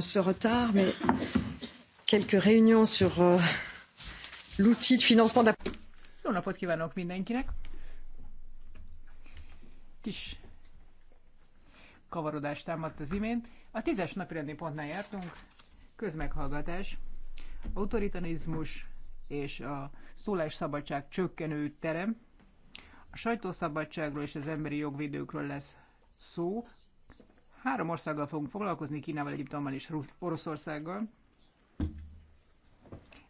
ce retard, mais quelques réunions sur euh, l'outil de financement de la... Jó napot kívánok mindenkinek! Kis kavarodást támadt az imént. A tízes napirendi pontnál jártunk, közmeghallgatás, autoritanizmus és a szólásszabadság csökkenő terem. A sajtószabadságról és az emberi jogvédőkről lesz szó. Három országgal fogunk foglalkozni, Kínával, Egyiptommal és Oroszországgal.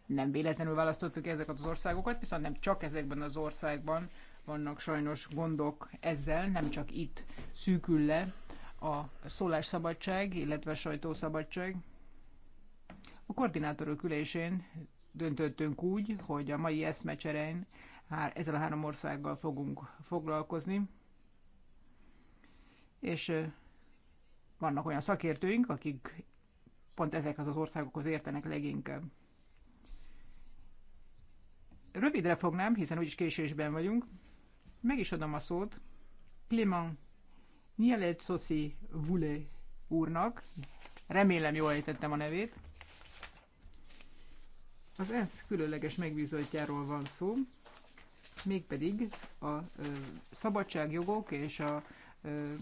Nem véletlenül választottuk ezeket az országokat, viszont nem csak ezekben az országban vannak sajnos gondok ezzel, nem csak itt szűkül le a szólásszabadság, illetve a sajtószabadság. A koordinátorok ülésén döntöttünk úgy, hogy a mai hár, ezzel a három országgal fogunk foglalkozni, és vannak olyan szakértőink, akik pont ezekhez az országokhoz értenek leginkább. Rövidre fognám, hiszen úgyis késésben vagyunk. Meg is adom a szót Clément Nieletszoszi Vule úrnak. Remélem jól ejtettem a nevét. Az ENSZ különleges megbízottjáról van szó, mégpedig a ö, szabadságjogok és a ö,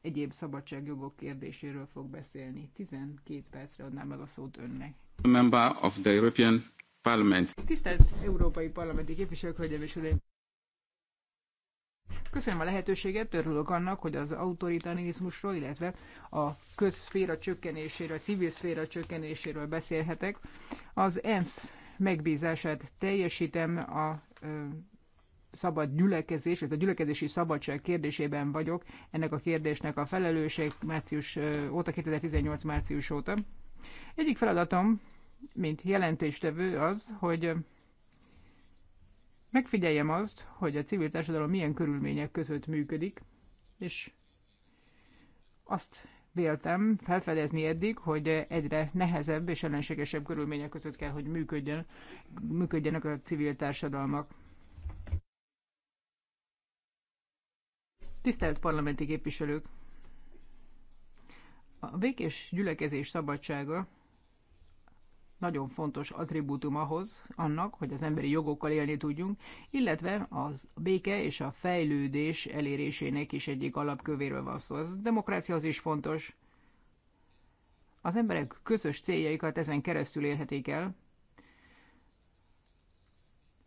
egyéb szabadságjogok kérdéséről fog beszélni. 12 percre adnám meg a szót önnek. Member of the European Parliament. Tisztelt Európai Parlamenti képviselők, hölgyeim és uraim! Köszönöm a lehetőséget, örülök annak, hogy az autoritarizmusról, illetve a közszféra csökkenéséről, a civil szféra csökkenéséről beszélhetek. Az ENSZ megbízását teljesítem a szabad gyülekezés, illetve a gyülekezési szabadság kérdésében vagyok ennek a kérdésnek a felelősség március óta, 2018 március óta. Egyik feladatom, mint jelentéstevő az, hogy megfigyeljem azt, hogy a civil társadalom milyen körülmények között működik, és azt véltem felfedezni eddig, hogy egyre nehezebb és ellenségesebb körülmények között kell, hogy működjön, működjenek a civil társadalmak. Tisztelt parlamenti képviselők! A békés gyülekezés szabadsága nagyon fontos attribútum ahhoz, annak, hogy az emberi jogokkal élni tudjunk, illetve az béke és a fejlődés elérésének is egyik alapkövéről van szó. Az demokrácia az is fontos. Az emberek közös céljaikat ezen keresztül élhetik el.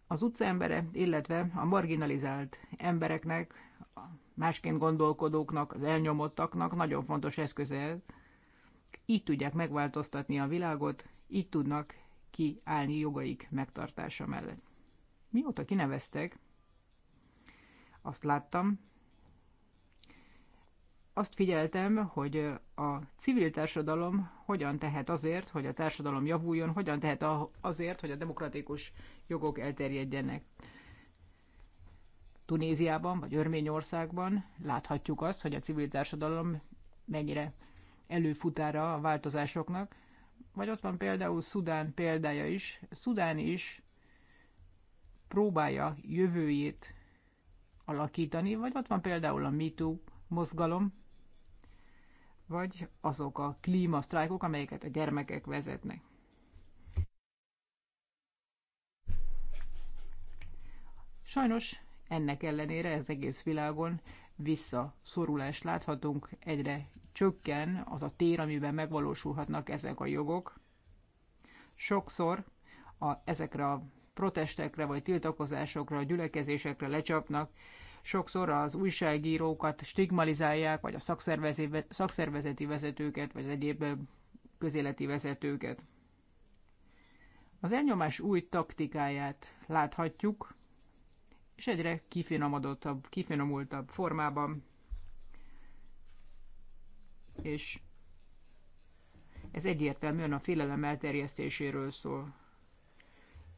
Az utcaembere, illetve a marginalizált embereknek másként gondolkodóknak, az elnyomottaknak nagyon fontos eszköze. Így tudják megváltoztatni a világot, így tudnak kiállni jogaik megtartása mellett. Mióta kineveztek, azt láttam, azt figyeltem, hogy a civil társadalom hogyan tehet azért, hogy a társadalom javuljon, hogyan tehet azért, hogy a demokratikus jogok elterjedjenek. Tunéziában vagy Örményországban láthatjuk azt, hogy a civil társadalom mennyire előfutára a változásoknak. Vagy ott van például Szudán példája is. Szudán is próbálja jövőjét alakítani, vagy ott van például a MeToo mozgalom, vagy azok a klímasztrájkok, amelyeket a gyermekek vezetnek. Sajnos ennek ellenére ez egész világon visszaszorulást láthatunk, egyre csökken az a tér, amiben megvalósulhatnak ezek a jogok. Sokszor a, ezekre a protestekre, vagy tiltakozásokra, a gyülekezésekre lecsapnak, sokszor az újságírókat stigmalizálják, vagy a szakszervezeti vezetőket, vagy egyéb közéleti vezetőket. Az elnyomás új taktikáját láthatjuk, és egyre kifinomodottabb, kifinomultabb formában, és ez egyértelműen a félelem elterjesztéséről szól.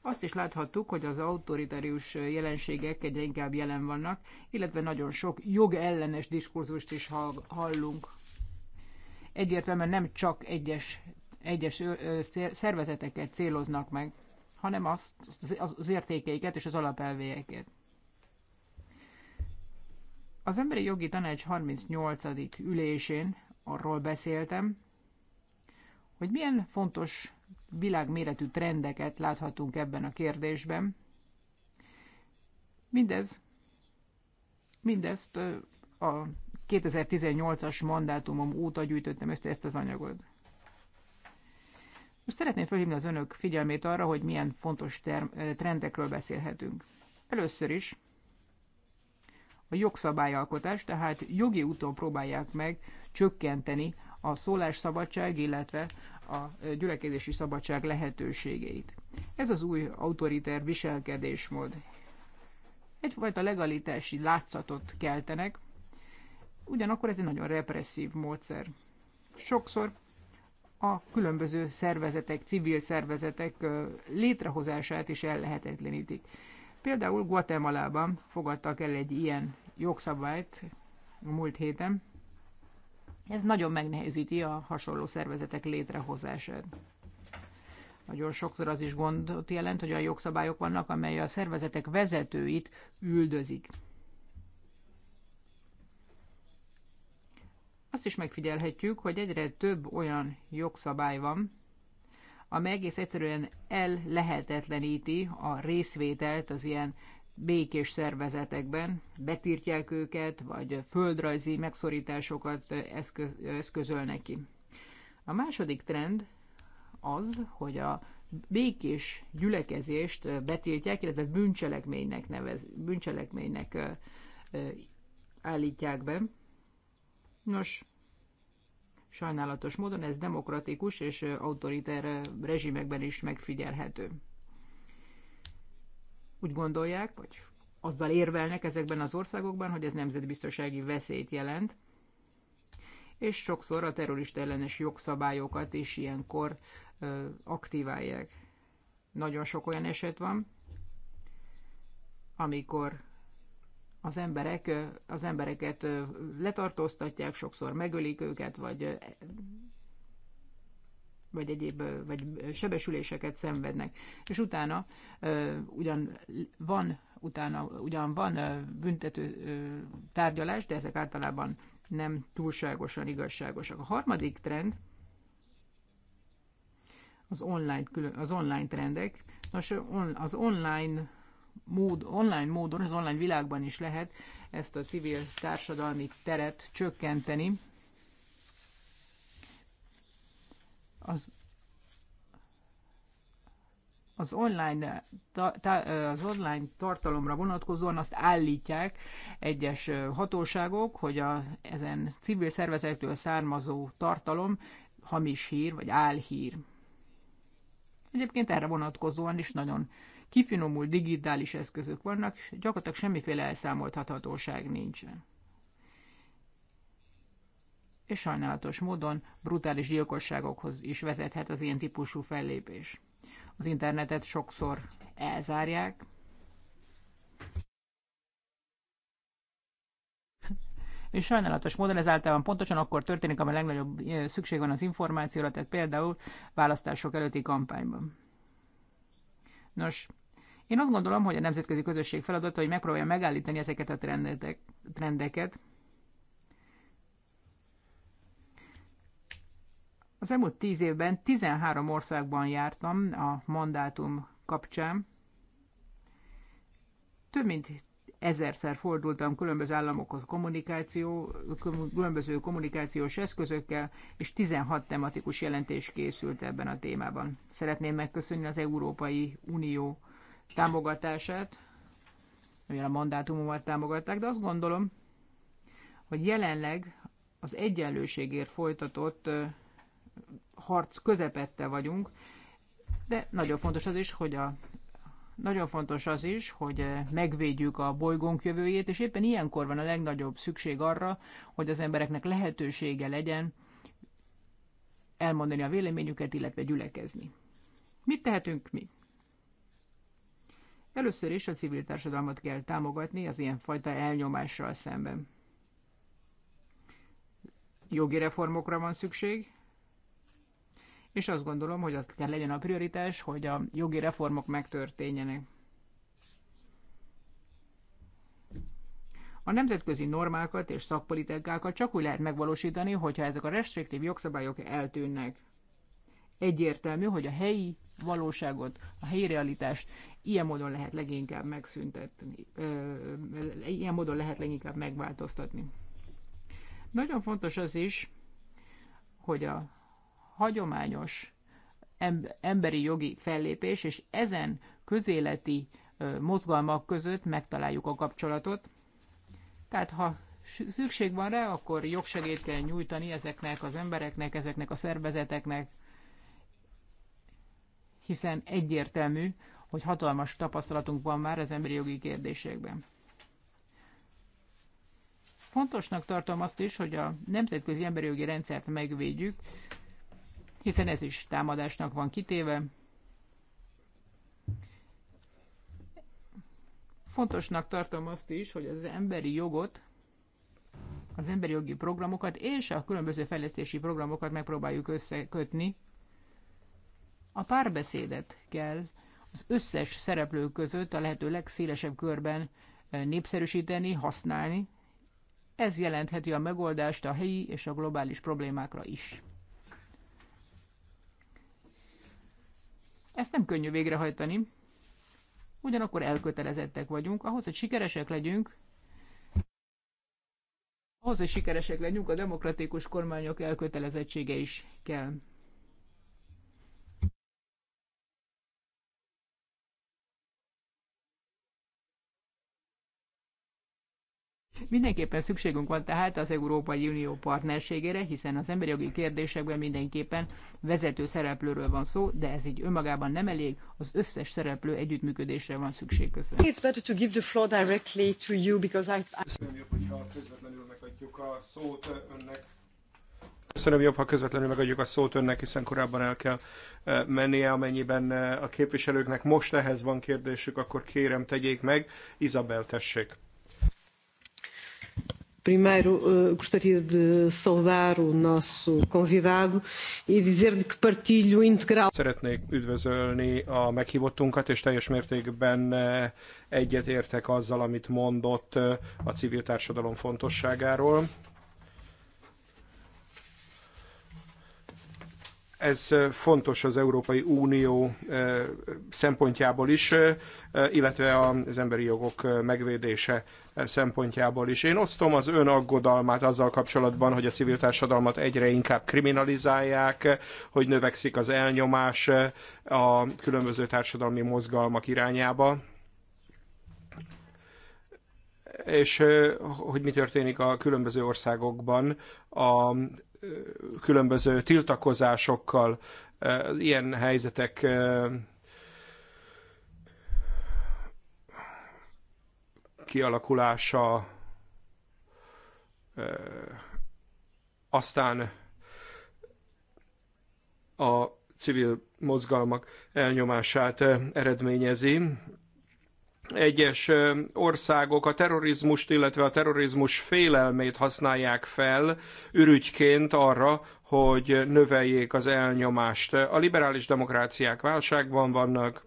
Azt is láthattuk, hogy az autoritárius jelenségek egyre inkább jelen vannak, illetve nagyon sok jogellenes diskurzust is hallunk. Egyértelműen nem csak egyes, egyes szervezeteket céloznak meg, hanem azt, az értékeiket és az alapelvéjeket. Az Emberi Jogi Tanács 38. ülésén arról beszéltem, hogy milyen fontos világméretű trendeket láthatunk ebben a kérdésben. Mindez, mindezt a 2018-as mandátumom óta gyűjtöttem össze ezt az anyagot. Most szeretném felhívni az önök figyelmét arra, hogy milyen fontos trendekről beszélhetünk. Először is a jogszabályalkotás, tehát jogi úton próbálják meg csökkenteni a szólásszabadság, illetve a gyülekezési szabadság lehetőségeit. Ez az új autoriter viselkedésmód. Egyfajta legalitási látszatot keltenek, ugyanakkor ez egy nagyon represszív módszer. Sokszor a különböző szervezetek, civil szervezetek létrehozását is ellehetetlenítik. Például Guatemalában fogadtak el egy ilyen jogszabályt a múlt héten. Ez nagyon megnehezíti a hasonló szervezetek létrehozását. Nagyon sokszor az is gondot jelent, hogy a jogszabályok vannak, amely a szervezetek vezetőit üldözik. Azt is megfigyelhetjük, hogy egyre több olyan jogszabály van, amely egész egyszerűen el lehetetleníti a részvételt az ilyen békés szervezetekben, betiltják őket, vagy földrajzi megszorításokat eszköz, eszközölnek ki. A második trend az, hogy a békés gyülekezést betiltják, illetve bűncselekménynek, nevez, bűncselekménynek állítják be. Nos, sajnálatos módon ez demokratikus és autoriter rezsimekben is megfigyelhető úgy gondolják, vagy azzal érvelnek ezekben az országokban, hogy ez nemzetbiztonsági veszélyt jelent, és sokszor a terrorista ellenes jogszabályokat is ilyenkor ö, aktiválják. Nagyon sok olyan eset van, amikor az, emberek, az embereket letartóztatják, sokszor megölik őket, vagy vagy egyéb vagy sebesüléseket szenvednek. És utána ugyan van, utána ugyan van büntető tárgyalás, de ezek általában nem túlságosan igazságosak. A harmadik trend az online, az online trendek. Nos, az online mód, online módon, az online világban is lehet ezt a civil társadalmi teret csökkenteni, az az online, ta, ta, az online tartalomra vonatkozóan azt állítják egyes hatóságok, hogy a, ezen civil szervezektől származó tartalom hamis hír, vagy álhír. Egyébként erre vonatkozóan is nagyon kifinomult digitális eszközök vannak, és gyakorlatilag semmiféle elszámolthatóság nincsen és sajnálatos módon brutális gyilkosságokhoz is vezethet az ilyen típusú fellépés. Az internetet sokszor elzárják, és sajnálatos módon ez általában pontosan akkor történik, amely legnagyobb szükség van az információra, tehát például választások előtti kampányban. Nos, én azt gondolom, hogy a nemzetközi közösség feladata, hogy megpróbálja megállítani ezeket a trendeket, Az elmúlt tíz évben 13 országban jártam a mandátum kapcsán. Több mint ezerszer fordultam különböző államokhoz kommunikáció, különböző kommunikációs eszközökkel, és 16 tematikus jelentés készült ebben a témában. Szeretném megköszönni az Európai Unió támogatását, amivel a mandátumomat támogatták, de azt gondolom, hogy jelenleg az egyenlőségért folytatott harc közepette vagyunk, de nagyon fontos az is, hogy a nagyon fontos az is, hogy eh, megvédjük a bolygónk jövőjét, és éppen ilyenkor van a legnagyobb szükség arra, hogy az embereknek lehetősége legyen elmondani a véleményüket, illetve gyülekezni. Mit tehetünk mi? Először is a civil társadalmat kell támogatni az ilyenfajta elnyomással szemben. Jogi reformokra van szükség, és azt gondolom, hogy az kell legyen a prioritás, hogy a jogi reformok megtörténjenek. A nemzetközi normákat és szakpolitikákat csak úgy lehet megvalósítani, hogyha ezek a restriktív jogszabályok eltűnnek. Egyértelmű, hogy a helyi valóságot, a helyi realitást ilyen módon lehet leginkább megszüntetni, ilyen módon lehet leginkább megváltoztatni. Nagyon fontos az is, hogy a hagyományos emberi jogi fellépés és ezen közéleti mozgalmak között megtaláljuk a kapcsolatot. Tehát ha szükség van rá, akkor jogsegét kell nyújtani ezeknek az embereknek, ezeknek a szervezeteknek, hiszen egyértelmű, hogy hatalmas tapasztalatunk van már az emberi jogi kérdésekben. Fontosnak tartom azt is, hogy a nemzetközi emberi jogi rendszert megvédjük, hiszen ez is támadásnak van kitéve. Fontosnak tartom azt is, hogy az emberi jogot, az emberi jogi programokat és a különböző fejlesztési programokat megpróbáljuk összekötni. A párbeszédet kell az összes szereplő között a lehető legszélesebb körben eh, népszerűsíteni, használni. Ez jelentheti a megoldást a helyi és a globális problémákra is. Ezt nem könnyű végrehajtani, ugyanakkor elkötelezettek vagyunk. Ahhoz, hogy sikeresek legyünk, ahhoz, hogy sikeresek legyünk, a demokratikus kormányok elkötelezettsége is kell. Mindenképpen szükségünk van tehát az Európai Unió partnerségére, hiszen az emberi jogi kérdésekben mindenképpen vezető szereplőről van szó, de ez így önmagában nem elég, az összes szereplő együttműködésre van szükség. Köszönöm. It's better to give the floor directly to you because I... Köszönöm jobb, közvetlenül megadjuk a szót önnek. jobb, ha közvetlenül megadjuk a szót önnek, hiszen korábban el kell eh, mennie, amennyiben eh, a képviselőknek most ehhez van kérdésük, akkor kérem tegyék meg. Izabel, tessék. Primeiro, eh, gostaria de saudar o nosso convidado e dizer-lhe que partilho integral. Szeretnék üdvözölni a meghívottunkat, és teljes mértékben eh, egyetértek azzal, amit mondott eh, a civil társadalom fontosságáról. Ez fontos az Európai Unió szempontjából is, illetve az emberi jogok megvédése szempontjából is. Én osztom az ön aggodalmát azzal kapcsolatban, hogy a civil társadalmat egyre inkább kriminalizálják, hogy növekszik az elnyomás a különböző társadalmi mozgalmak irányába és hogy mi történik a különböző országokban a különböző tiltakozásokkal, ilyen helyzetek kialakulása, aztán a civil mozgalmak elnyomását eredményezi egyes országok a terrorizmust, illetve a terrorizmus félelmét használják fel ürügyként arra, hogy növeljék az elnyomást. A liberális demokráciák válságban vannak,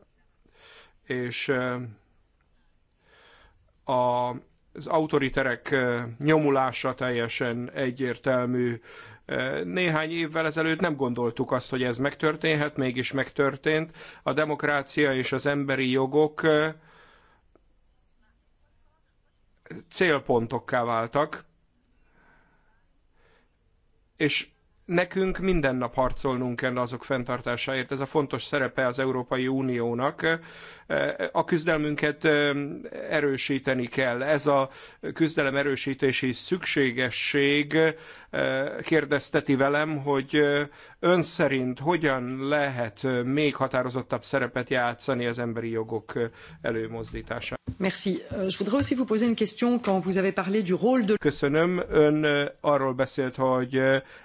és az autoriterek nyomulása teljesen egyértelmű. Néhány évvel ezelőtt nem gondoltuk azt, hogy ez megtörténhet, mégis megtörtént. A demokrácia és az emberi jogok célpontokká váltak, és nekünk minden nap harcolnunk kell azok fenntartásáért. Ez a fontos szerepe az Európai Uniónak. A küzdelmünket erősíteni kell. Ez a küzdelem erősítési szükségesség kérdezteti velem, hogy Ön szerint hogyan lehet még határozottabb szerepet játszani az emberi jogok előmozdítása? Merci. Euh, je voudrais aussi vous poser une question quand vous avez parlé du rôle de... Köszönöm. Ön arról beszélt, hogy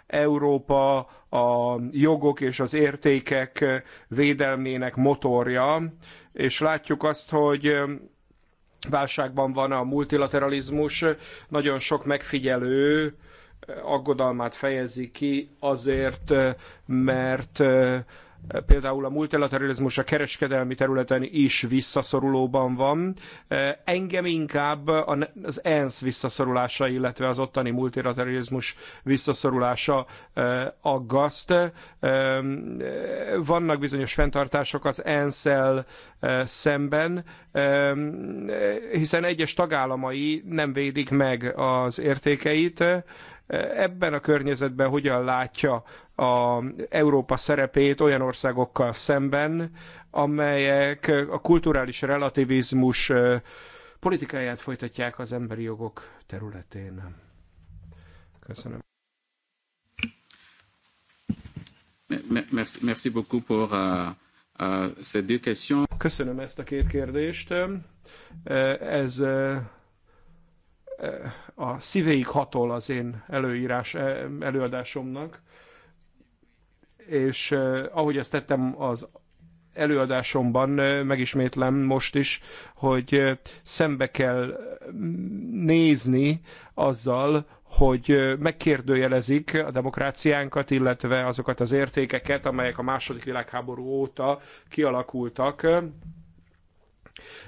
Európa a jogok és az értékek védelmének motorja, és látjuk azt, hogy válságban van a multilateralizmus, nagyon sok megfigyelő aggodalmát fejezi ki azért, mert például a multilateralizmus a kereskedelmi területen is visszaszorulóban van. Engem inkább az ENSZ visszaszorulása, illetve az ottani multilateralizmus visszaszorulása aggaszt. Vannak bizonyos fenntartások az ensz szemben, hiszen egyes tagállamai nem védik meg az értékeit, Ebben a környezetben hogyan látja a Európa szerepét olyan országokkal szemben, amelyek a kulturális relativizmus politikáját folytatják az emberi jogok területén. Köszönöm. Merci, beaucoup pour euh, euh, ces deux questions. Köszönöm ezt a két kérdést. Ez a szívéig hatol az én előírás, e, előadásomnak, és e, ahogy ezt tettem az előadásomban, e, megismétlem most is, hogy szembe kell nézni azzal, hogy megkérdőjelezik a demokráciánkat, illetve azokat az értékeket, amelyek a második világháború óta kialakultak,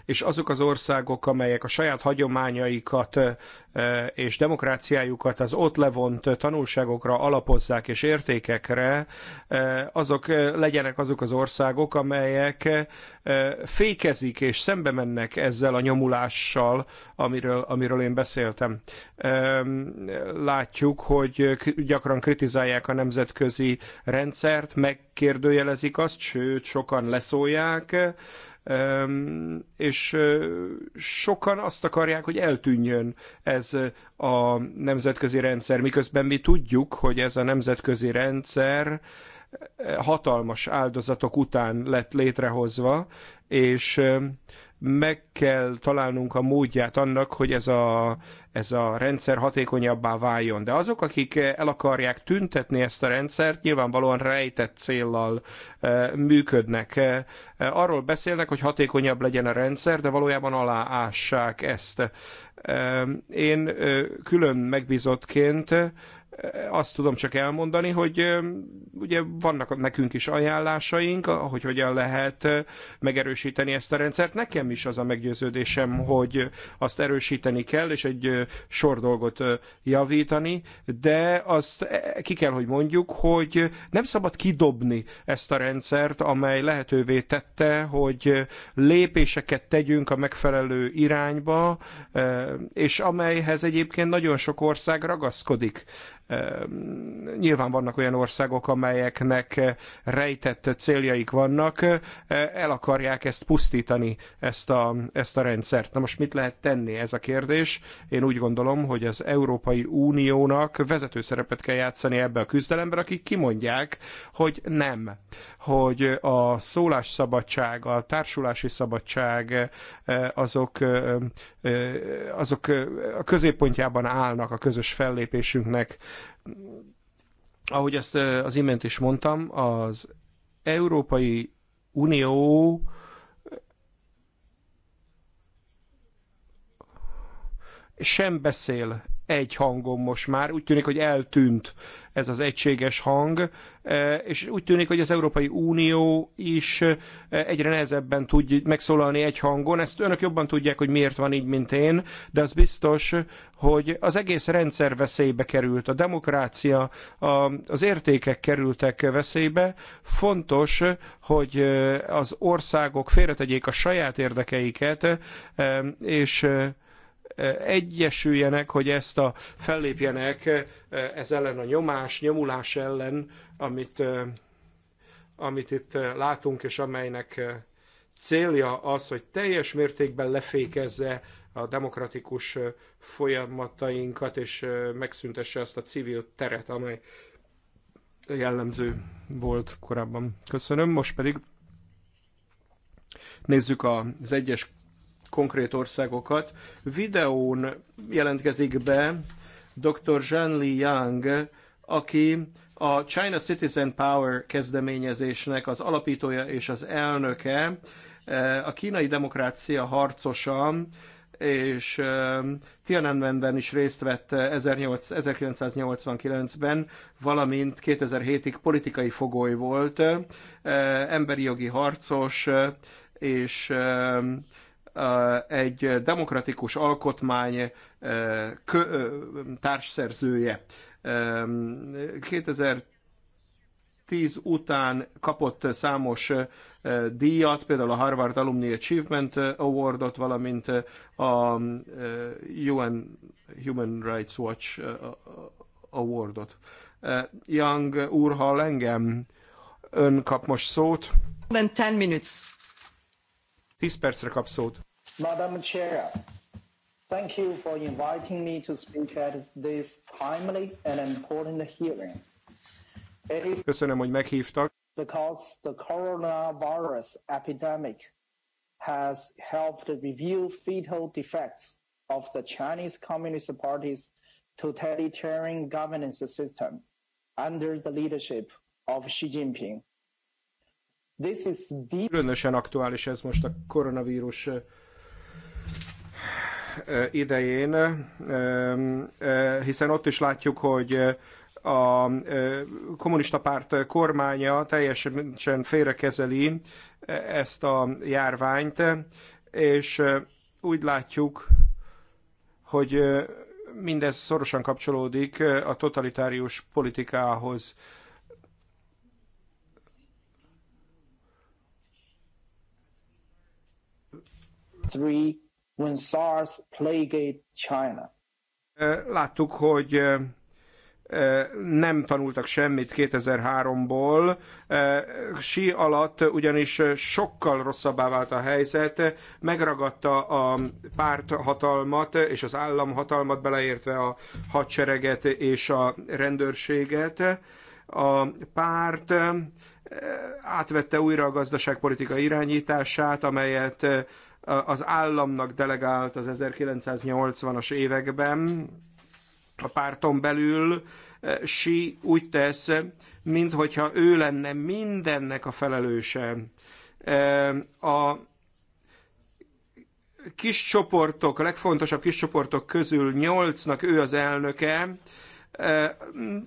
és azok az országok, amelyek a saját hagyományaikat és demokráciájukat az ott levont tanulságokra alapozzák és értékekre, azok legyenek azok az országok, amelyek fékezik és szembe mennek ezzel a nyomulással, amiről, amiről én beszéltem. Látjuk, hogy gyakran kritizálják a nemzetközi rendszert, megkérdőjelezik azt, sőt, sokan leszólják, és sokan azt akarják, hogy eltűnjön ez a nemzetközi rendszer, miközben mi tudjuk, hogy ez a nemzetközi rendszer hatalmas áldozatok után lett létrehozva, és meg kell találnunk a módját annak, hogy ez a, ez a rendszer hatékonyabbá váljon. De azok, akik el akarják tüntetni ezt a rendszert, nyilvánvalóan rejtett céllal eh, működnek. Eh, eh, arról beszélnek, hogy hatékonyabb legyen a rendszer, de valójában aláássák ezt. Én külön megbízottként azt tudom csak elmondani, hogy ugye vannak nekünk is ajánlásaink, hogy hogyan lehet megerősíteni ezt a rendszert. Nekem is az a meggyőződésem, hogy azt erősíteni kell, és egy sor dolgot javítani, de azt e, ki kell, hogy mondjuk, hogy nem szabad kidobni ezt a rendszert, amely lehetővé tette, hogy lépéseket tegyünk a megfelelő irányba, és amelyhez egyébként nagyon sok ország ragaszkodik Nyilván vannak olyan országok, amelyeknek rejtett céljaik vannak, el akarják ezt pusztítani, ezt a, ezt a rendszert. Na most mit lehet tenni ez a kérdés? Én úgy gondolom, hogy az Európai Uniónak vezető szerepet kell játszani ebbe a küzdelemben, akik kimondják, hogy nem, hogy a szólásszabadság, a társulási szabadság azok, azok a középpontjában állnak a közös fellépésünknek, ahogy ezt eh, az imént is mondtam, az Európai Unió eh, sem beszél egy hangon most már. Úgy tűnik, hogy eltűnt ez az egységes hang, Eh, és úgy tűnik, hogy az Európai Unió is eh, egyre nehezebben tud megszólalni egy hangon. Ezt önök jobban tudják, hogy miért van így, mint én, de az biztos, hogy az egész rendszer veszélybe került, a demokrácia, az értékek kerültek veszélybe. Fontos, hogy eh, az országok félretegyék a saját érdekeiket, és egyesüljenek, hogy ezt a fellépjenek eh, ez ellen a nyomás, nyomulás ellen, amit, eh, amit itt eh, látunk, és amelynek célja az, hogy teljes mértékben lefékezze a demokratikus folyamatainkat, és megszüntesse azt a civil teret, amely jellemző volt korábban. Köszönöm. Most pedig nézzük az egyes konkrét országokat. Videón jelentkezik be dr. Li Yang, aki a China Citizen Power kezdeményezésnek az alapítója és az elnöke, eh, a kínai demokrácia harcosa, és eh, Tiananmenben is részt vett 1989-ben, eh, valamint 2007-ig politikai fogoly volt, emberi jogi harcos, és egy demokratikus alkotmány társszerzője. 2010 után kapott számos díjat, például a Harvard Alumni Achievement Awardot, valamint a UN Human Rights Watch Awardot. Young úr, hall engem, ön kap most szót. 10 minutes. 10 percre kap szót. Madam Chair, thank you for inviting me to speak at this timely and important hearing. It is Köszönöm, hogy meghívtak. Because the coronavirus epidemic has helped review fatal defects of the Chinese Communist Party's totalitarian governance system under the leadership of Xi Jinping Különösen aktuális ez most a koronavírus idején, hiszen ott is látjuk, hogy a kommunista párt kormánya teljesen félrekezeli ezt a járványt, és úgy látjuk, hogy mindez szorosan kapcsolódik a totalitárius politikához. three when SARS plagued China. Láttuk, hogy nem tanultak semmit 2003-ból. Sí alatt ugyanis sokkal rosszabbá vált a helyzet, megragadta a párthatalmat és az államhatalmat, beleértve a hadsereget és a rendőrséget. A párt átvette újra a gazdaságpolitika irányítását, amelyet az államnak delegált az 1980-as években a párton belül, e, si úgy tesz, minthogyha ő lenne mindennek a felelőse. E, a kis csoportok, a legfontosabb kis csoportok közül nyolcnak ő az elnöke, e,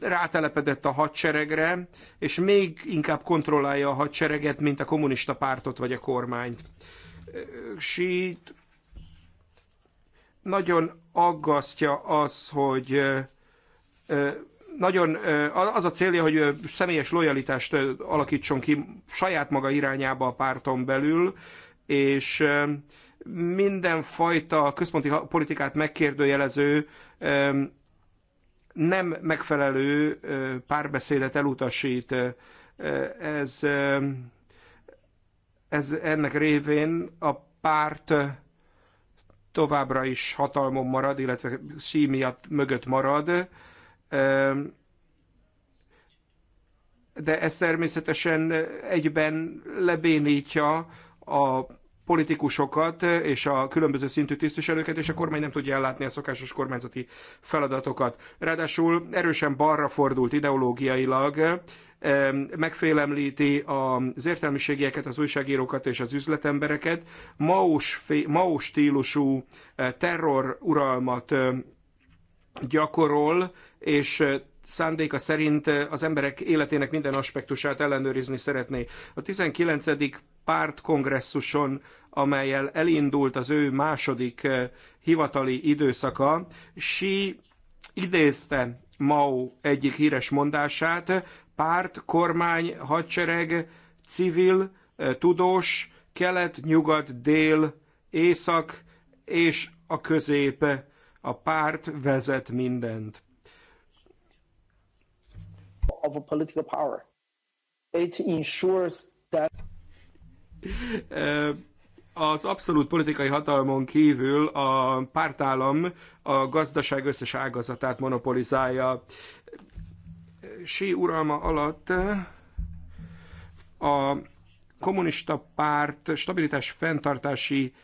rátelepedett a hadseregre, és még inkább kontrollálja a hadsereget, mint a kommunista pártot vagy a kormányt sít. Nagyon aggasztja az, hogy nagyon az a célja, hogy személyes lojalitást alakítson ki saját maga irányába a párton belül, és mindenfajta központi politikát megkérdőjelező, nem megfelelő párbeszédet elutasít. Ez ez, ennek révén a párt továbbra is hatalmon marad, illetve sí miatt mögött marad, ehm, de ez természetesen egyben lebénítja a politikusokat és a különböző szintű tisztviselőket, és a kormány nem tudja ellátni a szokásos kormányzati feladatokat. Ráadásul erősen balra fordult ideológiailag, megfélemlíti az értelmiségieket, az újságírókat és az üzletembereket. Maus, Maus stílusú eh, terror uralmat eh, gyakorol, és eh, szándéka szerint az emberek életének minden aspektusát ellenőrizni szeretné. A 19. pártkongresszuson, amelyel elindult az ő második hivatali időszaka, Xi idézte Mao egyik híres mondását, párt, kormány, hadsereg, civil, tudós, kelet, nyugat, dél, észak és a közép. A párt vezet mindent. Of a political power. It ensures that... Az abszolút politikai hatalmon kívül a pártállam a gazdaság összes ágazatát monopolizálja sí uralma alatt a kommunista párt stabilitás fenntartási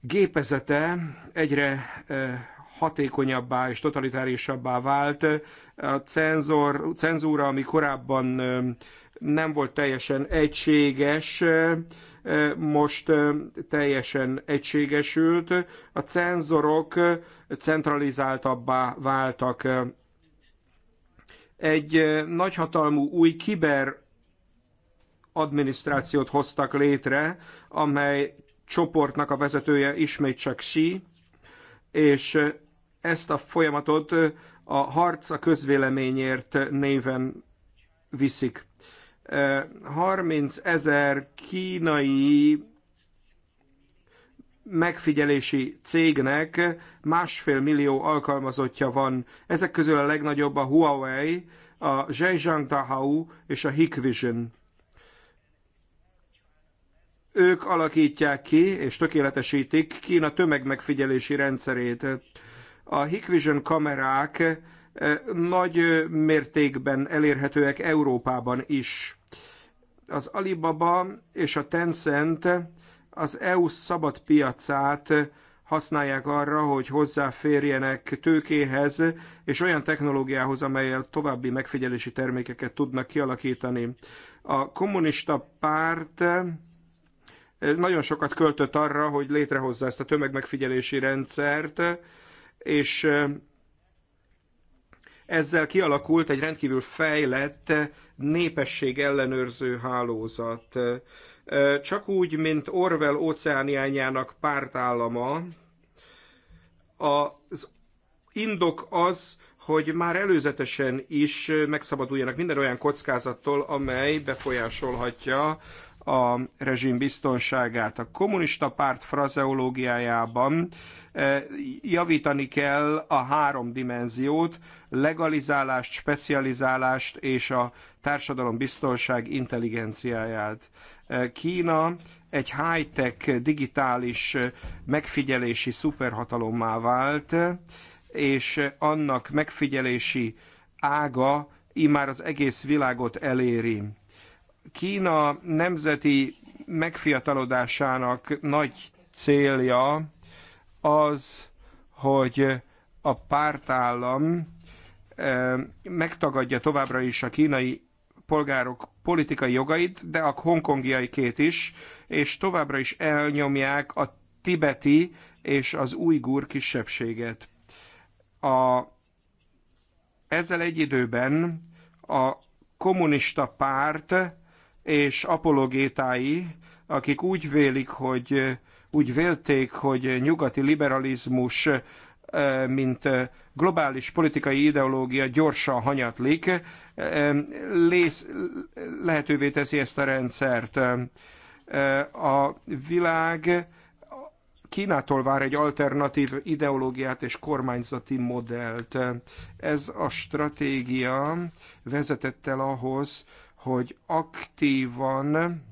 gépezete egyre eh, hatékonyabbá és totalitárisabbá vált. A cenzor, cenzúra, ami korábban eh, nem volt teljesen egységes, eh, most teljesen egységesült. A cenzorok centralizáltabbá váltak egy nagyhatalmú új kiber adminisztrációt hoztak létre, amely csoportnak a vezetője ismét csak Xi, és ezt a folyamatot a harc a közvéleményért néven viszik. 30 ezer kínai megfigyelési cégnek másfél millió alkalmazottja van. Ezek közül a legnagyobb a Huawei, a Zhejiang Dahao és a Hikvision. Ők alakítják ki és tökéletesítik Kína tömegmegfigyelési rendszerét. A Hikvision kamerák eh, nagy mértékben elérhetőek Európában is. Az Alibaba és a Tencent az EU szabad piacát használják arra, hogy hozzáférjenek tőkéhez és olyan technológiához, amelyel további megfigyelési termékeket tudnak kialakítani. A kommunista párt eh, nagyon sokat költött arra, hogy létrehozza ezt a tömegmegfigyelési rendszert, és eh, ezzel kialakult egy rendkívül fejlett eh, népesség ellenőrző hálózat. Csak úgy, mint Orwell óceániányának pártállama, az indok az, hogy már előzetesen is megszabaduljanak minden olyan kockázattól, amely befolyásolhatja a rezsim biztonságát. A kommunista párt frazeológiájában e, javítani kell a három dimenziót, legalizálást, specializálást és a társadalom biztonság intelligenciáját. E, Kína egy high-tech digitális e, megfigyelési szuperhatalommá vált, és annak megfigyelési ága immár az egész világot eléri. Kína nemzeti megfiatalodásának nagy célja az, hogy a pártállam eh, megtagadja továbbra is a kínai polgárok politikai jogait, de a hongkongiaikét is, és továbbra is elnyomják a tibeti és az ujgur kisebbséget. A, ezzel egy időben a kommunista párt és apologétái, akik úgy vélik, hogy úgy vélték, hogy nyugati liberalizmus, mint globális politikai ideológia gyorsan hanyatlik, lész, lehetővé teszi ezt a rendszert. A világ Kínától vár egy alternatív ideológiát és kormányzati modellt. Ez a stratégia vezetett el ahhoz, hogy aktívan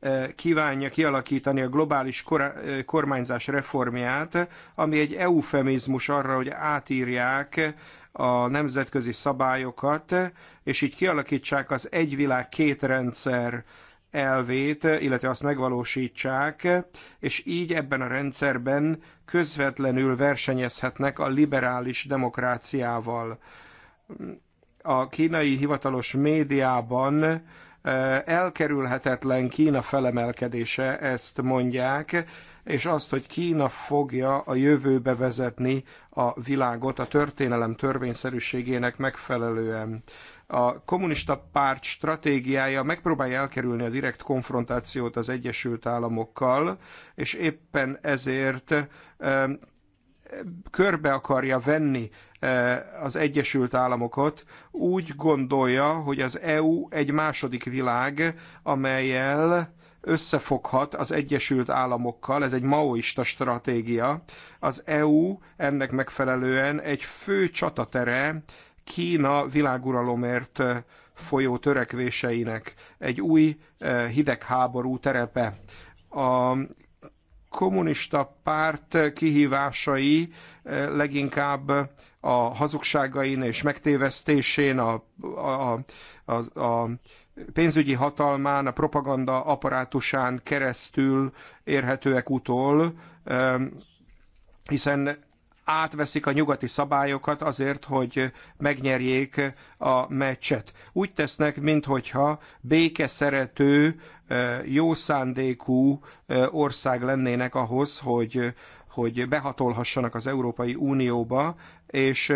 eh, kívánja kialakítani a globális eh, kormányzás reformját, ami egy eufemizmus arra, hogy átírják a nemzetközi szabályokat, és így kialakítsák az egy világ két rendszer elvét, illetve azt megvalósítsák, és így ebben a rendszerben közvetlenül versenyezhetnek a liberális demokráciával a kínai hivatalos médiában eh, elkerülhetetlen Kína felemelkedése, ezt mondják, és azt, hogy Kína fogja a jövőbe vezetni a világot a történelem törvényszerűségének megfelelően. A kommunista párt stratégiája megpróbálja elkerülni a direkt konfrontációt az Egyesült Államokkal, és éppen ezért eh, körbe akarja venni e, az Egyesült Államokat, úgy gondolja, hogy az EU egy második világ, amelyel összefoghat az Egyesült Államokkal, ez egy maoista stratégia. Az EU ennek megfelelően egy fő csatatere Kína világuralomért e, folyó törekvéseinek, egy új e, hidegháború terepe. A kommunista párt kihívásai eh, leginkább a hazugságain és megtévesztésén, a, a, a, a pénzügyi hatalmán, a propaganda apparátusán keresztül érhetőek utol, eh, hiszen átveszik a nyugati szabályokat azért, hogy megnyerjék a meccset. Úgy tesznek, minthogyha békeszerető, jó szándékú ország lennének ahhoz, hogy, hogy behatolhassanak az Európai Unióba, és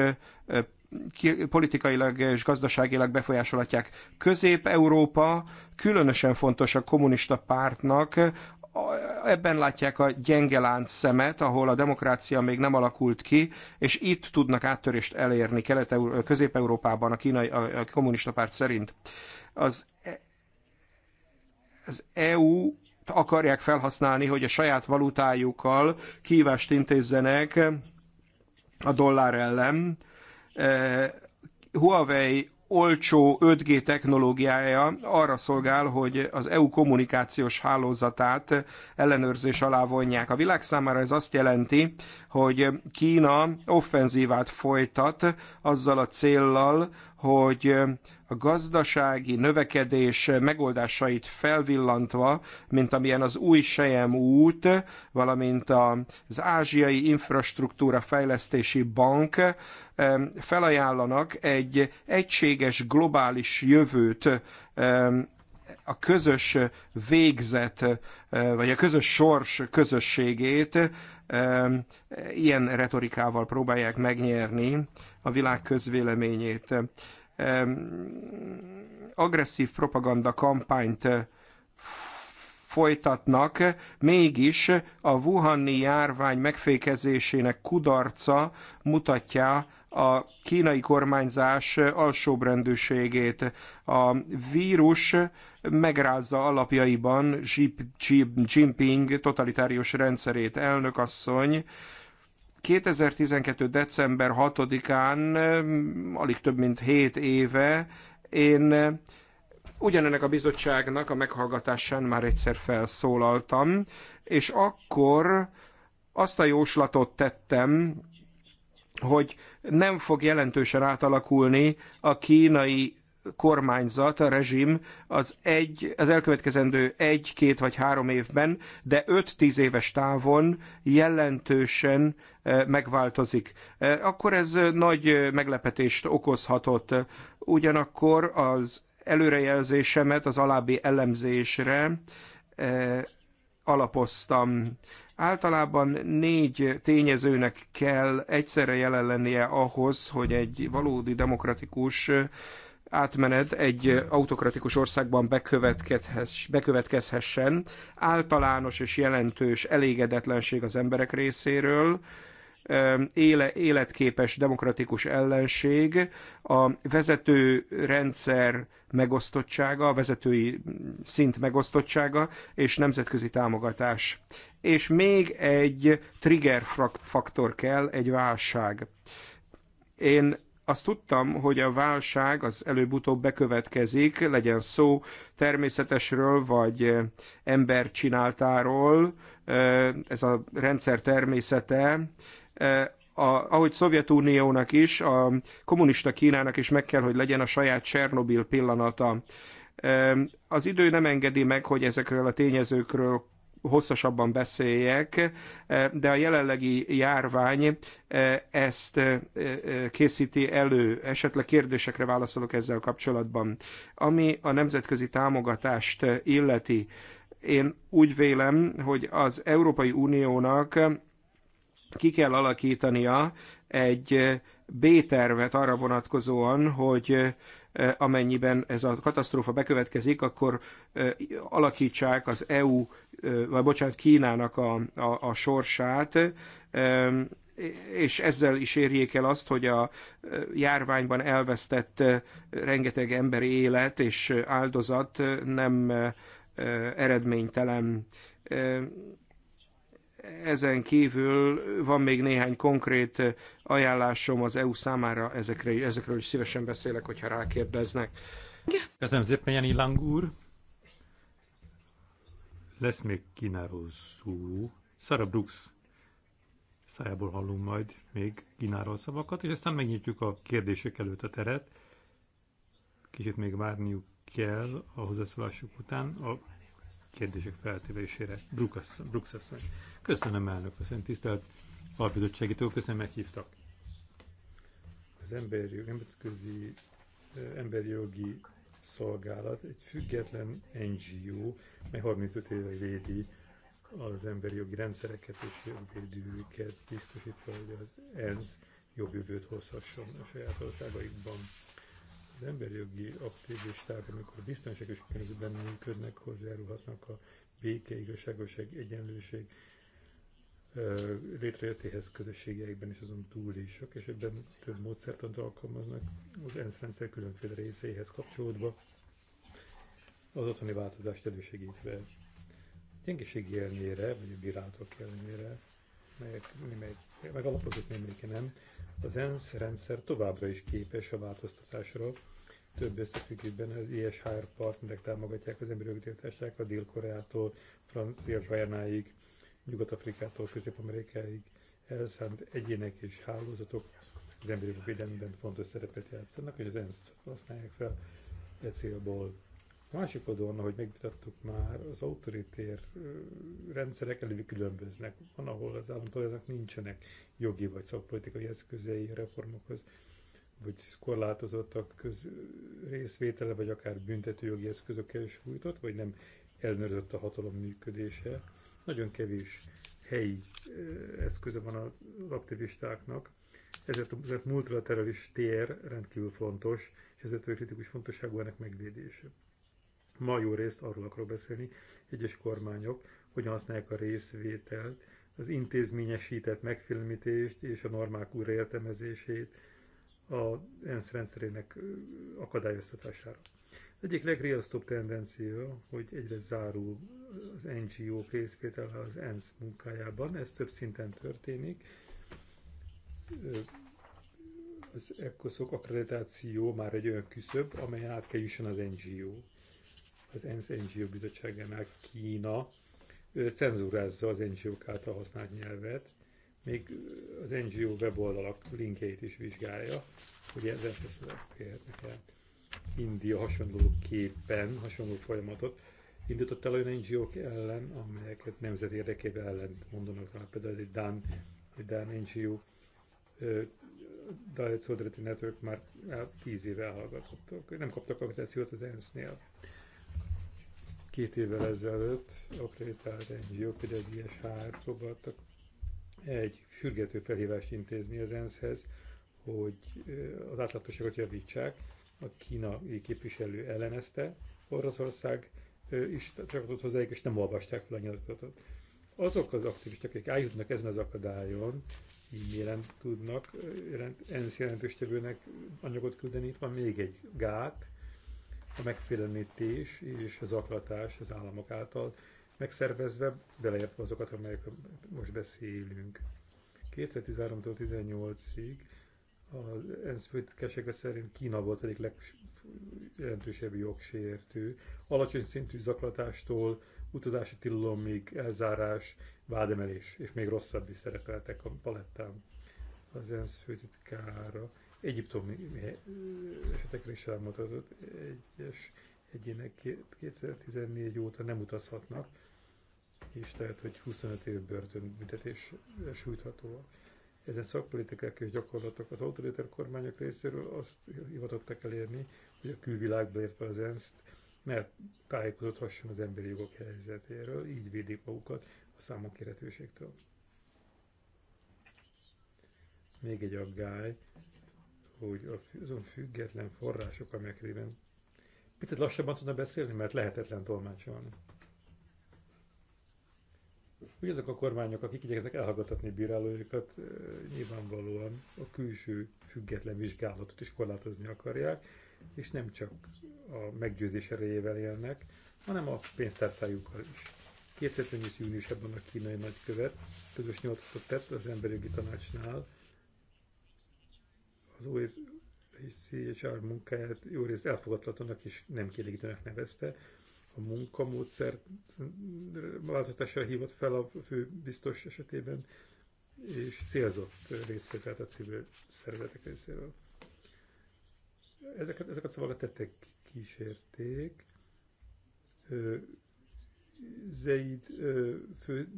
politikailag és gazdaságilag befolyásolhatják. Közép-Európa különösen fontos a kommunista pártnak ebben látják a gyenge lánc szemet, ahol a demokrácia még nem alakult ki, és itt tudnak áttörést elérni Kelet Közép-Európában a kínai a, a kommunista párt szerint. Az, e- az EU akarják felhasználni, hogy a saját valutájukkal kívást intézzenek a dollár ellen. E- Huawei olcsó 5G technológiája arra szolgál, hogy az EU kommunikációs hálózatát ellenőrzés alá vonják. A világ számára ez azt jelenti, hogy Kína offenzívát folytat azzal a céllal, hogy a gazdasági növekedés megoldásait felvillantva, mint amilyen az új Sejem út, valamint az Ázsiai Infrastruktúra Fejlesztési Bank felajánlanak egy egységes globális jövőt a közös végzet, vagy a közös sors közösségét, ilyen retorikával próbálják megnyerni a világ közvéleményét. Agresszív propaganda kampányt eh, folytatnak, mégis a Wuhani járvány megfékezésének kudarca mutatja a kínai kormányzás alsóbrendűségét. A vírus megrázza alapjaiban Xi Jinping totalitárius rendszerét. Elnök asszony, 2012. december 6-án, alig több mint 7 éve, én ugyanennek a bizottságnak a meghallgatásán már egyszer felszólaltam, és akkor azt a jóslatot tettem, hogy nem fog jelentősen átalakulni a kínai kormányzat, a rezsim az, egy, az elkövetkezendő egy, két vagy három évben, de öt-tíz éves távon jelentősen eh, megváltozik. Eh, akkor ez eh, nagy meglepetést okozhatott. Ugyanakkor az előrejelzésemet az alábbi elemzésre alapoztam. Általában négy tényezőnek kell egyszerre jelen lennie ahhoz, hogy egy valódi demokratikus átmenet egy autokratikus országban bekövetkezhessen. Általános és jelentős elégedetlenség az emberek részéről, éle, életképes demokratikus ellenség, a vezető rendszer megosztottsága, a vezetői szint megosztottsága és nemzetközi támogatás. És még egy trigger faktor kell, egy válság. Én azt tudtam, hogy a válság az előbb-utóbb bekövetkezik, legyen szó természetesről vagy eh, ember csináltáról, eh, ez a rendszer természete, eh, a, ahogy Szovjetuniónak is, a kommunista Kínának is meg kell, hogy legyen a saját Csernobil pillanata. Az idő nem engedi meg, hogy ezekről a tényezőkről hosszasabban beszéljek, de a jelenlegi járvány ezt készíti elő. Esetleg kérdésekre válaszolok ezzel kapcsolatban. Ami a nemzetközi támogatást illeti, én úgy vélem, hogy az Európai Uniónak ki kell alakítania egy B-tervet arra vonatkozóan, hogy amennyiben ez a katasztrófa bekövetkezik, akkor alakítsák az EU, vagy bocsánat, Kínának a, a, a sorsát, és ezzel is érjék el azt, hogy a járványban elvesztett rengeteg emberi élet és áldozat nem eredménytelen ezen kívül van még néhány konkrét ajánlásom az EU számára, ezekre, ezekről is szívesen beszélek, hogyha rákérdeznek. Köszönöm szépen, Jani Lang úr. Lesz még Kínáról szó. Sarah Brooks szájából hallunk majd még Kínáról szavakat, és aztán megnyitjuk a kérdések előtt a teret. Kicsit még várniuk kell a hozzászólásuk után. A kérdések feltevésére. Brooks asszony. Köszönöm, elnök köszönöm tisztelt segítő, köszönöm, meghívtak. Az emberi, nemzetközi emberi jogi szolgálat egy független NGO, mely 35 éve védi az emberi jogi rendszereket és jogvédőket, biztosítva, hogy az ENSZ jobb jövőt hozhasson a saját országaikban az emberi jogi aktivisták, amikor biztonságos környezetben működnek, hozzájárulhatnak a béke, igazságosság, egyenlőség létrejöttéhez közösségeikben és azon túl is sok esetben több módszertant alkalmaznak az ENSZ rendszer különféle részeihez kapcsolódva az otthoni változást elősegítve. Gyengeségi ellenére, vagy a bírátok ellenére melyek némelyik, megalapozott némelyike nem, az ENSZ rendszer továbbra is képes a változtatásra. Több összefüggésben az ISHR partnerek támogatják az emberi jogi a Dél-Koreától, Francia Zsajánáig, Nyugat-Afrikától, Közép-Amerikáig elszánt egyének és hálózatok az emberi jogok védelmében fontos szerepet játszanak, és az ENSZ-t használják fel e célból Másik oldalon, ahogy megvitattuk már, az autoritér rendszerek elég különböznek. Van, ahol az állampolgárnak nincsenek jogi vagy szakpolitikai eszközei a reformokhoz, vagy korlátozottak köz részvétele, vagy akár jogi eszközökkel is sújtott, vagy nem ellenőrzött a hatalom működése. Nagyon kevés helyi eszköze van az aktivistáknak, ezért a multilaterális tér rendkívül fontos, és ezért kritikus fontosságú ennek megvédése ma jó részt arról akarok beszélni, egyes kormányok hogyan használják a részvételt, az intézményesített megfilmítést és a normák újraértelmezését a ENSZ rendszerének akadályoztatására. Egyik legriasztóbb tendencia, hogy egyre zárul az NGO részvétele az ENSZ munkájában, ez több szinten történik. Az ECOSOC akkreditáció már egy olyan küszöb, amely át kell jusson az NGO az ENSZ NGO bizottságának Kína cenzúrázza az NGO-k által használt nyelvet, még az NGO weboldalak linkjeit is vizsgálja, hogy ezzel se szövegférhetnek el. India hasonlóképpen, hasonló folyamatot indított el olyan NGO-k ellen, amelyeket nemzet érdekében ellen mondanak rá. Például egy Dán, egy Dán NGO, Dalit Solidarity Network már tíz éve elhallgatottak. Nem kaptak akreditációt az ENSZ-nél. Két évvel ezelőtt akreditált NGO-k egy próbáltak egy sürgető felhívást intézni az ENSZ-hez, hogy az átlátosságot javítsák. A kínai képviselő ellenezte, Oroszország is csatlakozott hozzájuk, és nem olvasták fel a nyilatkozatot. Azok az aktivisták, akik eljutnak ezen az akadályon, e-mailen tudnak ENSZ jelentőstevőnek anyagot küldeni. Itt van még egy gát, a megfélemlítés és a zaklatás az államok által megszervezve, beleértve azokat, amelyekről most beszélünk. 2013-tól 18-ig az ENSZ főtkesége szerint Kína volt egyik legjelentősebb jogsértő. Alacsony szintű zaklatástól utazási tilalomig elzárás, vádemelés, és még rosszabb is szerepeltek a palettán az ENSZ főtitkára egyiptomi esetekre is elmutatott. Egyes egyének 2014 óta nem utazhatnak, és tehát, hogy 25 év börtönbüntetés sújthatóak. Ezen szakpolitikák és gyakorlatok az autoriter kormányok részéről azt hivatottak elérni, hogy a külvilágba értve az ENSZ-t mert tájékozódhasson az emberi jogok helyzetéről, így védik magukat a számok érhetőségtől. Még egy aggály hogy azon független források, amelyek révén picit lassabban tudna beszélni, mert lehetetlen tolmácsolni. azok a kormányok, akik igyekeznek elhallgatni bírálóikat, nyilvánvalóan a külső független vizsgálatot is korlátozni akarják, és nem csak a meggyőzés erejével élnek, hanem a pénztárcájukkal is. 2020. júniusában a kínai nagykövet közös nyilatkozatot tett az emberi tanácsnál, az CHR munkáját jó részt elfogadhatónak és nem kielégítőnek nevezte. A munkamódszer változtatásra hívott fel a fő biztos esetében, és célzott részvételt a civil szervezetek részéről. Ezeket, ezeket szavakat tettek kísérték. Zeid fő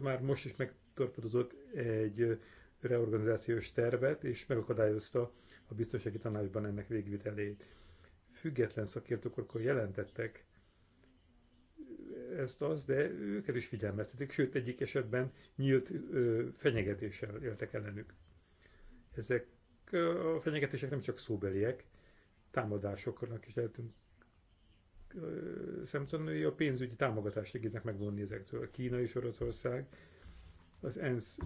már most is megtorpedozott egy reorganizációs tervet, és megakadályozta a biztonsági tanácsban ennek végvitelét. Független akkor jelentettek ezt az, de őket is figyelmeztetik, sőt egyik esetben nyílt ö, fenyegetéssel éltek ellenük. Ezek a fenyegetések nem csak szóbeliek, támadásoknak is lehetünk szemtanulni, a pénzügyi támogatást igénynek megvonni ezektől. Kína és Oroszország az ENSZ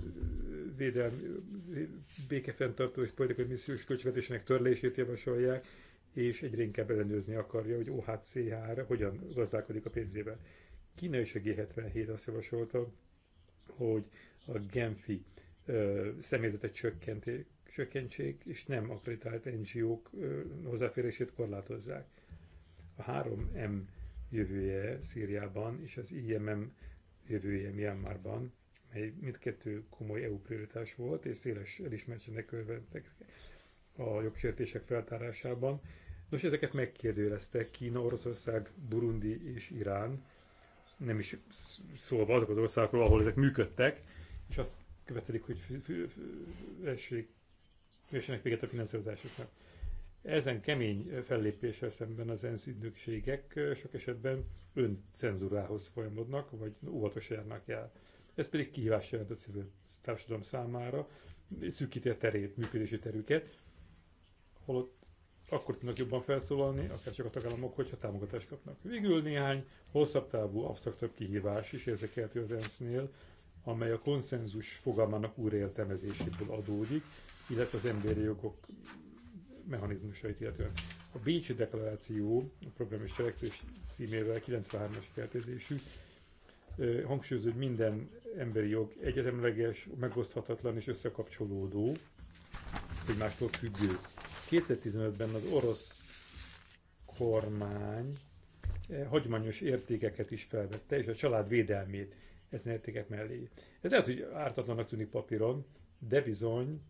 védelmi, békefenntartó és politikai missziós költségvetésének törlését javasolják, és egyre inkább ellenőrizni akarja, hogy OHCHR hogyan gazdálkodik a pénzével. Kína és a G77 azt javasolta, hogy a Genfi ö, személyzetet csökkenték, csökkentsék, és nem akreditált NGO-k hozzáférését korlátozzák. A 3M jövője Szíriában és az IMM jövője Myanmarban mely mindkettő komoly EU prioritás volt, és széles elismertségnek örventek a jogsértések feltárásában. Nos, ezeket megkérdőjelezte Kína, Oroszország, Burundi és Irán, nem is szólva azok az országokról, ahol ezek működtek, és azt követelik, hogy vessenek véget a finanszírozásoknak. Ezen kemény fellépéssel szemben az ENSZ ügynökségek sok esetben öncenzúrához folyamodnak, vagy óvatos járnak el. Ez pedig kihívás jelent a civil társadalom számára, szűkíti a terét, működési terüket, holott akkor tudnak jobban felszólalni, akár csak a tagállamok, hogyha támogatást kapnak. Végül néhány hosszabb távú, absztraktabb kihívás is érzekelhető az ENSZ-nél, amely a konszenzus fogalmának újraértelmezéséből adódik, illetve az emberi jogok mechanizmusait illetően. A Bécsi Deklaráció, a program és cselekvés címével 93-as keltezésű, hangsúlyozó, hogy minden emberi jog egyetemleges, megoszthatatlan és összekapcsolódó, egymástól függő. 2015-ben az orosz kormány eh, hagyományos értékeket is felvette, és a család védelmét ezen értékek mellé. Ez lehet, hogy ártatlanak tűnik papíron, de bizony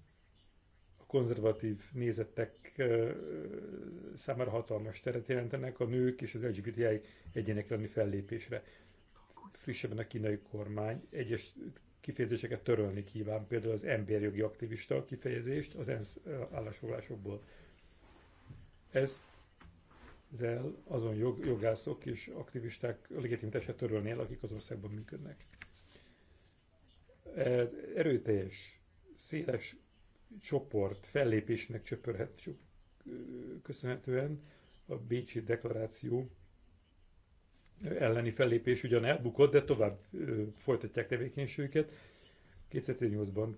a konzervatív nézetek eh, számára hatalmas teret jelentenek a nők és az LGBTI egyénekre fellépésre frissebben a kínai kormány egyes kifejezéseket törölni kíván, például az emberjogi aktivista kifejezést az ENSZ állásfoglásokból. Ezt ezzel azon jog, jogászok és aktivisták legitimitása törölni el, akik az országban működnek. E, erőteljes, széles csoport fellépésnek csöpörhet, köszönhetően a Bécsi deklaráció elleni fellépés ugyan elbukott, de tovább ö, folytatják tevékenységüket. 2018-ban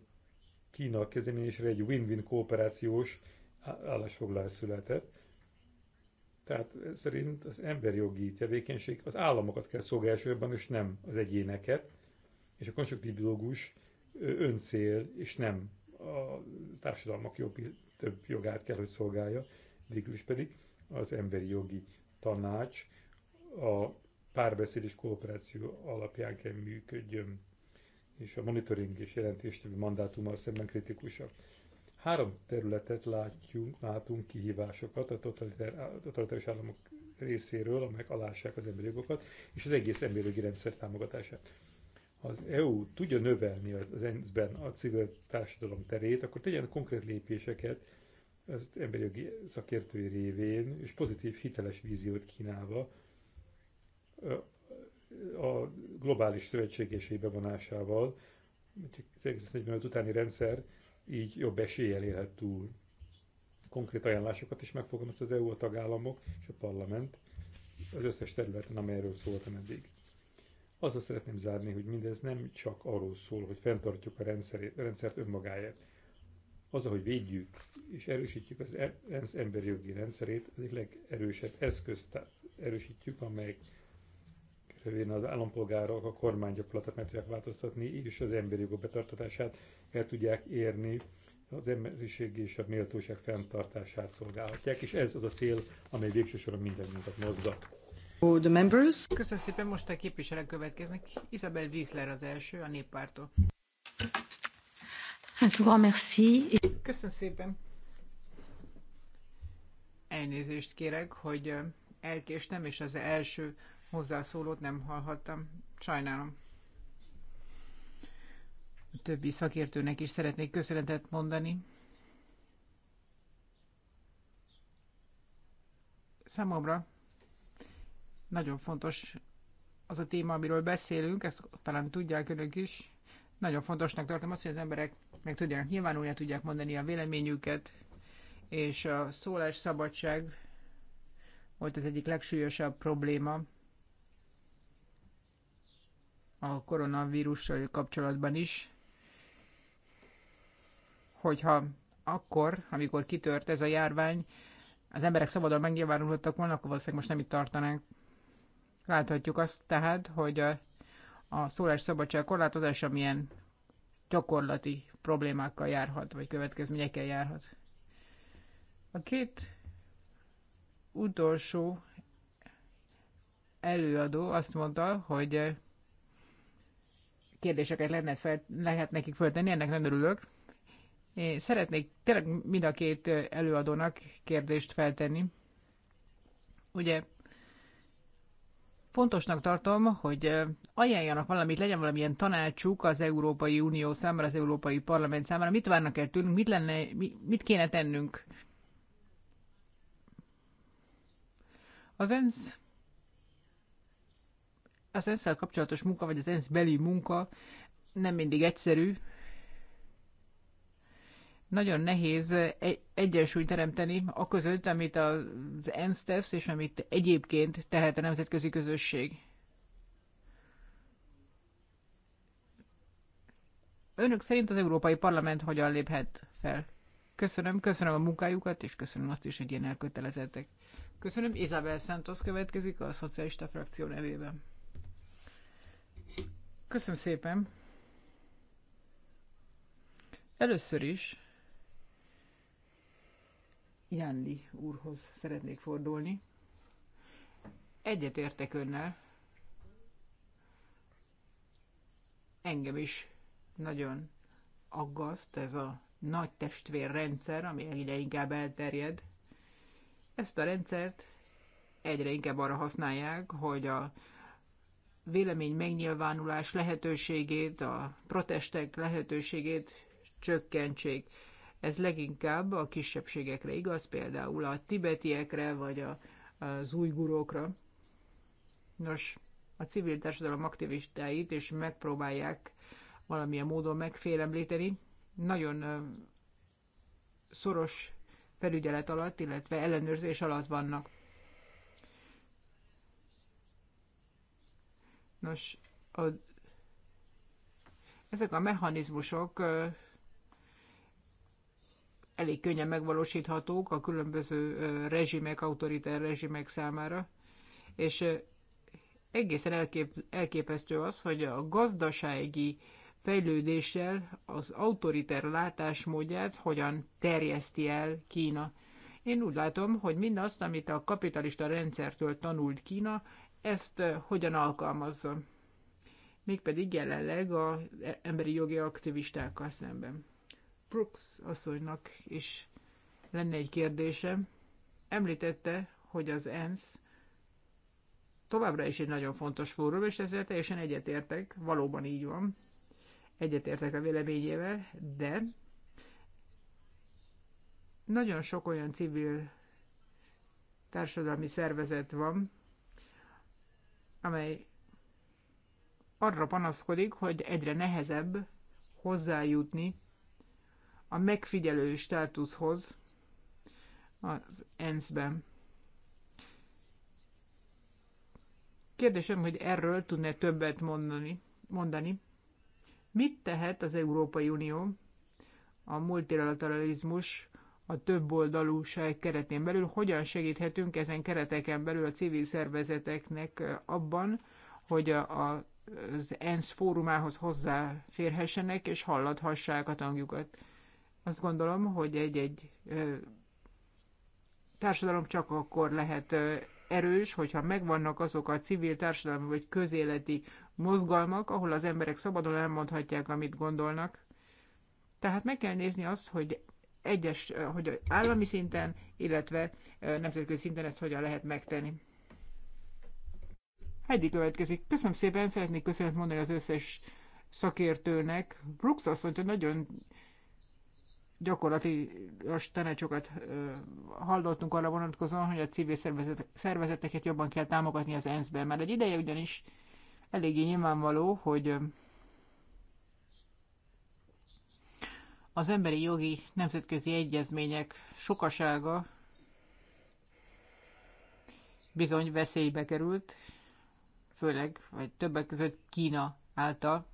Kína kezdeményésre egy win-win kooperációs állásfoglalás született. Tehát szerint az emberjogi tevékenység az államokat kell szolgálni és nem az egyéneket, és a konstruktív dialógus öncél, és nem a társadalmak jobb, több jogát kell, hogy szolgálja. Végül is pedig az emberi jogi tanács a párbeszéd és kooperáció alapján kell működjön, és a monitoring és jelentéstevő mandátummal szemben kritikusak. Három területet látjunk, látunk kihívásokat a totalitárius államok részéről, amelyek alássák az emberi jogokat, és az egész emberi jogi rendszer támogatását. Ha az EU tudja növelni az ENSZ-ben a civil társadalom terét, akkor tegyen konkrét lépéseket az emberi jogi szakértői révén, és pozitív, hiteles víziót kínálva, a globális szövetségesé bevonásával, az Exis 45 utáni rendszer így jobb eséllyel élhet túl. Konkrét ajánlásokat is megfogalmaz az EU, a tagállamok és a parlament az összes területen, amelyről szóltam eddig. Azzal szeretném zárni, hogy mindez nem csak arról szól, hogy fenntartjuk a rendszert önmagáért. Az, hogy védjük és erősítjük az e-, ENSZ emberi jogi rendszerét, az egyik legerősebb eszközt erősítjük, amely révén az állampolgárok a kormánygyakorlatot meg tudják változtatni, és az emberi jogok betartatását el tudják érni, az emberiség és a méltóság fenntartását szolgálhatják, és ez az a cél, amely végső soron mindannyiunkat mozgat. The members. Köszönöm szépen, most a képviselők következnek. Isabel Wiesler az első, a néppártól. Köszönöm szépen. Elnézést kérek, hogy elkéstem, és az első hozzászólót nem hallhattam. Sajnálom. A többi szakértőnek is szeretnék köszönetet mondani. Számomra nagyon fontos az a téma, amiről beszélünk, ezt talán tudják önök is. Nagyon fontosnak tartom azt, hogy az emberek meg tudják, nyilvánulni, tudják mondani a véleményüket, és a szólásszabadság volt az egyik legsúlyosabb probléma, a koronavírussal kapcsolatban is, hogyha akkor, amikor kitört ez a járvány, az emberek szabadon megnyilvánulhattak volna, akkor valószínűleg most nem itt tartanánk. Láthatjuk azt tehát, hogy a, a szabadság korlátozása milyen gyakorlati problémákkal járhat, vagy következményekkel járhat. A két utolsó előadó azt mondta, hogy kérdéseket lenne fel, lehet nekik föltenni, ennek nem örülök. Én szeretnék tényleg mind a két előadónak kérdést feltenni. Ugye fontosnak tartom, hogy ajánljanak valamit, legyen valamilyen tanácsuk az Európai Unió számára, az Európai Parlament számára. Mit várnak el tőlünk, mit, lenne, mit kéne tennünk? Az ENSZ az ensz kapcsolatos munka, vagy az ENSZ beli munka nem mindig egyszerű. Nagyon nehéz e- egyensúlyt teremteni a között, amit az ENSZ tesz, és amit egyébként tehet a nemzetközi közösség. Önök szerint az Európai Parlament hogyan léphet fel? Köszönöm, köszönöm a munkájukat, és köszönöm azt is, hogy ilyen elkötelezettek. Köszönöm, Isabel Santos következik a szocialista frakció nevében. Köszönöm szépen. Először is Jánli úrhoz szeretnék fordulni. értek önnel. Engem is nagyon aggaszt ez a nagy testvérrendszer, ami egyre inkább elterjed. Ezt a rendszert egyre inkább arra használják, hogy a vélemény megnyilvánulás lehetőségét, a protestek lehetőségét csökkentsék. Ez leginkább a kisebbségekre igaz, például a tibetiekre vagy a, az újgurókra. Nos, a civil társadalom aktivistáit és megpróbálják valamilyen módon megfélemlíteni. Nagyon szoros felügyelet alatt, illetve ellenőrzés alatt vannak. Nos, a, ezek a mechanizmusok elég könnyen megvalósíthatók a különböző rezsimek, autoritár rezsimek számára, és egészen elkép, elképesztő az, hogy a gazdasági fejlődéssel az autoritár látásmódját hogyan terjeszti el Kína. Én úgy látom, hogy mindazt, amit a kapitalista rendszertől tanult Kína, ezt hogyan alkalmazza. Mégpedig jelenleg az emberi jogi aktivistákkal szemben. Brooks asszonynak is lenne egy kérdésem. Említette, hogy az ENSZ továbbra is egy nagyon fontos fórum, és ezzel teljesen egyetértek, valóban így van. Egyetértek a véleményével, de nagyon sok olyan civil társadalmi szervezet van, amely arra panaszkodik, hogy egyre nehezebb hozzájutni a megfigyelő státuszhoz az ENSZ-ben. Kérdésem, hogy erről tudné többet mondani. mondani. Mit tehet az Európai Unió a multilateralizmus a több oldalúság keretén belül, hogyan segíthetünk ezen kereteken belül a civil szervezeteknek abban, hogy a, az ENSZ fórumához hozzáférhessenek és hallathassák a tangjukat. Azt gondolom, hogy egy-egy társadalom csak akkor lehet erős, hogyha megvannak azok a civil társadalmi vagy közéleti mozgalmak, ahol az emberek szabadon elmondhatják, amit gondolnak. Tehát meg kell nézni azt, hogy egyes, hogy állami szinten, illetve nemzetközi szinten ezt hogyan lehet megtenni. Heidi következik. Köszönöm szépen, szeretnék köszönet mondani az összes szakértőnek. Brooks azt mondta, nagyon gyakorlati tanácsokat hallottunk arra vonatkozóan, hogy a civil szervezetek, szervezeteket jobban kell támogatni az ENSZ-ben. Már egy ideje ugyanis eléggé nyilvánvaló, hogy Az emberi jogi nemzetközi egyezmények sokasága bizony veszélybe került, főleg, vagy többek között Kína által.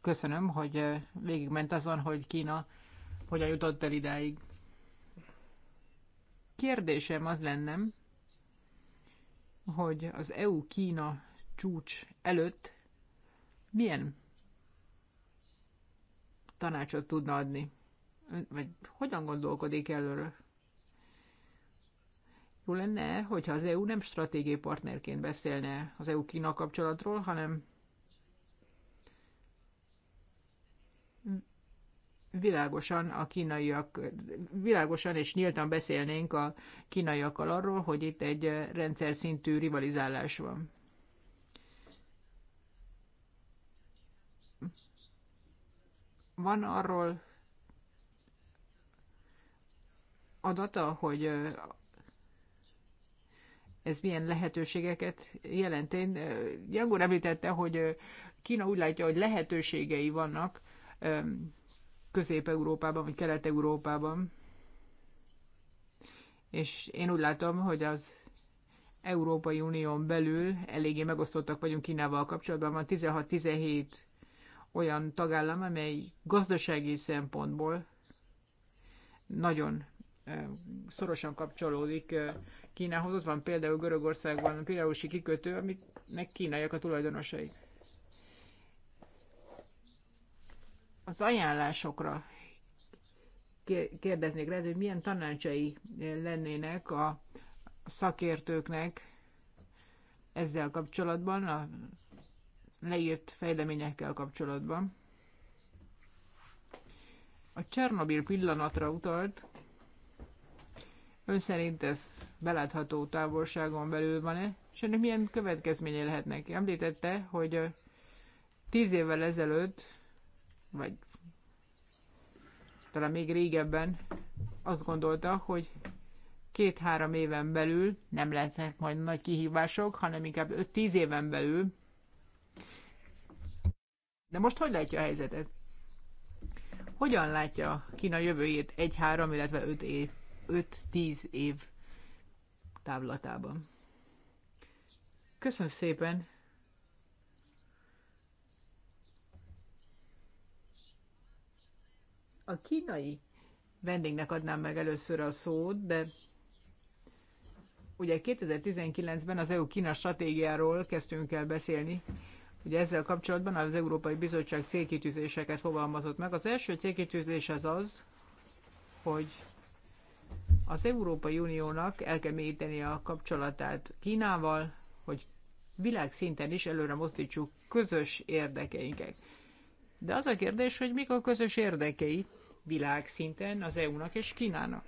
Köszönöm, hogy eh, végigment azon, hogy Kína hogyan jutott el idáig. Kérdésem az lenne, hogy az EU-Kína csúcs előtt milyen tanácsot tudna adni? Vagy hogyan gondolkodik előről? Jó lenne, hogyha az EU nem stratégiai partnerként beszélne az EU-Kína kapcsolatról, hanem világosan a kínaiak, világosan és nyíltan beszélnénk a kínaiakkal arról, hogy itt egy rendszer szintű rivalizálás van. van arról adata, hogy ez milyen lehetőségeket jelent. Én Jangor említette, hogy Kína úgy látja, hogy lehetőségei vannak Közép-Európában, vagy Kelet-Európában. És én úgy látom, hogy az Európai Unión belül eléggé megosztottak vagyunk Kínával kapcsolatban. Van 16-17 olyan tagállam, amely gazdasági szempontból nagyon szorosan kapcsolódik Kínához. Ott van például Görögországban a Pirausi kikötő, amiknek kínaiak a tulajdonosai. Az ajánlásokra kérdeznék rá, hogy milyen tanácsai lennének a szakértőknek ezzel kapcsolatban, a leírt fejleményekkel kapcsolatban. A Csernobil pillanatra utalt, ön szerint ez belátható távolságon belül van-e, és ennek milyen következményei lehetnek? Említette, hogy tíz évvel ezelőtt, vagy talán még régebben azt gondolta, hogy két-három éven belül nem lesznek majd nagy kihívások, hanem inkább öt-tíz éven belül de most hogy látja a helyzetet? Hogyan látja Kína jövőjét egy, három, illetve öt év, öt tíz év távlatában? Köszönöm szépen! A kínai vendégnek adnám meg először a szót, de ugye 2019-ben az EU-Kína stratégiáról kezdtünk el beszélni, Ugye ezzel kapcsolatban az Európai Bizottság célkitűzéseket fogalmazott meg. Az első célkitűzés az az, hogy az Európai Uniónak el kell mélyíteni a kapcsolatát Kínával, hogy világszinten is előre mozdítsuk közös érdekeinket. De az a kérdés, hogy mik a közös érdekei világszinten az EU-nak és Kínának.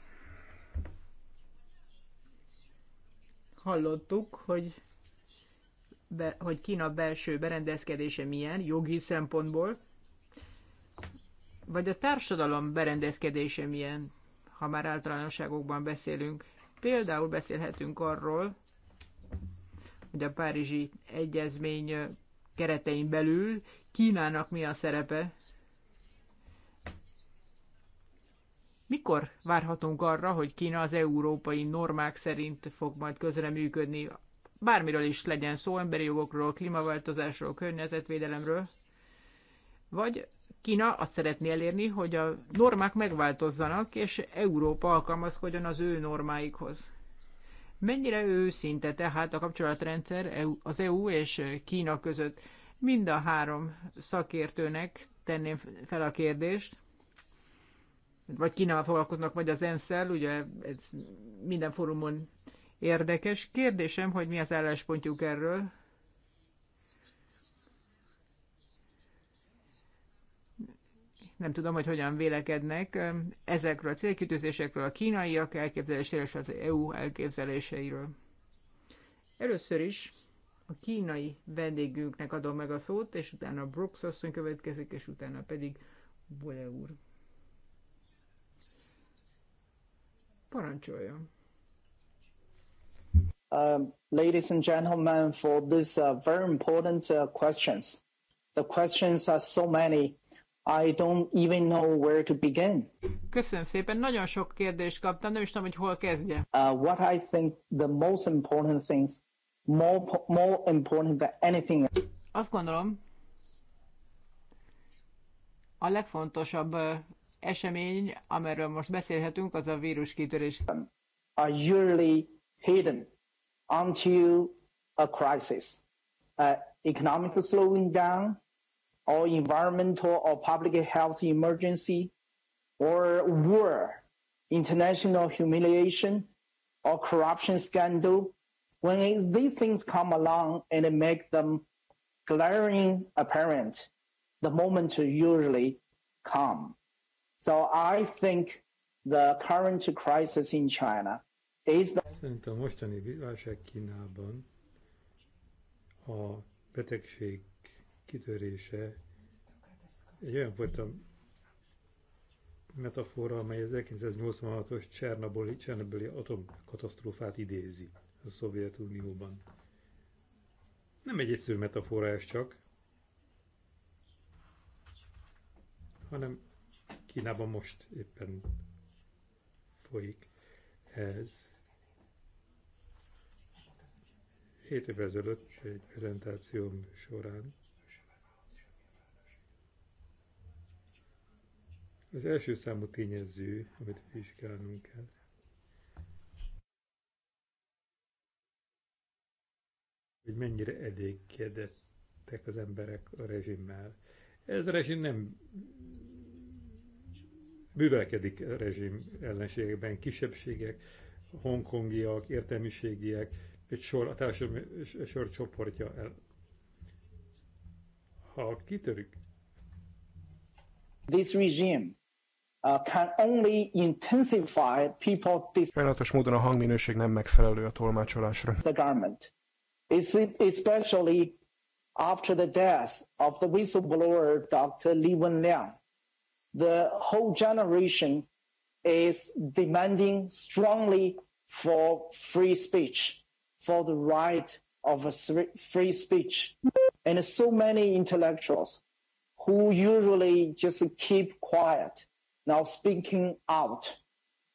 Hallottuk, hogy be, hogy Kína belső berendezkedése milyen jogi szempontból, vagy a társadalom berendezkedése milyen, ha már általánosságokban beszélünk. Például beszélhetünk arról, hogy a Párizsi Egyezmény keretein belül Kínának mi a szerepe, Mikor várhatunk arra, hogy Kína az európai normák szerint fog majd közreműködni bármiről is legyen szó, emberi jogokról, klímaváltozásról, környezetvédelemről, vagy Kína azt szeretné elérni, hogy a normák megváltozzanak, és Európa alkalmazkodjon az ő normáikhoz. Mennyire őszinte tehát a kapcsolatrendszer e az EU és Kína között? Mind a három szakértőnek tenném fel a kérdést, vagy Kínával foglalkoznak, vagy az ENSZ-el, ugye ez minden fórumon Érdekes kérdésem, hogy mi az álláspontjuk erről. Nem tudom, hogy hogyan vélekednek um, ezekről a célkitűzésekről, a kínaiak elképzeléséről és az EU elképzeléseiről. Először is a kínai vendégünknek adom meg a szót, és utána Brooks asszony következik, és utána pedig Bole úr. Parancsoljon! Um, ladies and gentlemen, for these uh, very important uh, questions. The questions are so many. I don't even know where to begin. Köszönöm szépen, nagyon sok kérdést kaptam, nem is tudom, hogy hol kezdje. Uh, what I think the most important things, more, more important than anything. Azt gondolom, a legfontosabb uh, esemény, amiről most beszélhetünk, az a vírus kitörés. Are usually hidden Until a crisis, uh, economic slowing down, or environmental or public health emergency, or war, international humiliation, or corruption scandal, when it, these things come along and make them glaring apparent, the moment usually come. So I think the current crisis in China Szerintem a mostani válság Kínában a betegség kitörése egy olyan fajta metafora, amely az 1986-os Csernoboli, Csernoboli atomkatasztrófát idézi a Szovjetunióban. Nem egy egyszerű metafora ez csak, hanem Kínában most éppen folyik ez. Hét évvel ezelőtt egy prezentációm során az első számú tényező, amit vizsgálnunk kell, hogy mennyire edékedettek az emberek a rezsimmel. Ez a rezsim nem bűvelkedik a rezsim ellenségekben, kisebbségek, hongkongiak, értelmiségiek, egy sor, a társadalmi sor csoportja el. Ha kitörük, This regime Uh, can only intensify people Sajnálatos módon a hangminőség nem megfelelő a tolmácsolásra. The government, especially after the death of the whistleblower Dr. Li Wenliang, the whole generation is demanding strongly for free speech for the right of a free speech. And so many intellectuals who usually just keep quiet now speaking out.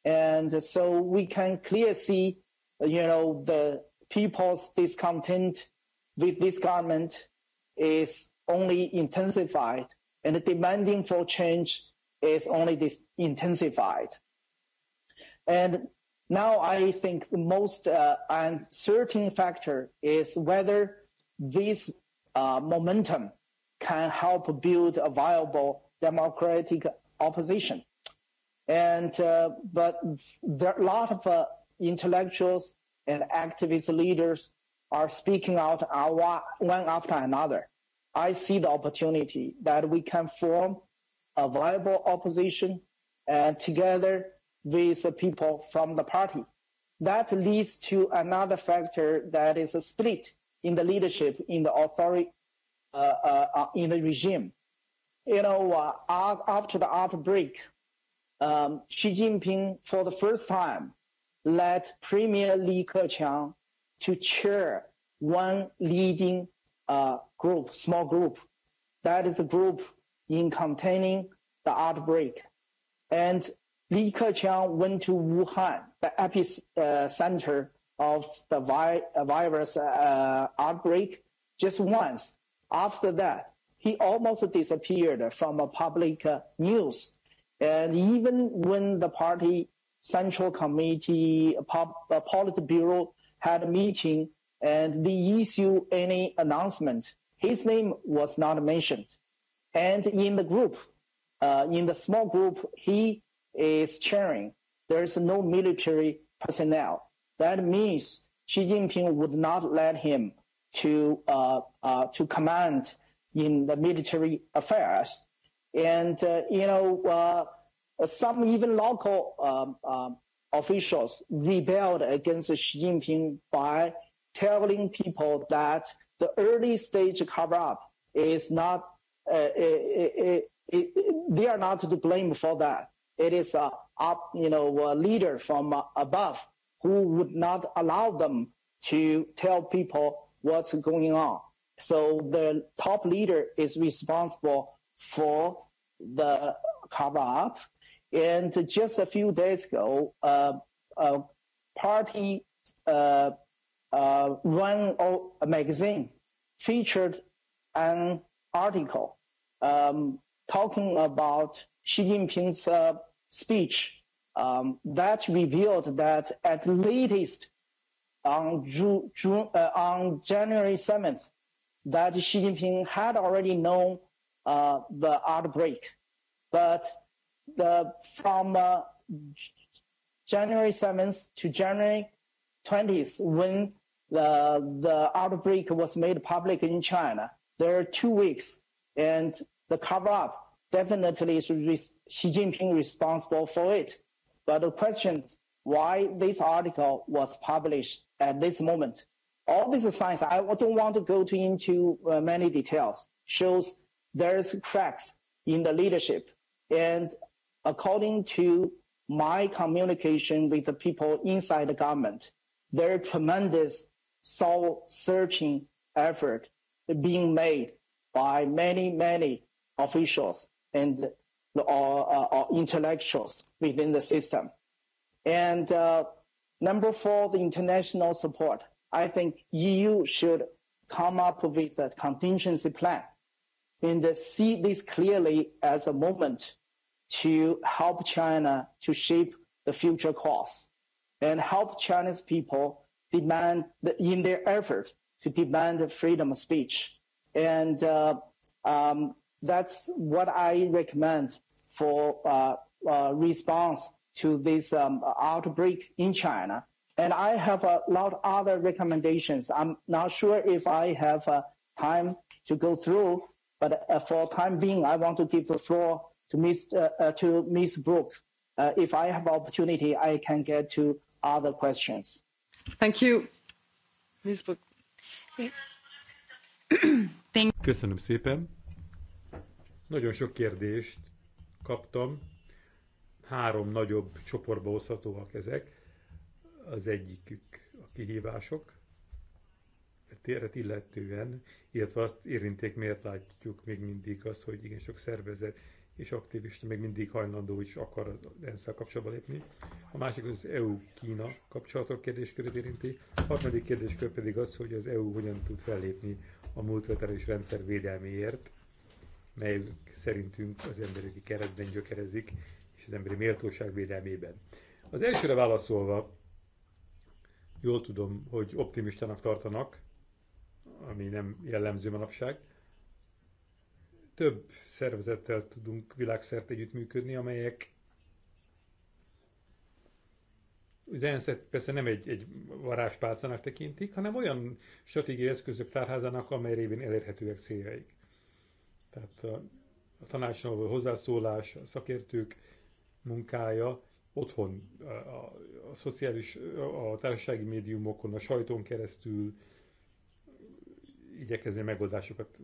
And so we can clearly see, you know, the people's discontent with this government is only intensified and the demanding for change is only this intensified. And Now I think the most uh, uncertain factor is whether this uh, momentum can help build a viable democratic opposition. And uh, but there are a lot of uh, intellectuals and activist leaders are speaking out one after another. I see the opportunity that we can form a viable opposition and together with the people from the party. That leads to another factor that is a split in the leadership, in the authority, uh, uh, uh in the regime. You know, uh, after the outbreak, um, Xi Jinping, for the first time, led Premier Li Keqiang to chair one leading uh, group, small group. That is a group in containing the outbreak. And Li Keqiang went to Wuhan, the epicenter uh, of the uh, virus uh, outbreak, just once. After that, he almost disappeared from public news. And even when the party central committee, Politburo had a meeting and they issue any announcement, his name was not mentioned. And in the group, uh, in the small group, he is There is no military personnel. That means Xi Jinping would not let him to uh, uh, to command in the military affairs, and uh, you know uh, some even local um, um, officials rebelled against Xi Jinping by telling people that the early stage cover up is not it, it, it, they are not to blame for that. It is a up, you know, a leader from above who would not allow them to tell people what's going on. So the top leader is responsible for the cover up. And just a few days ago, uh, a party uh, uh, run a magazine featured an article um, talking about Xi Jinping's uh, speech um, that revealed that at latest on, Ju- Ju- uh, on January 7th, that Xi Jinping had already known uh, the outbreak. But the, from uh, January 7th to January 20th, when the, the outbreak was made public in China, there are two weeks, and the cover up Definitely is Xi Jinping responsible for it. But the question why this article was published at this moment, all these signs, I don't want to go into uh, many details, shows there's cracks in the leadership. And according to my communication with the people inside the government, there are tremendous soul searching effort being made by many, many officials and or, or uh, uh, uh, intellectuals within the system. And number four, the international support. I think EU should come up with a contingency plan and see this clearly as a moment to help China to shape the future course and help Chinese people demand the, in their effort to demand the freedom of speech and uh, um, That's what I recommend for uh, uh, response to this um, outbreak in China. And I have a lot other recommendations. I'm not sure if I have uh, time to go through, but uh, for time being, I want to give the floor to Miss uh, uh, to Miss Brooks. Uh, if I have opportunity, I can get to other questions. Thank you, Miss Brooks. Thank. Köszönöm szépen. Nagyon sok kérdést kaptam, három nagyobb csoportba oszhatóak ezek. Az egyikük a kihívások, téret illetően, illetve azt érinték, miért látjuk még mindig az, hogy igen sok szervezet és aktivista még mindig hajlandó is akar ezzel kapcsolatba lépni. A másik az EU-Kína kapcsolatok kérdéskörét érinti. A harmadik kérdéskör pedig az, hogy az EU hogyan tud fellépni a multilaterális rendszer védelméért, mely szerintünk az emberi keretben gyökerezik, és az emberi méltóság védelmében. Az elsőre válaszolva, jól tudom, hogy optimistának tartanak, ami nem jellemző manapság. Több szervezettel tudunk világszerte együttműködni, amelyek az ensz persze nem egy, egy varázspálcának tekintik, hanem olyan stratégiai eszközök tárházának, amely révén elérhetőek céljaik. Tehát a, a tanácsnál való hozzászólás, a szakértők munkája otthon, a, a, a szociális, a, a társasági médiumokon, a sajton keresztül igyekezni megoldásokat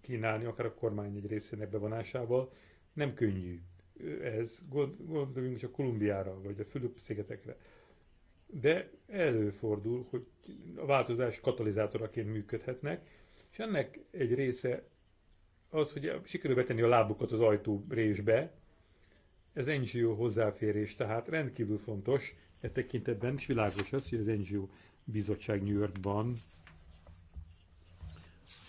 kínálni, akár a kormány egy részének bevonásával. Nem könnyű ez, gondoljunk csak Kolumbiára, vagy a Fülöp-szigetekre. De előfordul, hogy a változás katalizátoraként működhetnek, és ennek egy része az, hogy sikerül betenni a lábukat az ajtó résbe, ez NGO hozzáférés, tehát rendkívül fontos, e tekintetben is világos az, hogy az NGO bizottság New Yorkban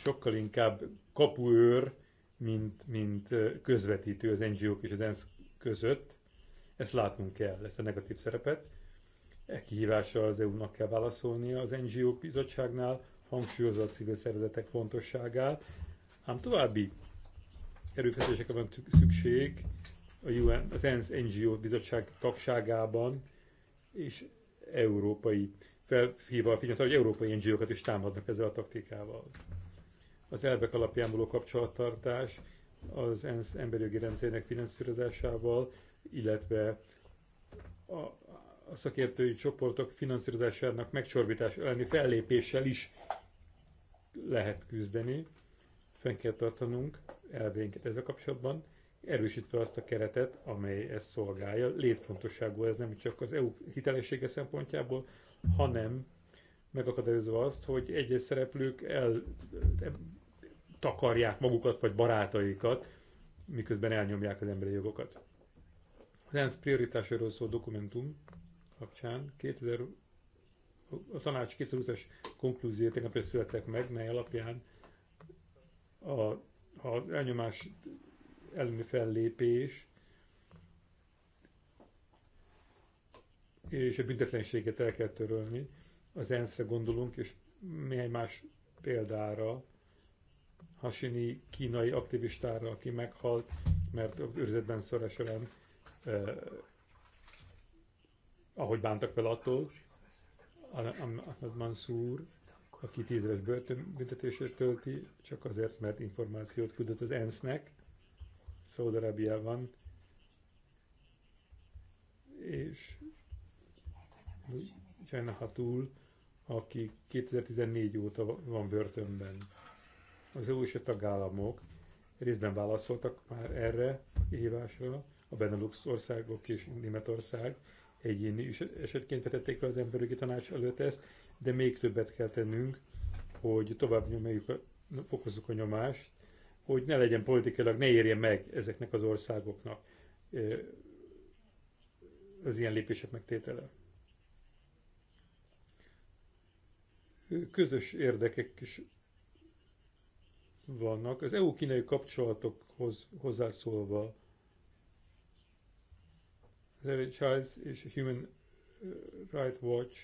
sokkal inkább kapuőr, mint, mint közvetítő az NGO-k és az ENSZ között. Ezt látnunk kell, ezt a negatív szerepet. E kihívásra az EU-nak kell válaszolnia az NGO bizottságnál, hangsúlyozza a civil szervezetek fontosságát, Ám további erőfeszítésekre van szükség a UN, az ENSZ NGO bizottság tagságában, és európai, felhívva a figyelmet, hogy európai NGO-kat is támadnak ezzel a taktikával. Az elvek alapján való kapcsolattartás az ENSZ emberjogi rendszerének finanszírozásával, illetve a, a szakértői csoportok finanszírozásának megcsorbítás elleni fellépéssel is lehet küzdeni fenn kell tartanunk elveinket ezzel kapcsolatban, erősítve azt a keretet, amely ezt szolgálja. Létfontosságú ez nem csak az EU hitelessége szempontjából, hanem megakadályozva azt, hogy egyes szereplők el takarják magukat vagy barátaikat, miközben elnyomják az emberi jogokat. Az ENSZ prioritásairól szól dokumentum kapcsán 2000, a tanács 2020 es konklúziót tegnap születtek meg, mely alapján a, a elnyomás elmi fellépés és a büntetlenséget el kell törölni. Az ensz gondolunk, és néhány más példára, Hasini kínai aktivistára, aki meghalt, mert az őrzetben szora eh, ahogy bántak vele attól, Ahmad Mansour, aki tíz éves börtönbüntetését tölti, csak azért, mert információt küldött az ENSZ-nek, Szaudarábiában, és Csajna Hatul, aki 2014 óta van börtönben. Az EU és a tagállamok részben válaszoltak már erre hívásra, a Benelux országok és Németország egyéni esetként vetették fel az emberi tanács előtt ezt, de még többet kell tennünk, hogy tovább nyomjuk, fokozzuk a nyomást, hogy ne legyen politikailag, ne érje meg ezeknek az országoknak az ilyen lépések megtétele. Közös érdekek is vannak. Az EU-kínai kapcsolatokhoz hozzászólva az Charles és a Human Rights Watch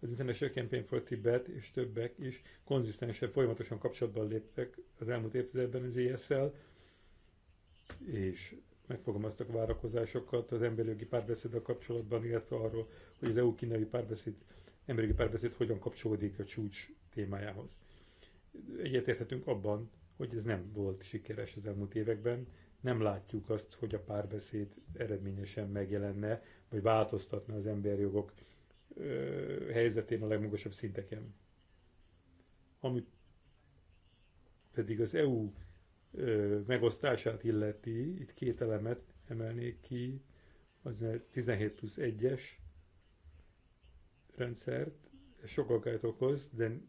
az International Campaign for Tibet és többek is konzisztensebb, folyamatosan kapcsolatban léptek az elmúlt évtizedben az isz e szel és megfogalmaztak a várakozásokat az emberi jogi párbeszéddel kapcsolatban, illetve arról, hogy az EU-kínai párbeszéd, emberi jogi párbeszéd hogyan kapcsolódik a csúcs témájához. Egyetérthetünk abban, hogy ez nem volt sikeres az elmúlt években, nem látjuk azt, hogy a párbeszéd eredményesen megjelenne, vagy változtatna az emberi jogok helyzetén a legmagasabb szinteken. Ami pedig az EU megosztását illeti, itt két elemet emelnék ki, az 17 plusz 1-es rendszert, sok aggályt okoz, de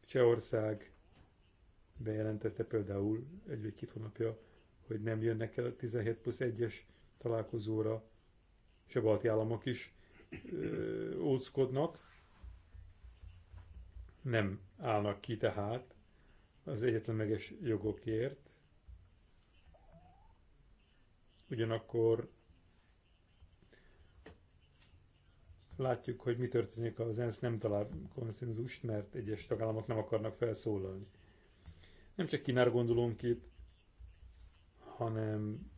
Csehország bejelentette például egy két hónapja, hogy nem jönnek el a 17 plusz 1-es találkozóra, és a balti államok is ö, óckodnak, nem állnak ki tehát az egyetlenleges jogokért, ugyanakkor látjuk, hogy mi történik, az ENSZ nem talál konszenzust, mert egyes tagállamok nem akarnak felszólalni. Nem csak Kínára gondolunk itt, hanem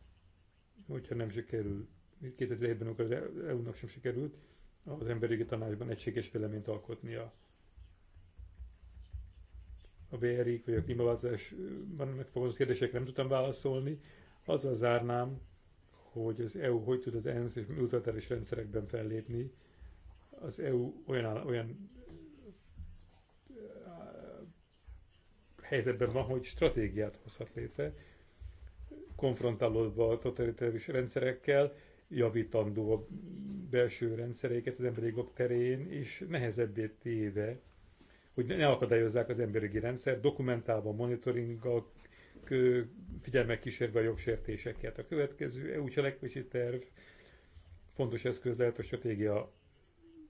hogyha nem sikerül 2007-ben, amikor az EU-nak sem sikerült, az emberi tanácsban egységes véleményt alkotnia. A bri vagy a klímaváltozásban megfogalmazott kérdésekre nem tudtam válaszolni. Azzal zárnám, hogy az EU hogy tud az ENSZ és multilaterális rendszerekben fellépni. Az EU olyan, olyan eh, helyzetben van, hogy stratégiát hozhat létre, konfrontálódva a totalitáris rendszerekkel, javítandó a belső rendszereiket az emberi jogok terén, és nehezebbé téve, hogy ne akadályozzák az emberi jogi rendszer, dokumentálva, monitoringgal, figyelmek kísérve a jogsértéseket. A következő EU cselekvési terv fontos eszköz lehet a stratégia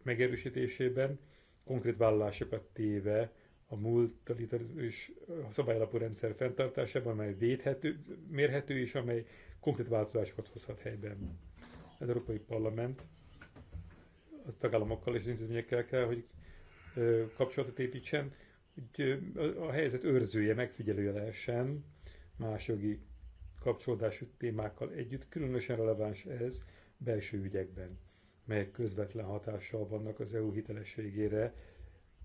megerősítésében, konkrét vállalásokat téve a multilitarius szabályalapú rendszer fenntartásában, amely védhető, mérhető és amely konkrét változásokat hozhat helyben. Az Európai Parlament az tagállamokkal és az intézményekkel kell, hogy kapcsolatot építsen, hogy a helyzet őrzője, megfigyelője lehessen más jogi kapcsolódású témákkal együtt. Különösen releváns ez belső ügyekben, melyek közvetlen hatással vannak az EU hitelességére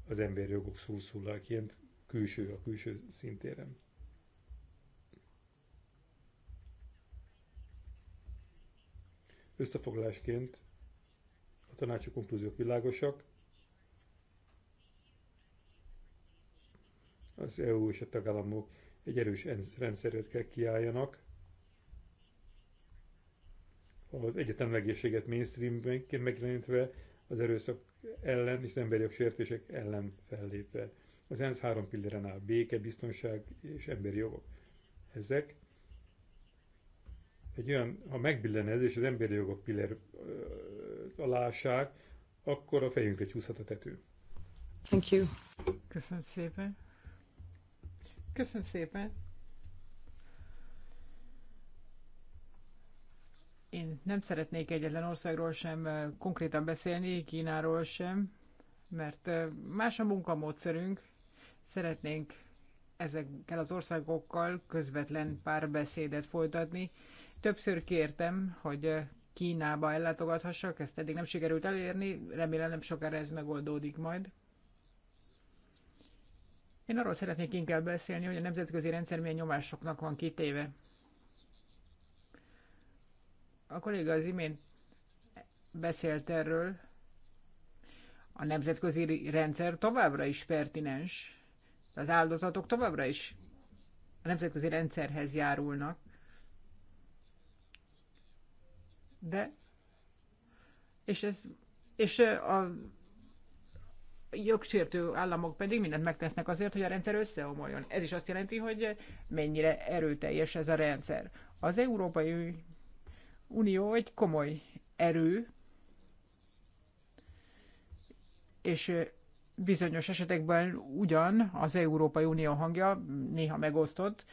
az emberi jogok szószólalként külső, a külső szintéren. Összefoglalásként a tanácsi konklúziók világosak, az EU és a tagállamok egy erős rendszerét kell kiálljanak, az legészséget mainstreamben megjelenítve, az erőszak ellen és az emberi sértések ellen fellépve. Az ENSZ három pilléren áll, béke, biztonság és emberi jogok. Ezek egy olyan, ha ez, és az emberi jogok pillér alássák, akkor a fejünkre csúszhat a tető. Thank you. Köszönöm szépen. Köszönöm szépen. Én nem szeretnék egyetlen országról sem konkrétan beszélni, Kínáról sem, mert más a munkamódszerünk. Szeretnénk ezekkel az országokkal közvetlen párbeszédet folytatni, Többször kértem, hogy Kínába ellátogathassak, ezt eddig nem sikerült elérni, remélem nem sokára ez megoldódik majd. Én arról szeretnék inkább beszélni, hogy a nemzetközi rendszer milyen nyomásoknak van kitéve. A kolléga az imént beszélt erről. A nemzetközi rendszer továbbra is pertinens, az áldozatok továbbra is a nemzetközi rendszerhez járulnak. de és ez és a jogsértő államok pedig mindent megtesznek azért, hogy a rendszer összeomoljon. Ez is azt jelenti, hogy mennyire erőteljes ez a rendszer. Az Európai Unió egy komoly erő, és bizonyos esetekben ugyan az Európai Unió hangja néha megosztott,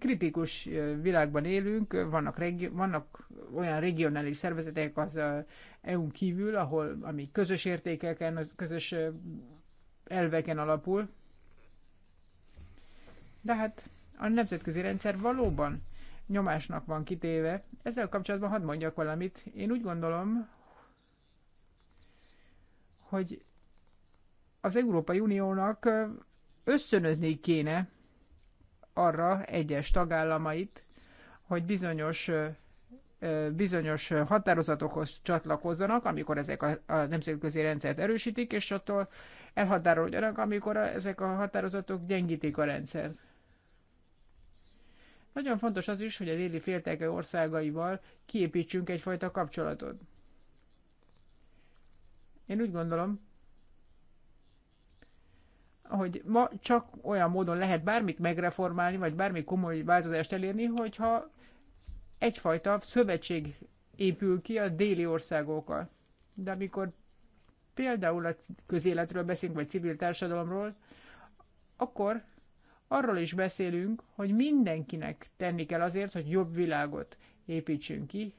kritikus világban élünk, vannak, regi- vannak olyan regionális szervezetek az EU-n kívül, ahol, ami közös értékeken, közös elveken alapul. De hát a nemzetközi rendszer valóban nyomásnak van kitéve. Ezzel kapcsolatban hadd mondjak valamit. Én úgy gondolom, hogy az Európai Uniónak ösztönözni kéne arra egyes tagállamait, hogy bizonyos bizonyos határozatokhoz csatlakozzanak, amikor ezek a, a nemzetközi rendszert erősítik, és attól elhatárolódjanak, amikor a, ezek a határozatok gyengítik a rendszert. Nagyon fontos az is, hogy a déli félteke országaival kiépítsünk egyfajta kapcsolatot. Én úgy gondolom, hogy ma csak olyan módon lehet bármit megreformálni, vagy bármi komoly változást elérni, hogyha egyfajta szövetség épül ki a déli országokkal. De amikor például a közéletről beszélünk, vagy civil társadalomról, akkor arról is beszélünk, hogy mindenkinek tenni kell azért, hogy jobb világot építsünk ki.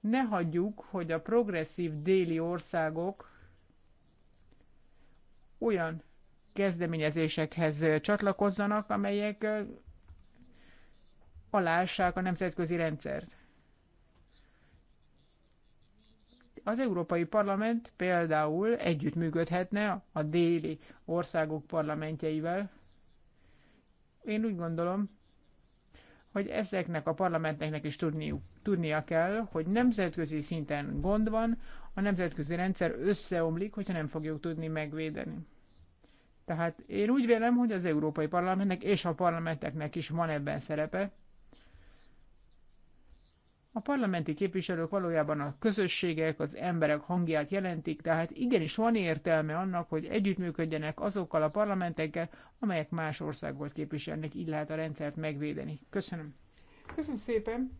Ne hagyjuk, hogy a progresszív déli országok olyan kezdeményezésekhez csatlakozzanak, amelyek alássák a nemzetközi rendszert. Az Európai Parlament például együttműködhetne a déli országok parlamentjeivel. Én úgy gondolom, hogy ezeknek a parlamenteknek is tudniuk, tudnia kell, hogy nemzetközi szinten gond van, a nemzetközi rendszer összeomlik, hogyha nem fogjuk tudni megvédeni. Tehát én úgy vélem, hogy az Európai Parlamentnek és a parlamenteknek is van ebben szerepe. A parlamenti képviselők valójában a közösségek, az emberek hangját jelentik, tehát igenis van értelme annak, hogy együttműködjenek azokkal a parlamentekkel, amelyek más országot képviselnek, így lehet a rendszert megvédeni. Köszönöm. Köszönöm szépen.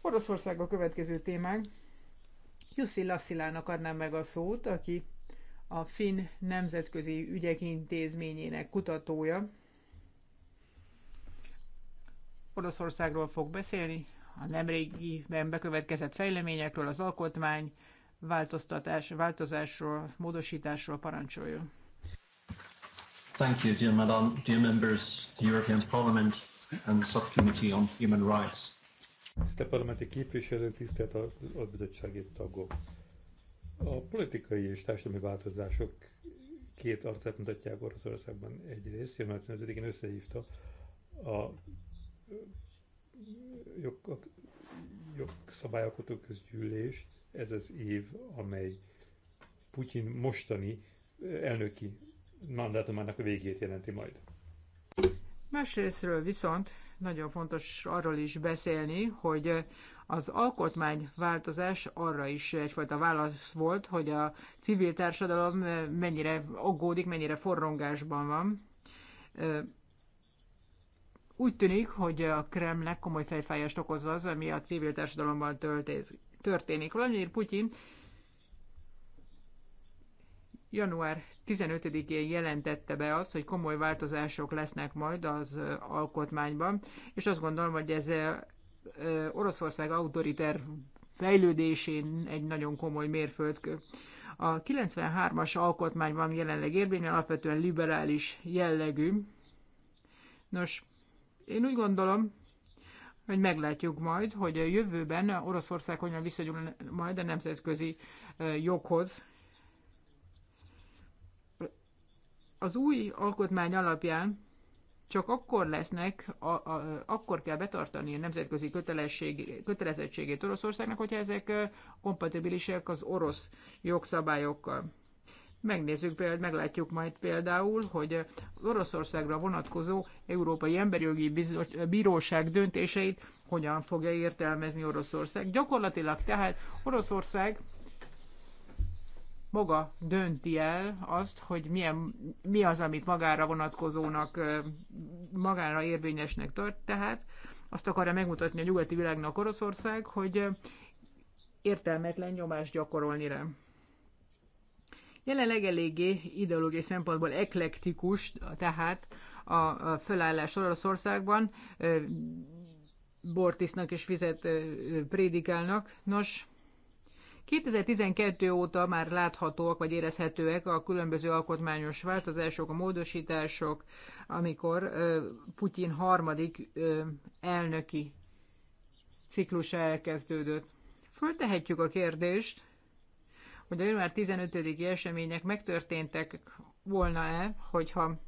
Oroszország a következő témánk. Jussi Lassilának adnám meg a szót, aki a Finn Nemzetközi Ügyek Intézményének kutatója. Oroszországról fog beszélni, a nemrégiben bekövetkezett fejleményekről, az alkotmány változtatás, változásról, módosításról parancsoljon. Thank you, dear Madam, dear members, the European Parliament and the Subcommittee on Human Rights. Tisztelt parlamenti képviselő, tisztelt a bizottsági tagok. A politikai és társadalmi változások két arcát mutatják Oroszországban egyrészt. Január az én összehívta a a jogszabályalkotó közgyűlést, ez az év, amely Putyin mostani elnöki mandátumának a végét jelenti majd. Másrésztről viszont nagyon fontos arról is beszélni, hogy az alkotmányváltozás arra is egyfajta válasz volt, hogy a civil társadalom mennyire aggódik, mennyire forrongásban van. Úgy tűnik, hogy a Kremlnek komoly fejfájást okozza az, ami a civil társadalomban történik. Valamint Putyin január 15-én jelentette be azt, hogy komoly változások lesznek majd az alkotmányban, és azt gondolom, hogy ez Oroszország autoriter fejlődésén egy nagyon komoly mérföldkő. A 93-as alkotmány alkotmányban jelenleg érvényben alapvetően liberális jellegű. Nos, én úgy gondolom, hogy meglátjuk majd, hogy a jövőben Oroszország hogyan viszonyul majd a nemzetközi joghoz, Az új alkotmány alapján csak akkor lesznek, a, a, akkor kell betartani a nemzetközi kötelezettségét Oroszországnak, hogyha ezek kompatibilisek az orosz jogszabályokkal. Megnézzük, például, meglátjuk majd például, hogy az Oroszországra vonatkozó Európai Emberi Jogi Bíróság döntéseit hogyan fogja értelmezni Oroszország. Gyakorlatilag tehát Oroszország maga dönti el azt, hogy milyen, mi az, amit magára vonatkozónak, magára érvényesnek tart. Tehát azt akarja megmutatni a nyugati világnak Oroszország, hogy értelmetlen nyomást gyakorolni rá. Jelenleg eléggé ideológiai szempontból eklektikus, tehát a fölállás Oroszországban bortisznak és vizet prédikálnak. Nos, 2012 óta már láthatóak vagy érezhetőek a különböző alkotmányos változások, a módosítások, amikor Putyin harmadik elnöki ciklusa elkezdődött. Föltehetjük a kérdést, hogy a január 15-i események megtörténtek volna-e, hogyha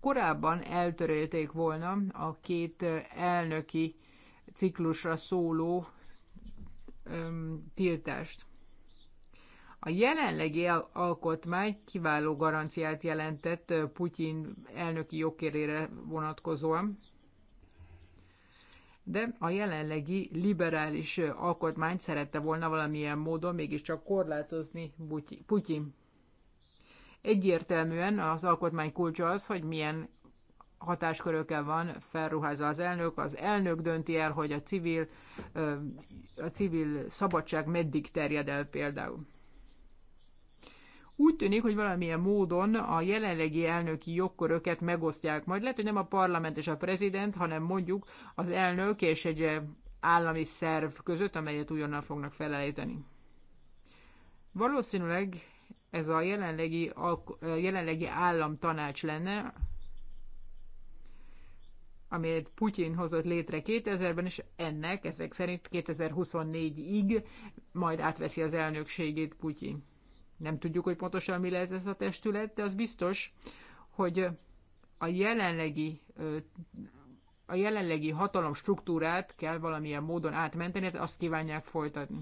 korábban eltörölték volna a két elnöki ciklusra szóló öm, tiltást. A jelenlegi alkotmány kiváló garanciát jelentett Putyin elnöki jogkérére vonatkozóan, de a jelenlegi liberális alkotmányt szerette volna valamilyen módon mégiscsak korlátozni Putyin. Egyértelműen az alkotmány kulcsa az, hogy milyen hatáskörökkel van felruházva az elnök. Az elnök dönti el, hogy a civil, a civil szabadság meddig terjed el például. Úgy tűnik, hogy valamilyen módon a jelenlegi elnöki jogköröket megosztják. Majd lehet, hogy nem a parlament és a prezident, hanem mondjuk az elnök és egy állami szerv között, amelyet újonnan fognak felelíteni. Valószínűleg ez a jelenlegi, jelenlegi államtanács lenne, amelyet Putyin hozott létre 2000-ben, és ennek ezek szerint 2024-ig majd átveszi az elnökségét Putyin. Nem tudjuk, hogy pontosan mi lesz ez a testület, de az biztos, hogy a jelenlegi a jelenlegi hatalom struktúrát kell valamilyen módon átmenteni, tehát azt kívánják folytatni.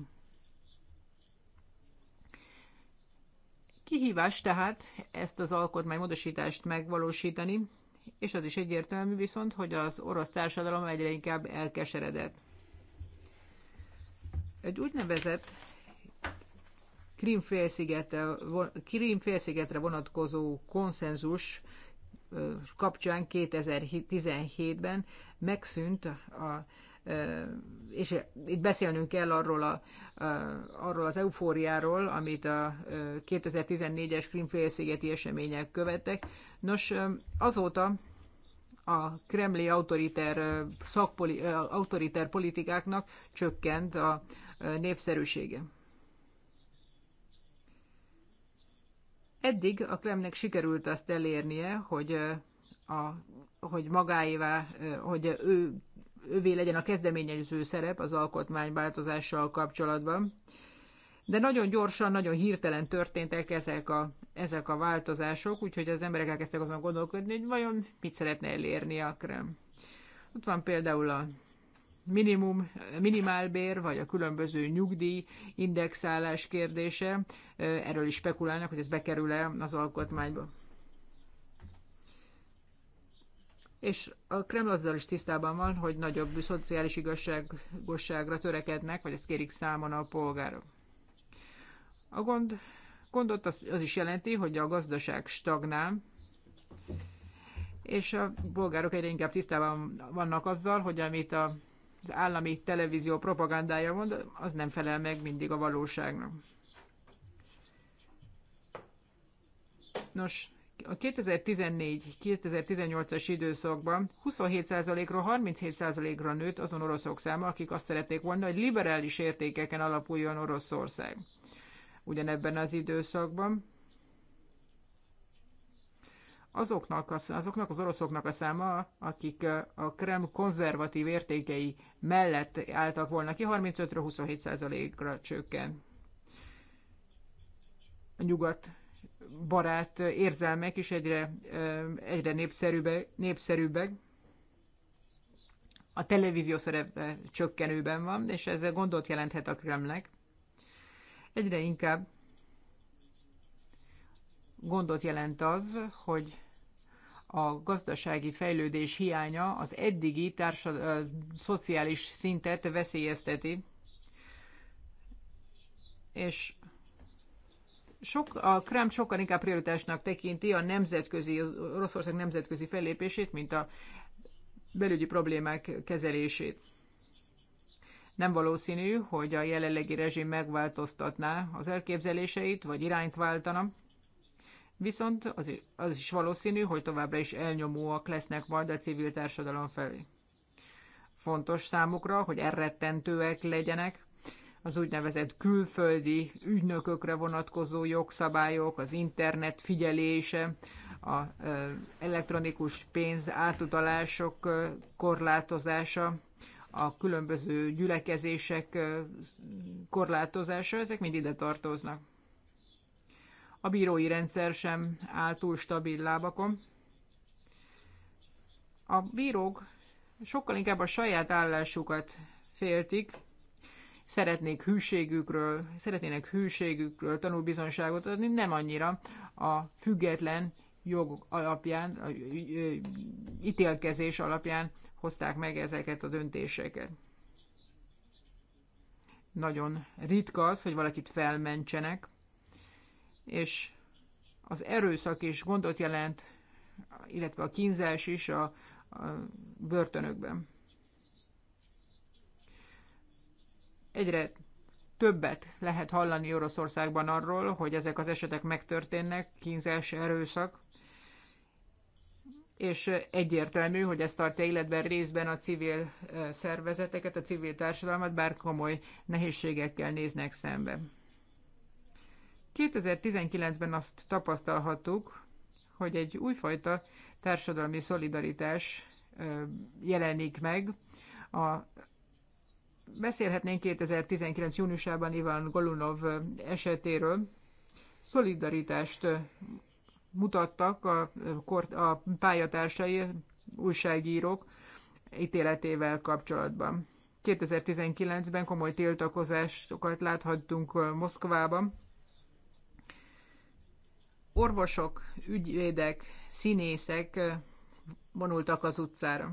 Kihívás tehát ezt az alkotmánymódosítást megvalósítani, és az is egyértelmű viszont, hogy az orosz társadalom egyre inkább elkeseredett. Egy úgynevezett krím vonatkozó konszenzus kapcsán 2017-ben megszűnt a és itt beszélnünk kell arról, a, arról az eufóriáról, amit a 2014-es Krimfélszigeti események követtek. Nos, azóta a kremli autoriter, szakpoli, autoriter politikáknak csökkent a népszerűsége. Eddig a Kremnek sikerült azt elérnie, hogy, a, hogy magáévá, hogy ő ővé legyen a kezdeményező szerep az változással kapcsolatban. De nagyon gyorsan, nagyon hirtelen történtek ezek a, ezek a változások, úgyhogy az emberek elkezdtek azon gondolkodni, hogy vajon mit szeretne elérni a krem. Ott van például a minimum, minimálbér, vagy a különböző nyugdíj indexálás kérdése. Erről is spekulálnak, hogy ez bekerül-e az alkotmányba. és a Kreml azzal is tisztában van, hogy nagyobb szociális igazságosságra törekednek, vagy ezt kérik számon a polgárok. A gond, gondot az, az is jelenti, hogy a gazdaság stagnál, és a bolgárok egyre inkább tisztában vannak azzal, hogy amit a, az állami televízió propagandája mond, az nem felel meg mindig a valóságnak. Nos, a 2014-2018-as időszakban 27%-ról 37%-ra nőtt azon oroszok száma, akik azt szerették volna, hogy liberális értékeken alapuljon Oroszország. Ugyanebben az időszakban azoknak, azoknak az oroszoknak a száma, akik a Kreml konzervatív értékei mellett álltak volna ki, 35-27%-ra csökken. A nyugat barát érzelmek is egyre, egyre népszerűbbek, népszerűbbek. A televízió szerepe csökkenőben van, és ezzel gondot jelenthet a Kremlnek. Egyre inkább gondot jelent az, hogy a gazdasági fejlődés hiánya az eddigi a szociális szintet veszélyezteti, és sok, a Krám sokkal inkább prioritásnak tekinti a nemzetközi, Oroszország nemzetközi fellépését, mint a belügyi problémák kezelését. Nem valószínű, hogy a jelenlegi rezsim megváltoztatná az elképzeléseit, vagy irányt váltana, viszont az is, az is valószínű, hogy továbbra is elnyomóak lesznek majd a civil társadalom felé. Fontos számukra, hogy elrettentőek legyenek, az úgynevezett külföldi ügynökökre vonatkozó jogszabályok, az internet figyelése, a elektronikus pénz átutalások korlátozása, a különböző gyülekezések korlátozása, ezek mind ide tartoznak. A bírói rendszer sem áll túl stabil lábakon. A bírók sokkal inkább a saját állásukat féltik, szeretnék hűségükről, szeretnének hűségükről tanulbizonságot adni, nem annyira a független jog alapján, a ítélkezés alapján hozták meg ezeket a döntéseket. Nagyon ritka az, hogy valakit felmentsenek, és az erőszak is gondot jelent, illetve a kínzás is a, a börtönökben. egyre többet lehet hallani Oroszországban arról, hogy ezek az esetek megtörténnek, kínzás, erőszak, és egyértelmű, hogy ez tartja életben részben a civil szervezeteket, a civil társadalmat, bár komoly nehézségekkel néznek szembe. 2019-ben azt tapasztalhattuk, hogy egy újfajta társadalmi szolidaritás jelenik meg a Beszélhetnénk 2019. júniusában Ivan Golunov esetéről. Szolidaritást mutattak a, a pályatársai újságírók ítéletével kapcsolatban. 2019-ben komoly tiltakozásokat láthattunk Moszkvában. Orvosok, ügyvédek, színészek vonultak az utcára.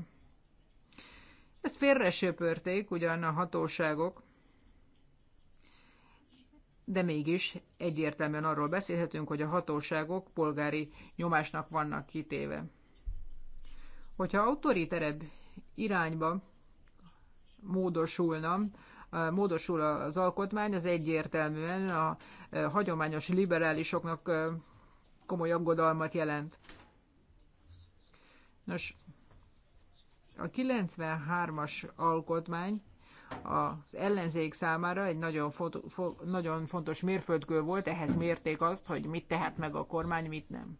Ezt félre söpörték ugyan a hatóságok, de mégis egyértelműen arról beszélhetünk, hogy a hatóságok polgári nyomásnak vannak kitéve. Hogyha autoriterebb irányba módosulna, módosul az alkotmány, az egyértelműen a eh, hagyományos liberálisoknak eh, komoly aggodalmat jelent. Nos, a 93-as alkotmány az ellenzék számára egy nagyon, fo- fo- nagyon fontos mérföldkő volt, ehhez mérték azt, hogy mit tehet meg a kormány, mit nem.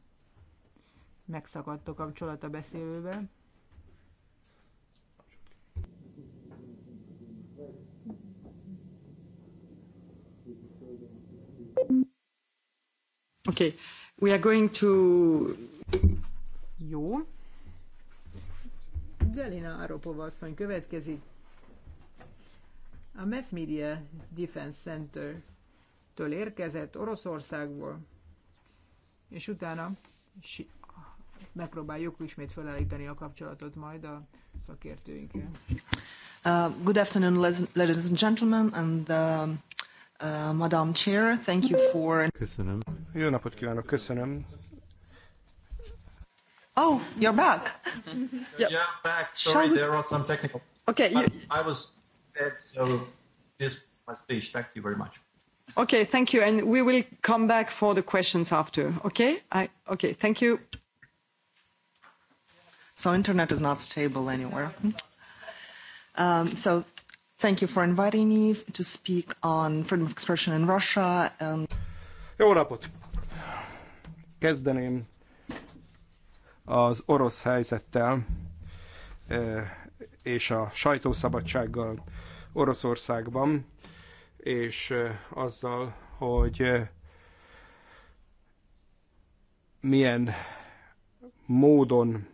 Megszakadt a kapcsolat a beszélővel. Okay, we are going to... Jó, Galina Aropova asszony következik. A Mass Media Defense Center-től érkezett Oroszországból, és utána megpróbáljuk ismét felállítani a kapcsolatot majd a szakértőinkkel. Uh, good afternoon, ladies and gentlemen, and uh, uh, Madam Chair, thank you for... Köszönöm. Jó napot kívánok, köszönöm Oh, you're back. yeah. yeah, back. Sorry, we... there was some technical. Okay. You... I was dead, so this was my speech. Thank you very much. Okay, thank you. And we will come back for the questions after. Okay? I, okay, thank you. So internet is not stable anywhere. Um, so thank you for inviting me to speak on freedom of expression in Russia. Um... Jó napot! Kezdeném az orosz helyzettel és a sajtószabadsággal Oroszországban, és azzal, hogy milyen módon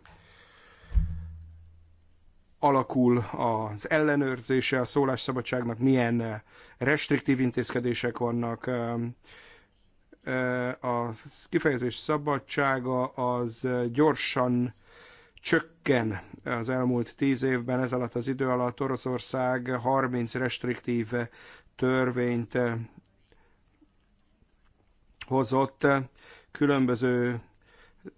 alakul az ellenőrzése a szólásszabadságnak, milyen restriktív intézkedések vannak, a kifejezés szabadsága az gyorsan csökken az elmúlt tíz évben, ez alatt az idő alatt Oroszország 30 restriktív törvényt hozott, különböző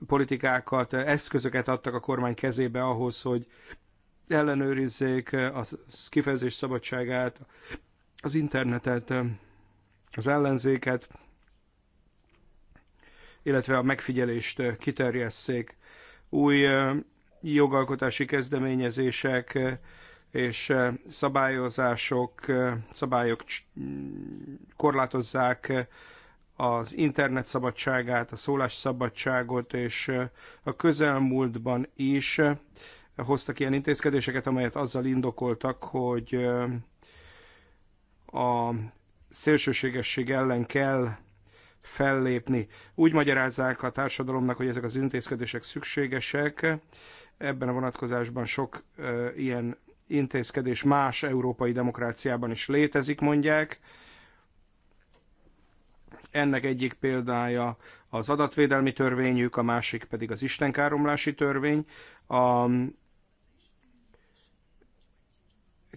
politikákat, eszközöket adtak a kormány kezébe ahhoz, hogy ellenőrizzék a kifejezés szabadságát, az internetet, az ellenzéket, illetve a megfigyelést kiterjesszék. Új jogalkotási kezdeményezések és szabályozások, szabályok mm, korlátozzák az internet szabadságát, a szólásszabadságot, és a közelmúltban is hoztak ilyen intézkedéseket, amelyet azzal indokoltak, hogy a szélsőségesség ellen kell fellépni. Úgy magyarázzák a társadalomnak, hogy ezek az intézkedések szükségesek. Ebben a vonatkozásban sok ilyen intézkedés más európai demokráciában is létezik, mondják. Ennek egyik példája az adatvédelmi törvényük, a másik pedig az istenkáromlási törvény. A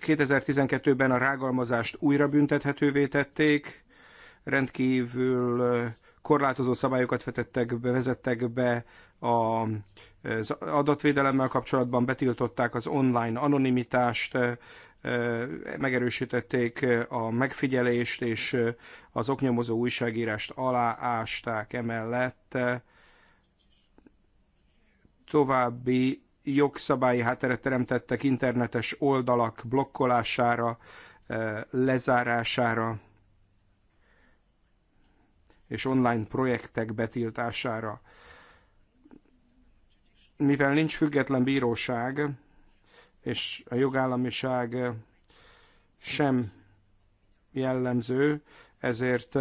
2012-ben a rágalmazást újra büntethetővé tették, rendkívül korlátozó szabályokat vetettek, bevezettek be a az adatvédelemmel kapcsolatban betiltották az online anonimitást, megerősítették a megfigyelést, és az oknyomozó újságírást aláásták emellett. További jogszabályi hátteret teremtettek internetes oldalak blokkolására, lezárására, és online projektek betiltására. Mivel nincs független bíróság, és a jogállamiság sem jellemző, ezért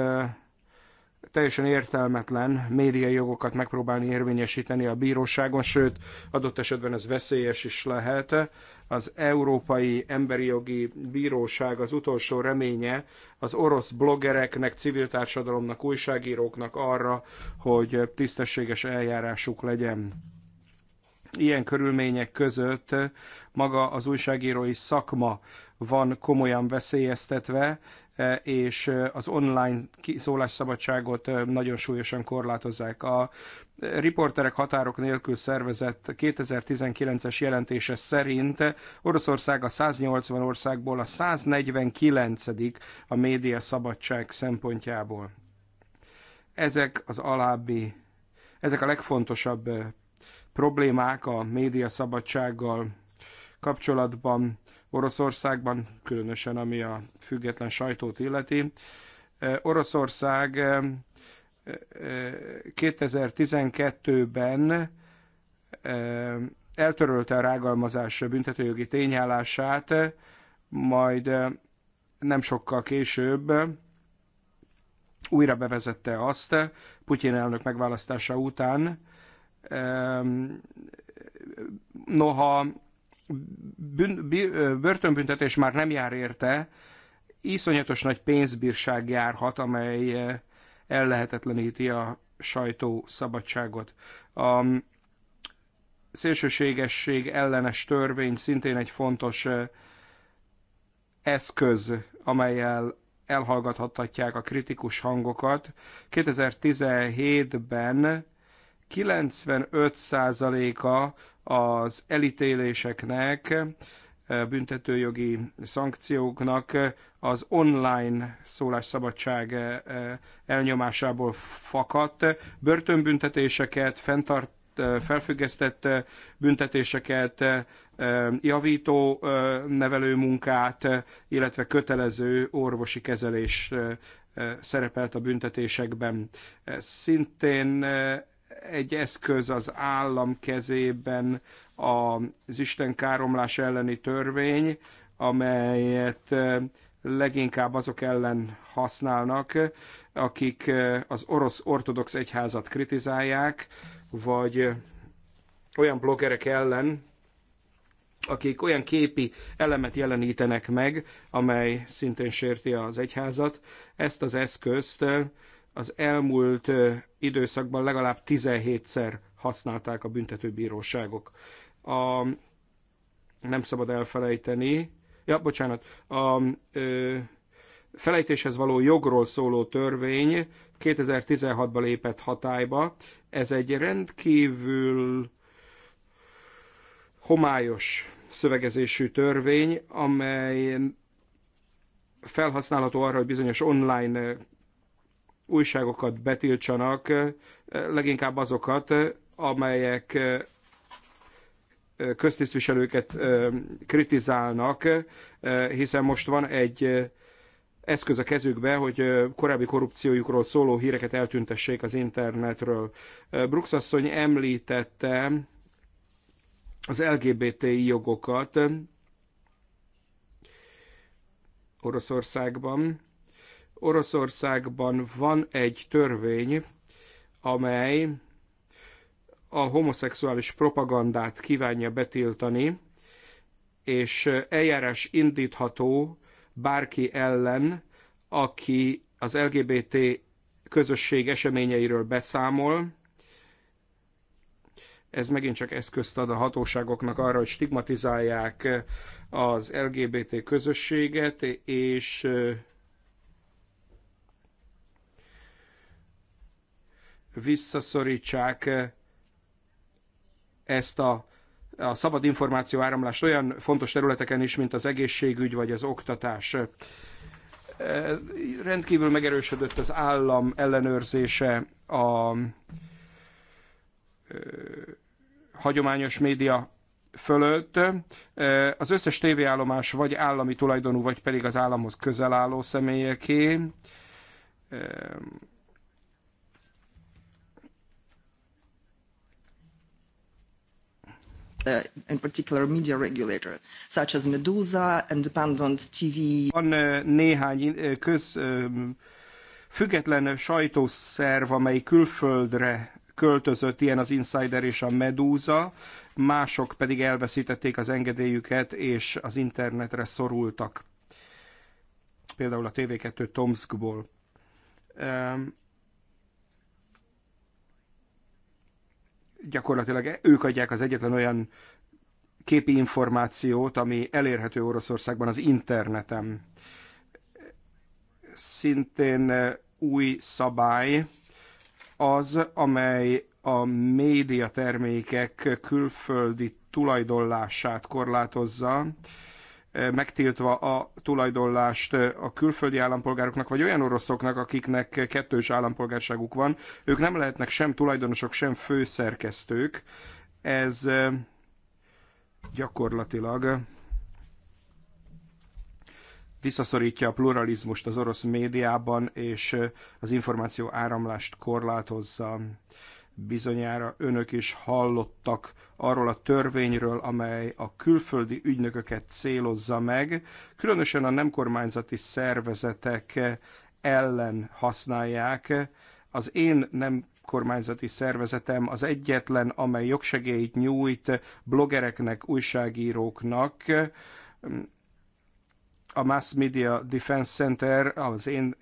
teljesen értelmetlen médiai jogokat megpróbálni érvényesíteni a bíróságon, sőt, adott esetben ez veszélyes is lehet. Az Európai Emberi Jogi Bíróság az utolsó reménye az orosz bloggereknek, civil társadalomnak, újságíróknak arra, hogy tisztességes eljárásuk legyen. Ilyen körülmények között maga az újságírói szakma van komolyan veszélyeztetve, E, és e, az online szólásszabadságot e, nagyon súlyosan korlátozzák. A riporterek határok nélkül szervezett 2019-es jelentése szerint Oroszország a 180 országból a 149 a média szabadság szempontjából. Ezek az alábbi, ezek a legfontosabb problémák a média szabadsággal kapcsolatban Oroszországban, különösen ami a független sajtót illeti. Oroszország 2012-ben eltörölte a rágalmazás büntetőjogi tényállását, majd nem sokkal később újra bevezette azt Putyin elnök megválasztása után. Noha bűn, börtönbüntetés már nem jár érte, iszonyatos nagy pénzbírság járhat, amely ellehetetleníti a sajtó szabadságot. A szélsőségesség ellenes törvény szintén egy fontos eszköz, amelyel elhallgathatják a kritikus hangokat. 2017-ben 95%-a az elítéléseknek, eh, büntetőjogi szankcióknak eh, az online szólásszabadság eh, elnyomásából fakadt börtönbüntetéseket, fenntart felfüggesztett büntetéseket, javító nevelő munkát, illetve kötelező orvosi kezelés szerepelt a büntetésekben. Szintén egy eszköz az állam kezében az Isten káromlás elleni törvény, amelyet leginkább azok ellen használnak, akik az orosz ortodox egyházat kritizálják, vagy olyan bloggerek ellen, akik olyan képi elemet jelenítenek meg, amely szintén sérti az egyházat. Ezt az eszközt az elmúlt időszakban legalább 17-szer használták a büntetőbíróságok. A, nem szabad elfelejteni, ja, bocsánat, a ö, felejtéshez való jogról szóló törvény 2016-ban lépett hatályba. Ez egy rendkívül homályos szövegezésű törvény, amely felhasználható arra, hogy bizonyos online újságokat betiltsanak, leginkább azokat, amelyek köztisztviselőket kritizálnak, hiszen most van egy eszköz a kezükbe, hogy korábbi korrupciójukról szóló híreket eltüntessék az internetről. Brooks asszony említette az LGBTI jogokat Oroszországban. Oroszországban van egy törvény, amely a homoszexuális propagandát kívánja betiltani, és eljárás indítható bárki ellen, aki az LGBT közösség eseményeiről beszámol. Ez megint csak eszközt ad a hatóságoknak arra, hogy stigmatizálják az LGBT közösséget, és visszaszorítsák eh, ezt a, a szabad információ áramlást olyan fontos területeken is, mint az egészségügy vagy az oktatás. Eh, rendkívül megerősödött az állam ellenőrzése a eh, hagyományos média fölött az összes tévéállomás vagy állami tulajdonú, vagy pedig az államhoz közel álló személyeké. uh, in particular media regulator, such as Medusa, Independent TV. Van uh, néhány uh, köz, um, független sajtószerv, amely külföldre költözött, ilyen az Insider és a Medusa, mások pedig elveszítették az engedélyüket, és az internetre szorultak. Például a TV2 Tomskból. Um, gyakorlatilag ők adják az egyetlen olyan képi információt, ami elérhető Oroszországban az interneten. Szintén eh, új szabály az, amely a médiatermékek külföldi tulajdonlását korlátozza, megtiltva a tulajdonlást a külföldi állampolgároknak, vagy olyan oroszoknak, akiknek kettős állampolgárságuk van. Ők nem lehetnek sem tulajdonosok, sem főszerkesztők. Ez gyakorlatilag visszaszorítja a pluralizmust az orosz médiában, és az információ áramlást korlátozza. Bizonyára önök is hallottak arról a törvényről, amely a külföldi ügynököket célozza meg, különösen a nem kormányzati szervezetek ellen használják. Az én nem kormányzati szervezetem az egyetlen, amely jogsegélyt nyújt bloggereknek, újságíróknak, a Mass Media Defense Center, az én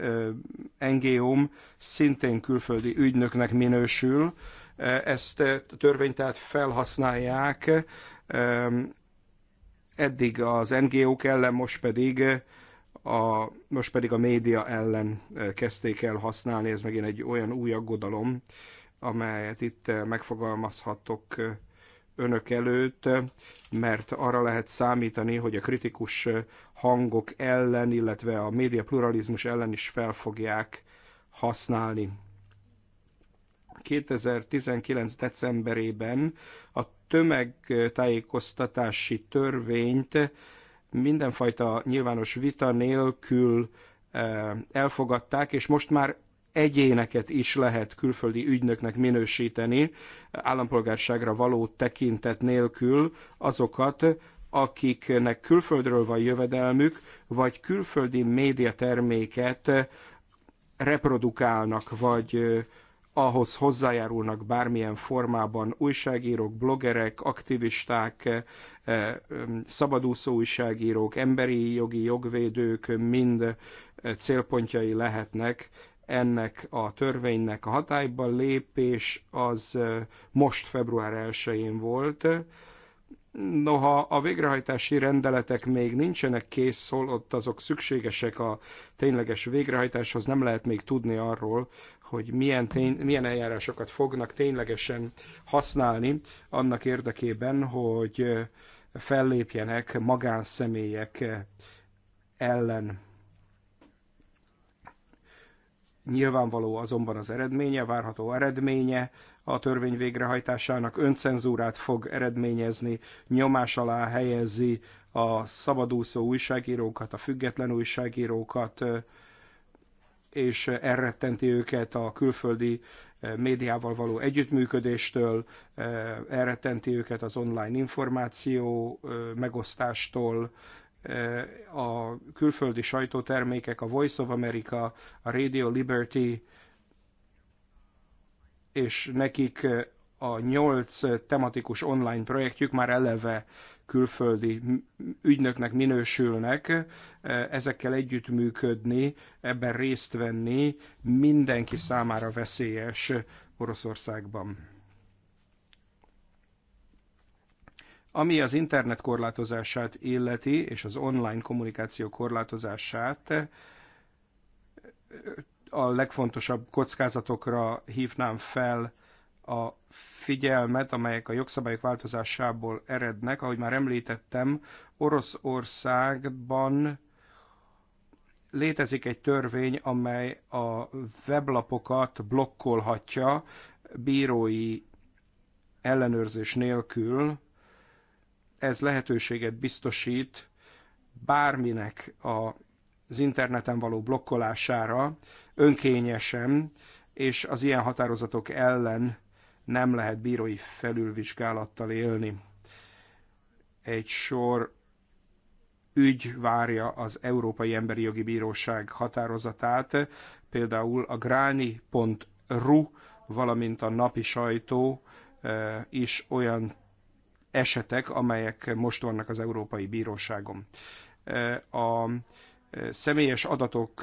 NGO-m szintén külföldi ügynöknek minősül. Ezt a törvényt tehát felhasználják eddig az NGO-k ellen, most pedig a, most pedig a média ellen kezdték el használni. Ez megint egy olyan új aggodalom, amelyet itt megfogalmazhatok önök előtt, mert arra lehet számítani, hogy a kritikus hangok ellen, illetve a média pluralizmus ellen is fel fogják használni. 2019. decemberében a tömegtájékoztatási törvényt mindenfajta nyilvános vita nélkül eh, elfogadták, és most már egyéneket is lehet külföldi ügynöknek minősíteni, állampolgárságra való tekintet nélkül azokat, akiknek külföldről van jövedelmük, vagy külföldi médiaterméket reprodukálnak, vagy ahhoz hozzájárulnak bármilyen formában újságírók, blogerek, aktivisták, szabadúszó újságírók, emberi jogi jogvédők mind célpontjai lehetnek ennek a törvénynek a hatályban lépés az most február 1-én volt. Noha a végrehajtási rendeletek még nincsenek kész, holott azok szükségesek a tényleges végrehajtáshoz, nem lehet még tudni arról, hogy milyen, tény, milyen eljárásokat fognak ténylegesen használni annak érdekében, hogy fellépjenek magánszemélyek ellen. Nyilvánvaló azonban az eredménye, várható eredménye a törvény végrehajtásának öncenzúrát fog eredményezni, nyomás alá helyezi a szabadúszó újságírókat, a független újságírókat, és elrettenti őket a külföldi eh, médiával való együttműködéstől, eh, elrettenti őket az online információ eh, megosztástól, a külföldi sajtótermékek, a Voice of America, a Radio Liberty, és nekik a nyolc tematikus online projektjük már eleve külföldi ügynöknek minősülnek, ezekkel együttműködni, ebben részt venni mindenki számára veszélyes Oroszországban. Ami az internet korlátozását illeti, és az online kommunikáció korlátozását, a legfontosabb kockázatokra hívnám fel a figyelmet, amelyek a jogszabályok változásából erednek. Ahogy már említettem, Oroszországban létezik egy törvény, amely a weblapokat blokkolhatja bírói ellenőrzés nélkül, ez lehetőséget biztosít bárminek a az interneten való blokkolására önkényesen, és az ilyen határozatok ellen nem lehet bírói felülvizsgálattal élni. Egy sor ügy várja az Európai Emberi Jogi Bíróság határozatát, például a gráni.ru, valamint a napi sajtó eh, is olyan esetek, amelyek most vannak az Európai Bíróságon. A személyes adatok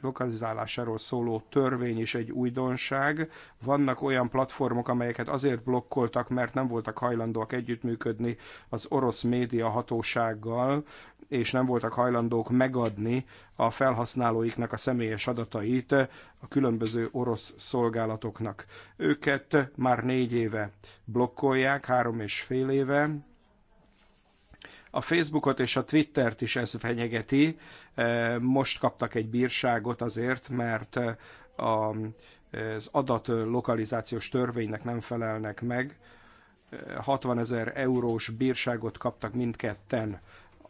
lokalizálásáról szóló törvény is egy újdonság. Vannak olyan platformok, amelyeket azért blokkoltak, mert nem voltak hajlandóak együttműködni az orosz média hatósággal, és nem voltak hajlandók megadni a felhasználóiknak a személyes adatait a különböző orosz szolgálatoknak. Őket már négy éve blokkolják, három és fél éve, a Facebookot és a Twittert is ez fenyegeti. E, most kaptak egy bírságot azért, mert e, a, az adat lokalizációs törvénynek nem felelnek meg. 60 e, ezer eurós bírságot kaptak mindketten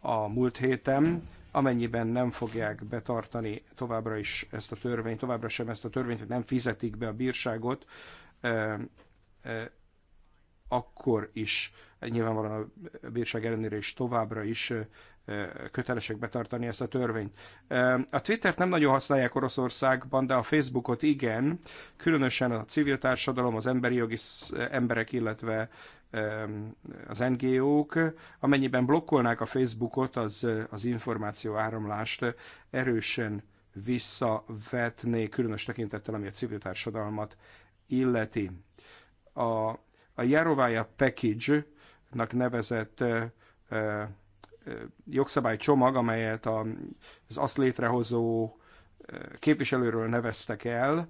a múlt héten, amennyiben nem fogják betartani továbbra is ezt a törvényt, továbbra sem ezt a törvényt, nem fizetik be a bírságot, akkor is nyilvánvalóan a bírság ellenére is továbbra is kötelesek betartani ezt a törvényt. A Twittert nem nagyon használják Oroszországban, de a Facebookot igen, különösen a civil társadalom, az emberi jogi emberek, illetve az NGO-k, amennyiben blokkolnák a Facebookot, az, az információ áramlást erősen visszavetné, különös tekintettel, ami a civil társadalmat illeti. A a Jarovája Package-nak nevezett jogszabálycsomag, amelyet az azt létrehozó képviselőről neveztek el,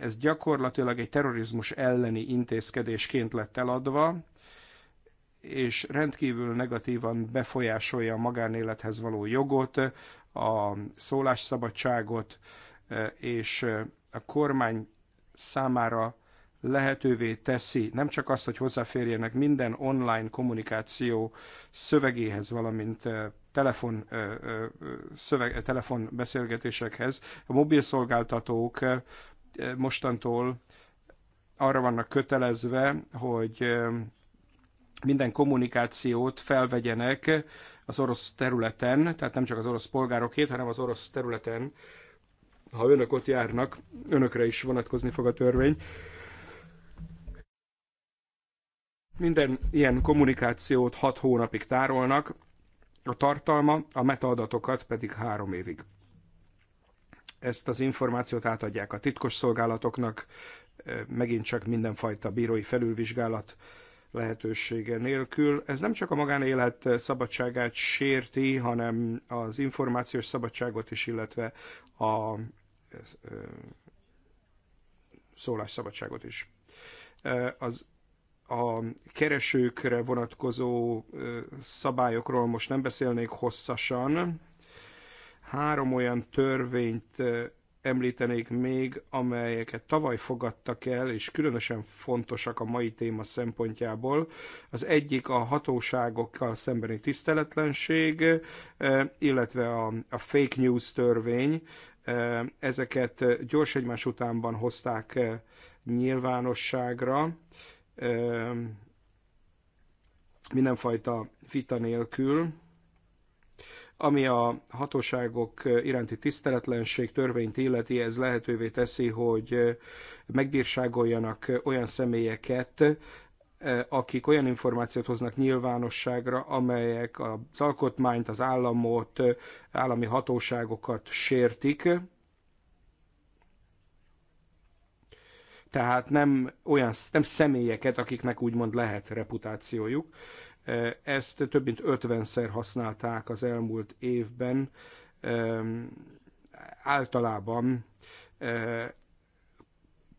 ez gyakorlatilag egy terrorizmus elleni intézkedésként lett eladva, és rendkívül negatívan befolyásolja a magánélethez való jogot, a szólásszabadságot, és a kormány számára lehetővé teszi nem csak azt, hogy hozzáférjenek minden online kommunikáció szövegéhez, valamint telefon, szöveg, telefonbeszélgetésekhez, A mobilszolgáltatók mostantól arra vannak kötelezve, hogy minden kommunikációt felvegyenek az orosz területen, tehát nem csak az orosz polgárokét, hanem az orosz területen, ha önök ott járnak, önökre is vonatkozni fog a törvény. Minden ilyen kommunikációt 6 hónapig tárolnak, a tartalma, a metaadatokat pedig 3 évig. Ezt az információt átadják a titkos szolgálatoknak, megint csak mindenfajta bírói felülvizsgálat lehetősége nélkül. Ez nem csak a magánélet szabadságát sérti, hanem az információs szabadságot is, illetve a szólásszabadságot is. Az a keresőkre vonatkozó szabályokról most nem beszélnék hosszasan. Három olyan törvényt említenék még, amelyeket tavaly fogadtak el, és különösen fontosak a mai téma szempontjából. Az egyik a hatóságokkal szembeni tiszteletlenség, illetve a, a fake news törvény. Ezeket gyors egymás utánban hozták nyilvánosságra mindenfajta vita nélkül, ami a hatóságok iránti tiszteletlenség törvényt illeti, ez lehetővé teszi, hogy megbírságoljanak olyan személyeket, akik olyan információt hoznak nyilvánosságra, amelyek az alkotmányt, az államot, állami hatóságokat sértik. Tehát nem, olyan, nem személyeket, akiknek úgymond lehet reputációjuk. Ezt több mint 50-szer használták az elmúlt évben. Általában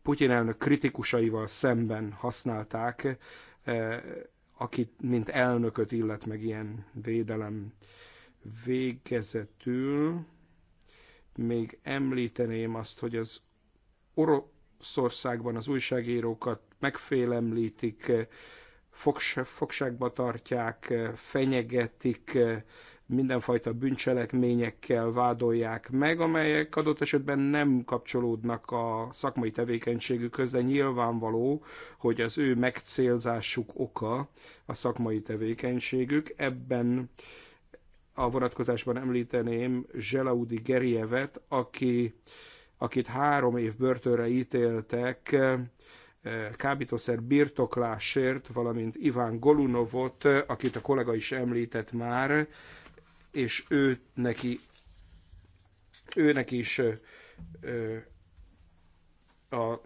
Putyin elnök kritikusaival szemben használták, akit mint elnököt illet meg ilyen védelem végezetül. Még említeném azt, hogy az Oroszországban az újságírókat megfélemlítik, fogságba tartják, fenyegetik, mindenfajta bűncselekményekkel vádolják meg, amelyek adott esetben nem kapcsolódnak a szakmai tevékenységükhöz, de nyilvánvaló, hogy az ő megcélzásuk oka a szakmai tevékenységük. Ebben a vonatkozásban említeném Zselaudi Gerjevet, aki akit három év börtönre ítéltek eh, kábítószer birtoklásért, valamint Iván Golunovot, eh, akit a kollega is említett már, és ő neki, őnek is eh, a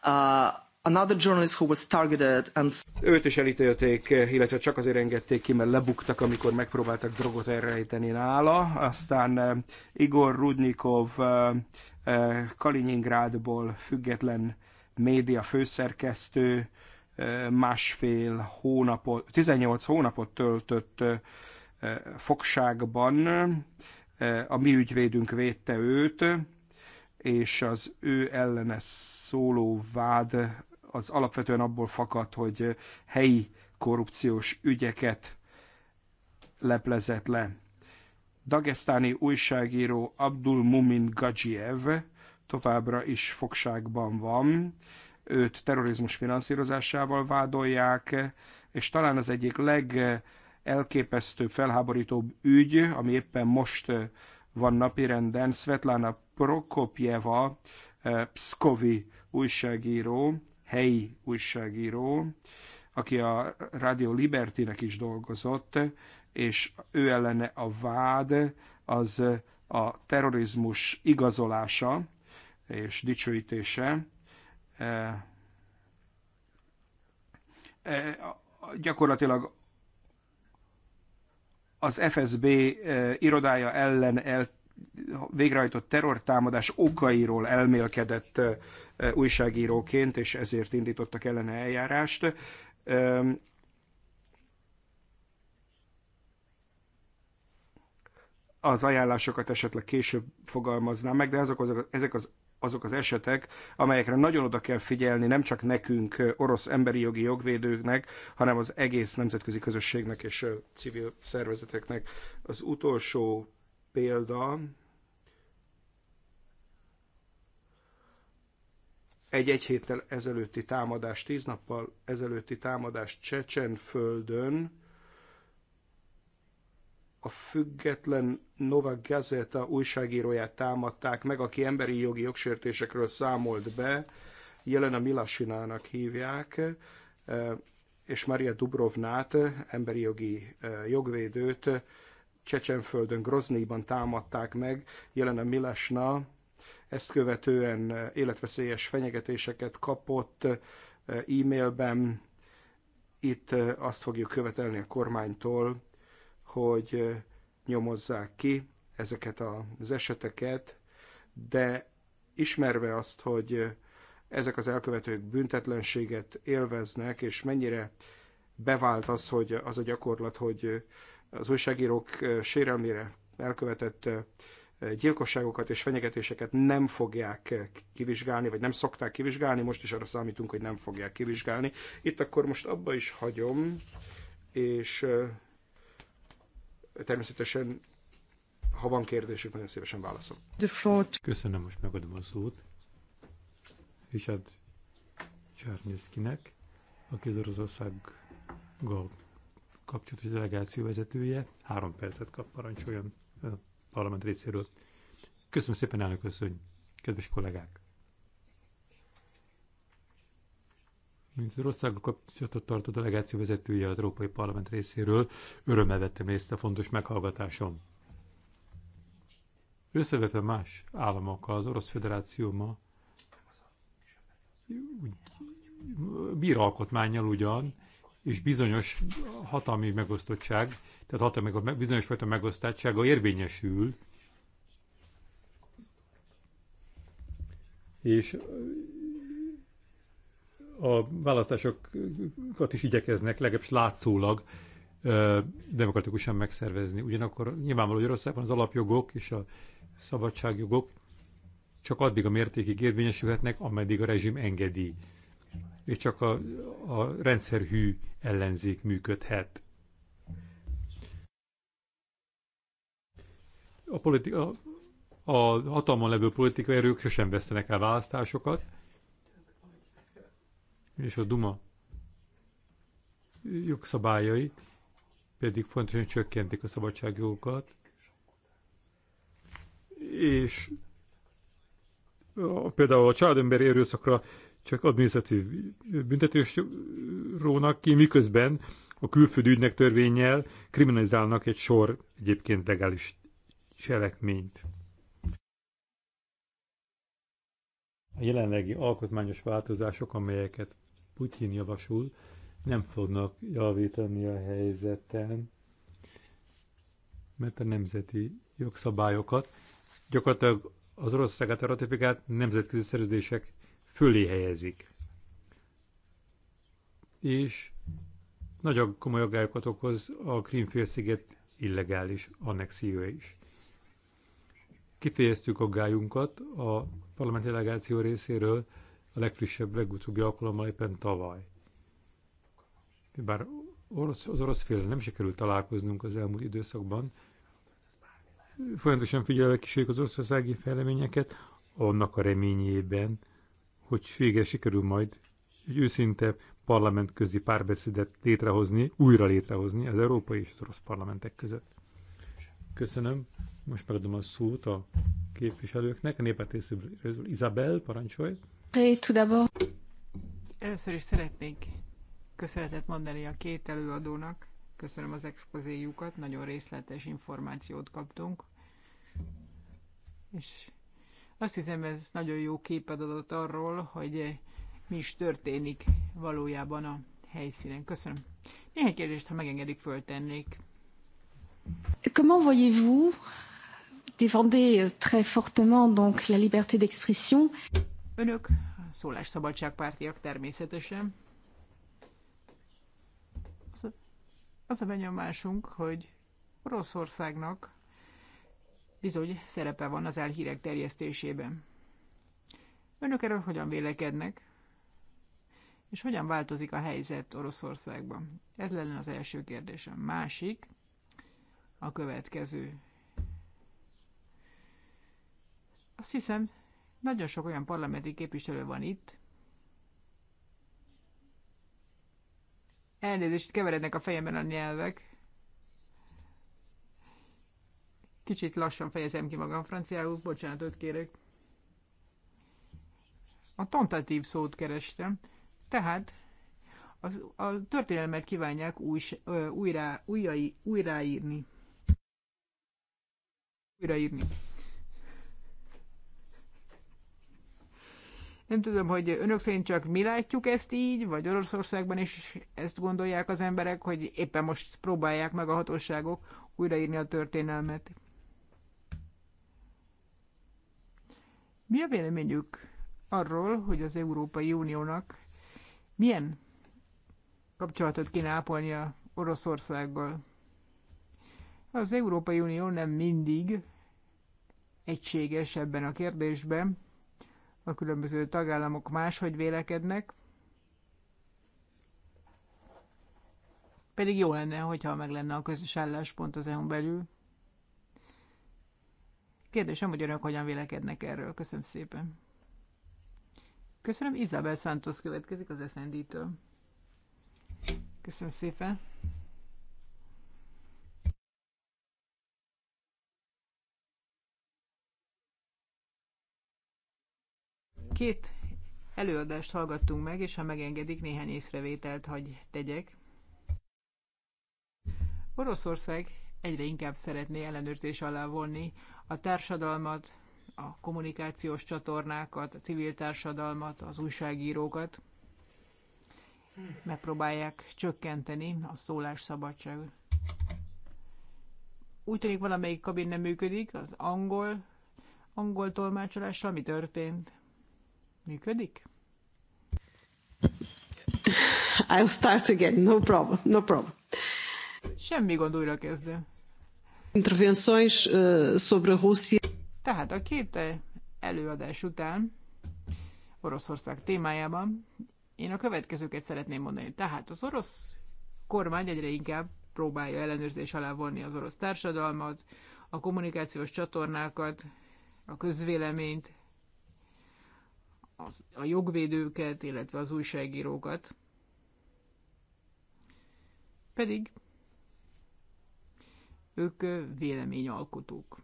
a, Another journalist who was targeted and... Őt is elítélték, illetve csak azért engedték ki, mert lebuktak, amikor megpróbáltak drogot elrejteni nála. Aztán eh, Igor Rudnikov eh, eh, Kaliningrádból független média főszerkesztő másfél hónapot, 18 hónapot töltött fogságban. A mi ügyvédünk védte őt, és az ő ellene szóló vád az alapvetően abból fakad, hogy helyi korrupciós ügyeket leplezett le. Dagestáni újságíró Abdul Mumin Gajiev továbbra is fogságban van. Őt terrorizmus finanszírozásával vádolják, és talán az egyik legelképesztőbb, felháborítóbb ügy, ami éppen most van napirenden, Svetlana Prokopjeva, Pszkovi újságíró, helyi újságíró, aki a Radio Liberty-nek is dolgozott, és ő ellene a vád az a terrorizmus igazolása és dicsőítése. E, e, gyakorlatilag az FSB e, irodája ellen el végrehajtott terrortámadás okairól elmélkedett újságíróként, és ezért indítottak ellene eljárást. Az ajánlásokat esetleg később fogalmaznám meg, de azok, azok, ezek az azok az esetek, amelyekre nagyon oda kell figyelni, nem csak nekünk, orosz emberi jogi jogvédőknek, hanem az egész nemzetközi közösségnek és civil szervezeteknek. Az utolsó példa, egy-egy héttel ezelőtti támadás, tíz nappal ezelőtti támadás Csecsenföldön, a független Novak Gazeta újságíróját támadták meg, aki emberi jogi jogsértésekről számolt be, Jelen a Milasinának hívják, e, és Maria Dubrovnát, emberi jogi e, jogvédőt Csecsenföldön, Groznyban támadták meg. Jelen a Milasna ezt követően eh, életveszélyes fenyegetéseket kapott eh, e-mailben. Itt eh, azt fogjuk követelni a kormánytól, hogy nyomozzák ki ezeket az eseteket, de ismerve azt, hogy ezek az elkövetők büntetlenséget élveznek, és mennyire bevált az, hogy az a gyakorlat, hogy az újságírók sérelmére elkövetett gyilkosságokat és fenyegetéseket nem fogják kivizsgálni, vagy nem szokták kivizsgálni, most is arra számítunk, hogy nem fogják kivizsgálni. Itt akkor most abba is hagyom, és természetesen, ha van kérdésük, nagyon szívesen válaszom. Köszönöm, most megadom a szót. Richard Csárnyeszkinek, aki az Oroszországgal kapcsolatos delegáció vezetője. Három percet kap, parancsoljon parlament részéről. Köszönöm szépen, elnök asszony, kedves kollégák! Mint az országok kapcsolatot tartó delegáció vezetője az Európai Parlament részéről, örömmel vettem részt a fontos meghallgatáson. Összevetve más államokkal, az Orosz Föderáció ma úgy, bír alkotmányjal ugyan, és bizonyos hatalmi megosztottság, tehát hatalmi, bizonyos fajta megosztottsága érvényesül, és a választásokat is igyekeznek legalábbis látszólag demokratikusan megszervezni. Ugyanakkor nyilvánvaló, hogy Oroszországban az alapjogok és a szabadságjogok csak addig a mértékig érvényesülhetnek, ameddig a rezsim engedi és csak a, a rendszerhű ellenzék működhet. A, politika, a hatalmon levő politikai erők sosem vesztenek el választásokat, és a Duma jogszabályai pedig fontosan csökkentik a szabadságjogokat, és a, például a családember erőszakra csak adminisztratív büntetősrónak ki, miközben a külföldi ügynek törvényel kriminalizálnak egy sor egyébként legális cselekményt. A jelenlegi alkotmányos változások, amelyeket Putyin javasol, nem fognak javítani a helyzeten, mert a nemzeti jogszabályokat gyakorlatilag az Oroszország által ratifikált nemzetközi szerződések fölé helyezik. És nagy komoly aggályokat okoz a Krímfélsziget illegális annexiója is. Kifejeztük aggályunkat a parlamenti delegáció részéről a legfrissebb, legutóbbi alkalommal éppen tavaly. Bár orosz, az orosz fél nem sikerült találkoznunk az elmúlt időszakban, folyamatosan figyelve kísérjük az oroszországi fejleményeket, annak a reményében, hogy végre sikerül majd egy őszinte parlamentközi párbeszédet létrehozni, újra létrehozni az európai és az orosz parlamentek között. Köszönöm. Most megadom a szót a képviselőknek. A népet részéről Izabel, parancsolj. Először is szeretnék köszönetet mondani a két előadónak. Köszönöm az expozéjukat, nagyon részletes információt kaptunk. És azt hiszem, ez nagyon jó képet adott arról, hogy mi is történik valójában a helyszínen. Köszönöm. Néhány kérdést, ha megengedik, föltennék. Comment voyez-vous défendez euh, très fortement donc la liberté d'expression. Önök szólásszabadságpártiak természetesen. Az a, az a benyomásunk, hogy Oroszországnak bizony szerepe van az elhírek terjesztésében. Önök erről hogyan vélekednek? És hogyan változik a helyzet Oroszországban? Ez lenne az első kérdésem. Másik, a következő. Azt hiszem, nagyon sok olyan parlamenti képviselő van itt, Elnézést, keverednek a fejemben a nyelvek. Kicsit lassan fejezem ki magam franciául, bocsánatot kérek. A tentatív szót kerestem, tehát az, a történelmet kívánják új, újra, újraírni. Újraírni. Nem tudom, hogy önök szerint csak mi látjuk ezt így, vagy Oroszországban is ezt gondolják az emberek, hogy éppen most próbálják meg a hatóságok újraírni a történelmet. Mi a véleményük arról, hogy az Európai Uniónak milyen kapcsolatot kéne ápolnia Oroszországgal? Az Európai Unió nem mindig egységes ebben a kérdésben, a különböző tagállamok máshogy vélekednek, pedig jó lenne, hogyha meg lenne a közös álláspont az EU-n belül. Kérdésem, hogy önök hogyan vélekednek erről. Köszönöm szépen. Köszönöm, Isabel Santos következik az SND-től. Köszönöm szépen. Két előadást hallgattunk meg, és ha megengedik, néhány észrevételt hagy tegyek. Oroszország egyre inkább szeretné ellenőrzés alá vonni a társadalmat, a kommunikációs csatornákat, a civil társadalmat, az újságírókat. Megpróbálják csökkenteni a szólásszabadságot. Úgy tűnik valamelyik kabin nem működik, az angol, angol tolmácsolással mi történt? Működik? I'll start again, no problem, no problem. Semmi gond, újra kezdem. Intervenções eh, sobre a Rússia. Tehát a két eh, előadás után Oroszország témájában én a következőket szeretném mondani. Tehát az orosz kormány egyre inkább próbálja ellenőrzés alá vonni az orosz társadalmat, a kommunikációs csatornákat, a közvéleményt, az, a jogvédőket, illetve az újságírókat. Pedig ők véleményalkotók.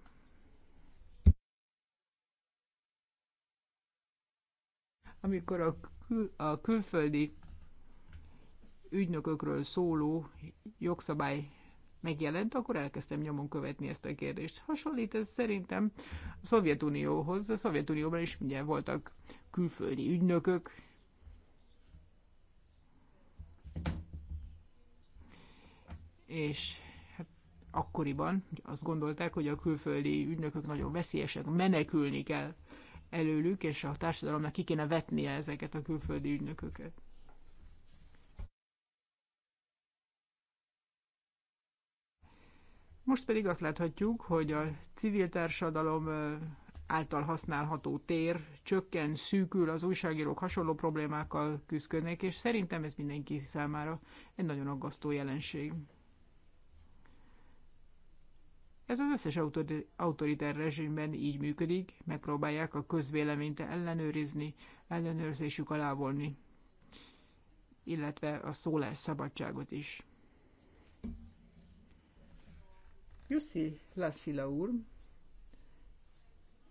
Amikor a, kül, a külföldi ügynökökről szóló jogszabály megjelent, akkor elkezdtem nyomon követni ezt a kérdést. Hasonlít ez szerintem a Szovjetunióhoz. A Szovjetunióban is mindjárt voltak külföldi ügynökök. És akkoriban azt gondolták, hogy a külföldi ügynökök nagyon veszélyesek, menekülni kell előlük, és a társadalomnak ki kéne vetnie ezeket a külföldi ügynököket. Most pedig azt láthatjuk, hogy a civil társadalom által használható tér csökken, szűkül, az újságírók hasonló problémákkal küzdködnek, és szerintem ez mindenki számára egy nagyon aggasztó jelenség. Ez az összes autoriter rezsimben így működik, megpróbálják a közvéleményt ellenőrizni, ellenőrzésük alá volni, illetve a szabadságot is. Jussi Lassila úr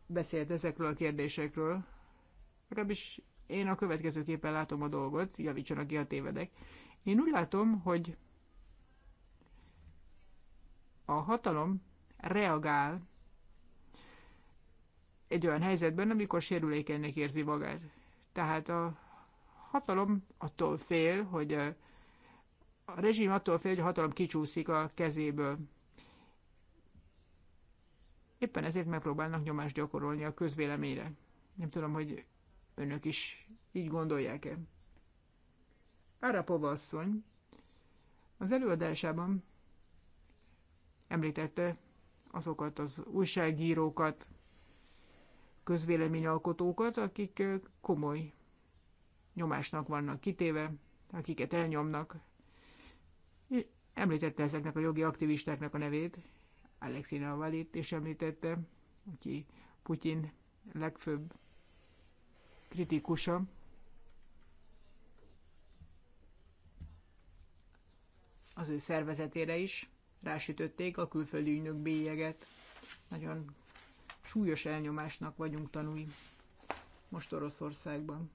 beszélt ezekről a kérdésekről, legalábbis én a következőképpen látom a dolgot, javítsanak ki a tévedek. Én úgy látom, hogy a hatalom reagál egy olyan helyzetben, amikor sérülékenynek érzi magát. Tehát a hatalom attól fél, hogy a, a rezsim attól fél, hogy a hatalom kicsúszik a kezéből. Éppen ezért megpróbálnak nyomást gyakorolni a közvéleményre. Nem tudom, hogy önök is így gondolják-e. Arapova asszony az előadásában említette azokat az újságírókat, közvéleményalkotókat, akik eh, komoly nyomásnak vannak kitéve, akiket elnyomnak. Említette ezeknek a jogi aktivistáknak a nevét, Alexei Navalit is említette, aki Putyin legfőbb kritikusa. Az ő szervezetére is rásütötték a külföldi ügynök bélyeget. Nagyon súlyos elnyomásnak vagyunk tanúi most Oroszországban.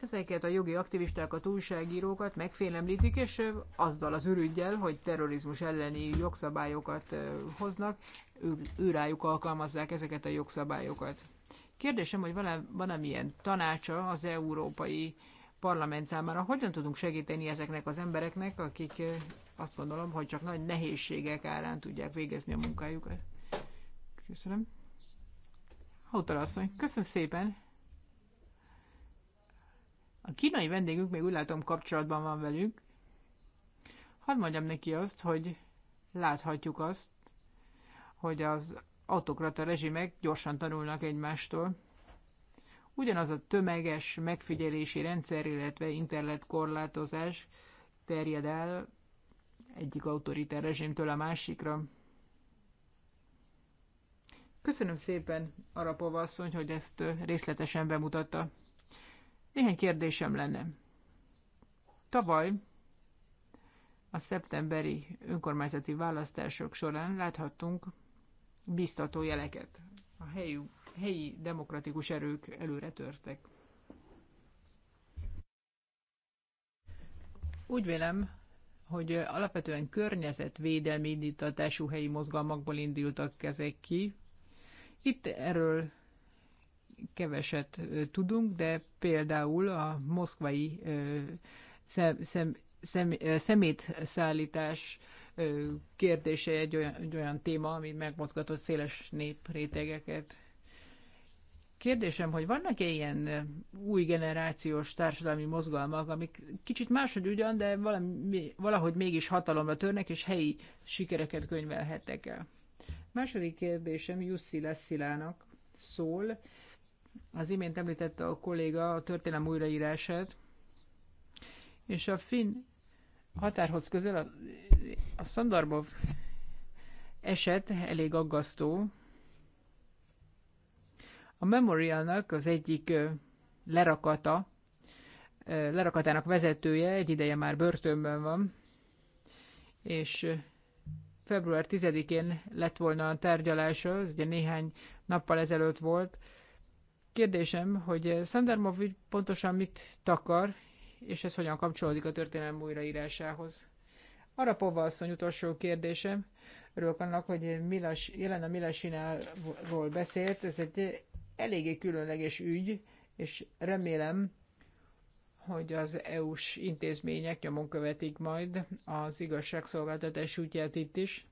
Ezeket a jogi aktivistákat, újságírókat megfélemlítik, és azzal az ürügyel, hogy terrorizmus elleni jogszabályokat hoznak, ő, őrájuk alkalmazzák ezeket a jogszabályokat. Kérdésem, hogy van-e, van-e milyen tanácsa az európai parlament számára hogyan tudunk segíteni ezeknek az embereknek, akik eh, azt gondolom, hogy csak nagy nehézségek árán tudják végezni a munkájukat. Köszönöm. Hautala asszony, köszönöm szépen. A kínai vendégünk még úgy látom kapcsolatban van velünk. Hadd mondjam neki azt, hogy láthatjuk azt, hogy az autokrata rezsimek gyorsan tanulnak egymástól. Ugyanaz a tömeges megfigyelési rendszer, illetve internetkorlátozás terjed el egyik autoriter rezsimtől a másikra. Köszönöm szépen, Arapova asszony, hogy ezt részletesen bemutatta. Néhány kérdésem lenne. Tavaly a szeptemberi önkormányzati választások során láthattunk biztató jeleket a helyi helyi demokratikus erők előre törtek. Úgy vélem, hogy alapvetően környezetvédelmi indítatású helyi mozgalmakból indultak ezek ki. Itt erről keveset tudunk, de például a moszkvai szem, szem, szem, szemétszállítás kérdése egy olyan, egy olyan téma, ami megmozgatott széles néprétegeket. Kérdésem, hogy vannak-e ilyen új generációs társadalmi mozgalmak, amik kicsit máshogy ugyan, de valami, valahogy mégis hatalomra törnek, és helyi sikereket könyvelhettek el? Második kérdésem Jussi Leszilának szól. Az imént említette a kolléga a történelem újraírását, és a finn határhoz közel a, a Szandarmov eset elég aggasztó, a Memorialnak az egyik lerakata, lerakatának vezetője egy ideje már börtönben van, és február 10-én lett volna a tárgyalása, ez ugye néhány nappal ezelőtt volt. Kérdésem, hogy Sandermovic pontosan mit takar, és ez hogyan kapcsolódik a történelem újraírásához? Arapova asszony utolsó kérdésem. Örülök annak, hogy Milas, Jelena Milasinálról beszélt. Ez egy eléggé különleges ügy, és remélem, hogy az EU-s intézmények nyomon követik majd az igazságszolgáltatás útját itt is.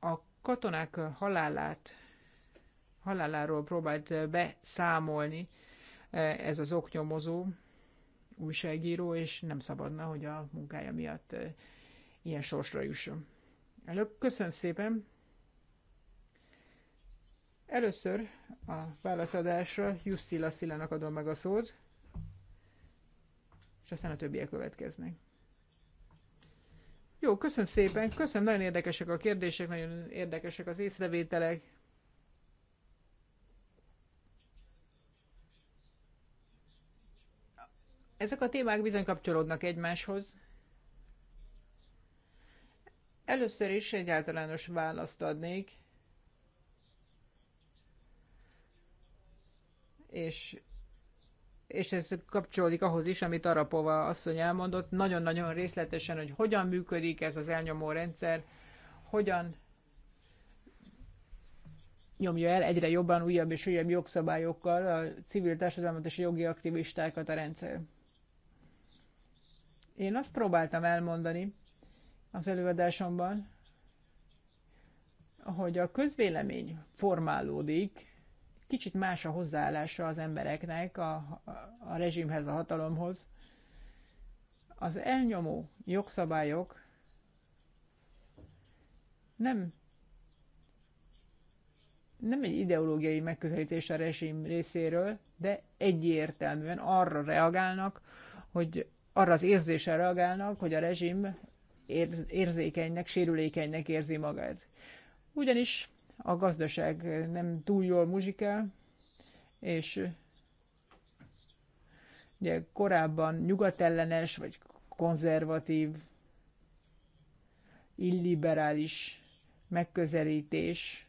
A katonák halálát, haláláról próbált beszámolni e, ez az oknyomozó újságíró, és nem szabadna, hogy a munkája miatt e, ilyen sorsra jusson. Előbb köszönöm szépen! Először a válaszadásra Jussi Szilának adom meg a szót, és aztán a többiek következnek. Jó, köszönöm szépen, köszönöm, nagyon érdekesek a kérdések, nagyon érdekesek az észrevételek. Ezek a témák bizony kapcsolódnak egymáshoz. Először is egy általános választ adnék és, és ez kapcsolódik ahhoz is, amit Arapova asszony elmondott, nagyon-nagyon részletesen, hogy hogyan működik ez az elnyomó rendszer, hogyan nyomja el egyre jobban újabb és újabb jogszabályokkal a civil társadalmat és jogi aktivistákat a rendszer. Én azt próbáltam elmondani az előadásomban, hogy a közvélemény formálódik kicsit más a hozzáállása az embereknek a, a, a rezsimhez, a hatalomhoz. Az elnyomó jogszabályok nem nem egy ideológiai megközelítés a rezsim részéről, de egyértelműen arra reagálnak, hogy arra az érzésre reagálnak, hogy a rezsim érzékenynek, sérülékenynek érzi magát. Ugyanis a gazdaság nem túl jól muzsikál, és ugye korábban nyugatellenes, vagy konzervatív, illiberális megközelítés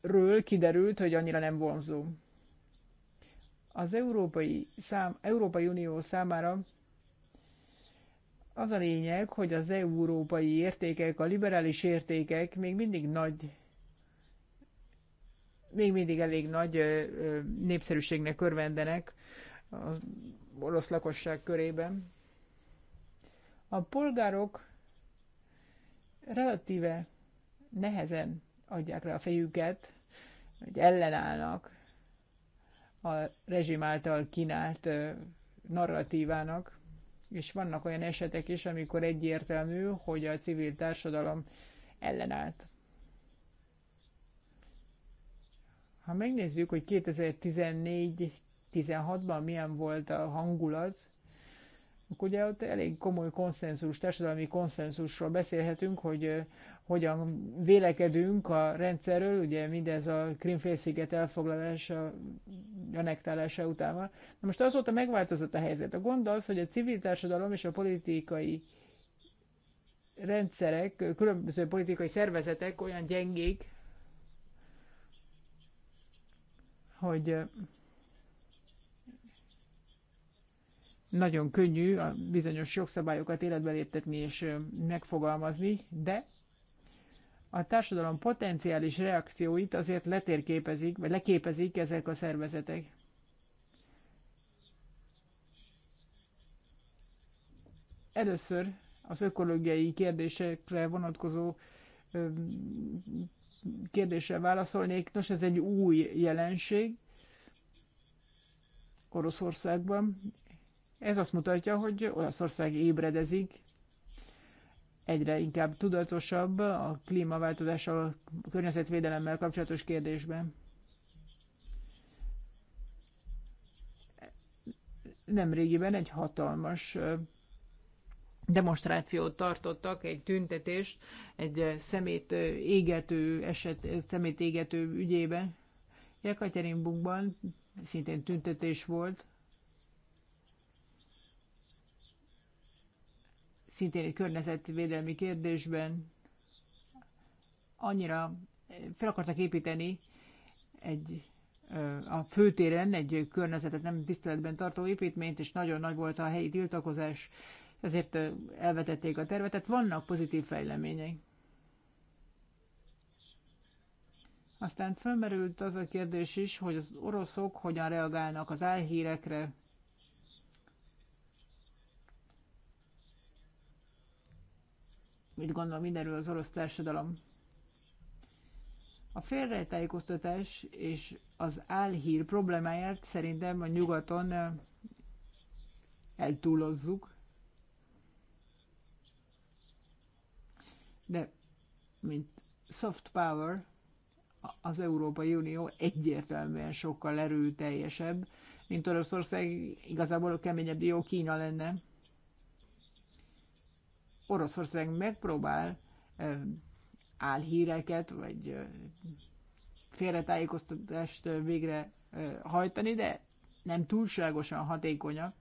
ről kiderült, hogy annyira nem vonzó. Az Európai, szám, Európai Unió számára az a lényeg, hogy az európai értékek, a liberális értékek még mindig nagy, még mindig elég nagy népszerűségnek örvendenek az orosz lakosság körében. A polgárok relatíve nehezen adják rá a fejüket, hogy ellenállnak a rezsim által kínált narratívának és vannak olyan esetek is, amikor egyértelmű, hogy a civil társadalom ellenállt. Ha megnézzük, hogy 2014-16-ban milyen volt a hangulat, akkor ugye ott elég komoly konszenzus, társadalmi konszenzusról beszélhetünk, hogy hogyan vélekedünk a rendszerről, ugye mindez a Krimfélsziget elfoglalása, anektálása után van. Na most azóta megváltozott a helyzet. A gond az, hogy a civil társadalom és a politikai rendszerek, különböző politikai szervezetek olyan gyengék, hogy nagyon könnyű a bizonyos jogszabályokat életbe léptetni és megfogalmazni, de a társadalom potenciális reakcióit azért letérképezik, vagy leképezik ezek a szervezetek. Először az ökológiai kérdésekre vonatkozó kérdésre válaszolnék. Nos, ez egy új jelenség Oroszországban. Ez azt mutatja, hogy Olaszország ébredezik, egyre inkább tudatosabb a klímaváltozással, a környezetvédelemmel kapcsolatos kérdésben. Nemrégiben egy hatalmas demonstrációt tartottak, egy tüntetést, egy szemét égető eset, szemét égető ügyében. Jekateringburgban szintén tüntetés volt, szintén egy környezetvédelmi kérdésben annyira eh, fel akartak építeni egy eh, a főtéren egy környezetet nem tiszteletben tartó építményt, és nagyon nagy volt a helyi tiltakozás, ezért eh, elvetették a tervet. Tehát vannak pozitív fejlemények. Aztán felmerült az a kérdés is, hogy az oroszok hogyan reagálnak az álhírekre, mit gondol mindenről az orosz társadalom. A félrejtájékoztatás és az álhír problémáját szerintem a nyugaton eltúlozzuk. De, mint soft power, az Európai Unió egyértelműen sokkal erőteljesebb, mint Oroszország, igazából keményebb jó Kína lenne. Oroszország megpróbál álhíreket, vagy félretájékoztatást végre hajtani, de nem túlságosan hatékonyak.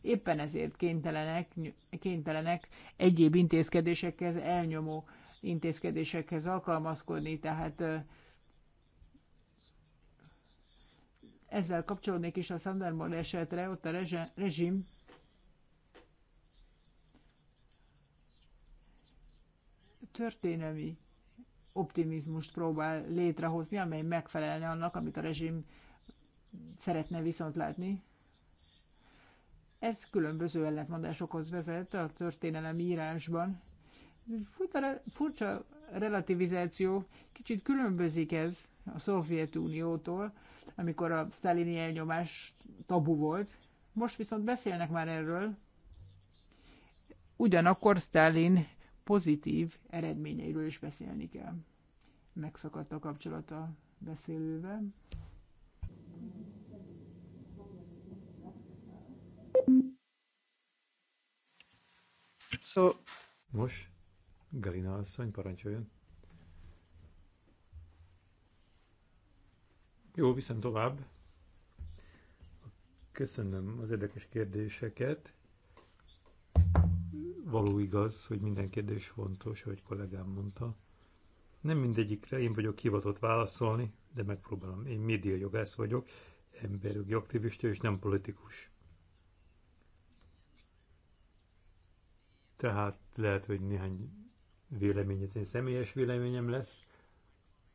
Éppen ezért kénytelenek, kénytelenek egyéb intézkedésekhez, elnyomó intézkedésekhez alkalmazkodni, tehát ezzel kapcsolódnék is a Sandermore esetre, ott a rezsim történelmi optimizmust próbál létrehozni, amely megfelelne annak, amit a rezsim szeretne viszont látni. Ez különböző ellentmondásokhoz vezet a történelem írásban. Furcsa relativizáció, kicsit különbözik ez a Szovjetuniótól, amikor a sztálini elnyomás tabu volt. Most viszont beszélnek már erről. Ugyanakkor Stalin pozitív eredményeiről is beszélni kell. Megszakadt a kapcsolat a beszélővel. So... Most Galina asszony parancsoljon. Jó, viszont tovább. Köszönöm az érdekes kérdéseket való igaz, hogy minden kérdés fontos, ahogy kollégám mondta. Nem mindegyikre én vagyok hivatott válaszolni, de megpróbálom. Én média jogász vagyok, emberjogi aktivista és nem politikus. Tehát lehet, hogy néhány véleményet, én személyes véleményem lesz,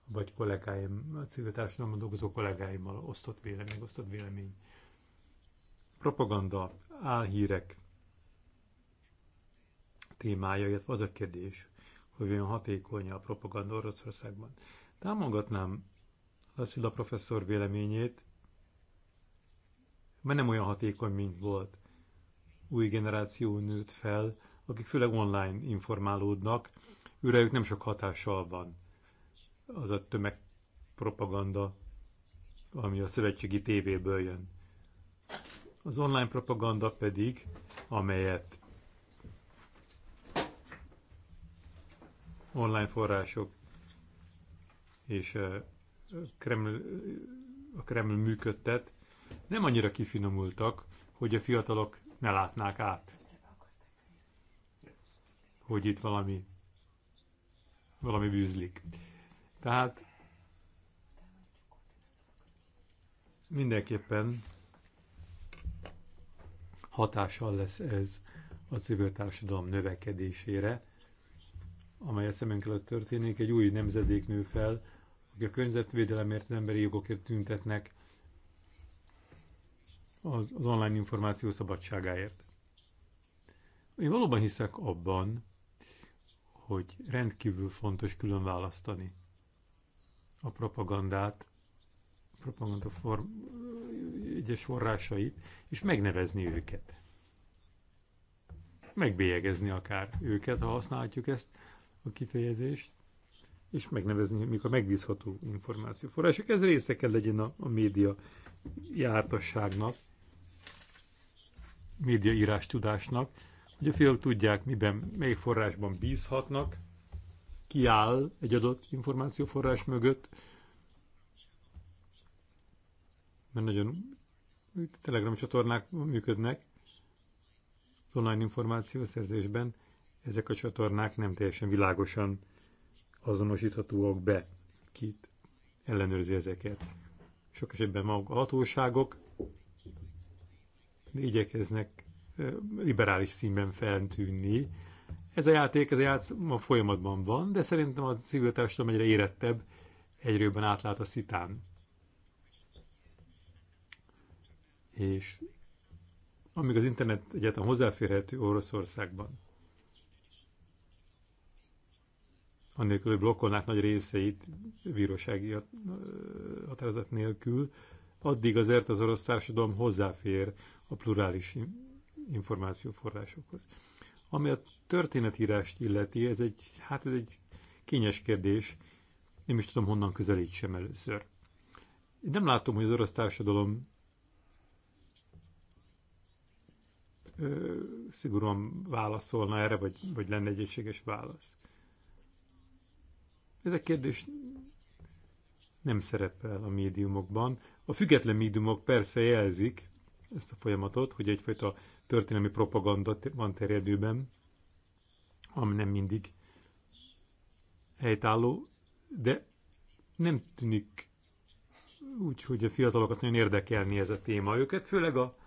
vagy kollégáim, a civil társadalomban dolgozó kollégáimmal osztott vélemény, osztott vélemény. Propaganda, álhírek, témája, illetve az a kérdés, hogy olyan hatékony a propaganda Oroszországban. Támogatnám Lassila professzor véleményét, mert nem olyan hatékony, mint volt. Új generáció nőtt fel, akik főleg online informálódnak, őrejük nem sok hatással van az a tömegpropaganda, ami a szövetségi tévéből jön. Az online propaganda pedig, amelyet online források és a Kreml, a Kreml működtet, nem annyira kifinomultak, hogy a fiatalok ne látnák át, hogy itt valami, valami bűzlik. Tehát mindenképpen hatással lesz ez a civil társadalom növekedésére, amely a szemünk előtt történik, egy új nemzedék nő fel, aki a környezetvédelemért, az emberi jogokért tüntetnek, az online információ szabadságáért. Én valóban hiszek abban, hogy rendkívül fontos külön választani a propagandát, a propaganda form, egyes forrásait, és megnevezni őket. Megbélyegezni akár őket, ha használhatjuk ezt, a kifejezést, és megnevezni, mik a megbízható információforrások. Ez része kell legyen a, a média jártasságnak, média írás tudásnak, hogy a fiók tudják, miben, mely forrásban bízhatnak, ki áll egy adott információforrás mögött, mert nagyon telegram csatornák működnek az online információszerzésben, ezek a csatornák nem teljesen világosan azonosíthatóak be, kit ellenőrzi ezeket. Sok esetben maguk a hatóságok igyekeznek liberális színben feltűnni. Ez a játék, ez a játszma folyamatban van, de szerintem a civil társadalom egyre érettebb, egyre jobban átlát a szitán. És amíg az internet egyáltalán hozzáférhető Oroszországban, anélkül, hogy blokkolnák nagy részeit bírósági határozat nélkül, addig azért az orosz társadalom hozzáfér a plurális információforrásokhoz. Ami a történetírást illeti, ez egy, hát ez egy kényes kérdés, nem is tudom honnan közelítsem először. Én nem látom, hogy az orosz társadalom ö, szigorúan válaszolna erre, vagy, vagy lenne egy egységes válasz. Ez a kérdés nem szerepel a médiumokban. A független médiumok persze jelzik ezt a folyamatot, hogy egyfajta történelmi propaganda van terjedőben, ami nem mindig helytálló, de nem tűnik úgy, hogy a fiatalokat nagyon érdekelni ez a téma. Őket főleg a,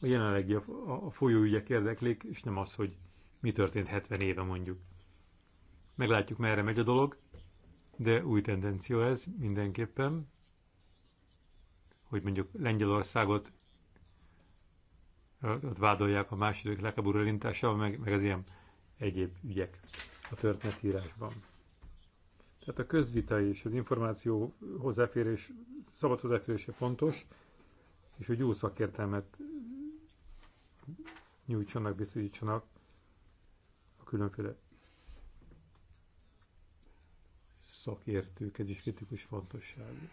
a jelenlegi a, a folyóügyek érdeklik, és nem az, hogy mi történt 70 éve mondjuk. Meglátjuk, merre megy a dolog, de új tendencia ez mindenképpen, hogy mondjuk Lengyelországot ott vádolják a második lekáború elintással, meg, meg az ilyen egyéb ügyek a történetírásban. Tehát a közvita és az információ hozzáférés, szabad hozzáférése fontos, és hogy jó szakértelmet nyújtsanak, biztosítsanak a különféle szakértők, ez is kritikus fontosságú.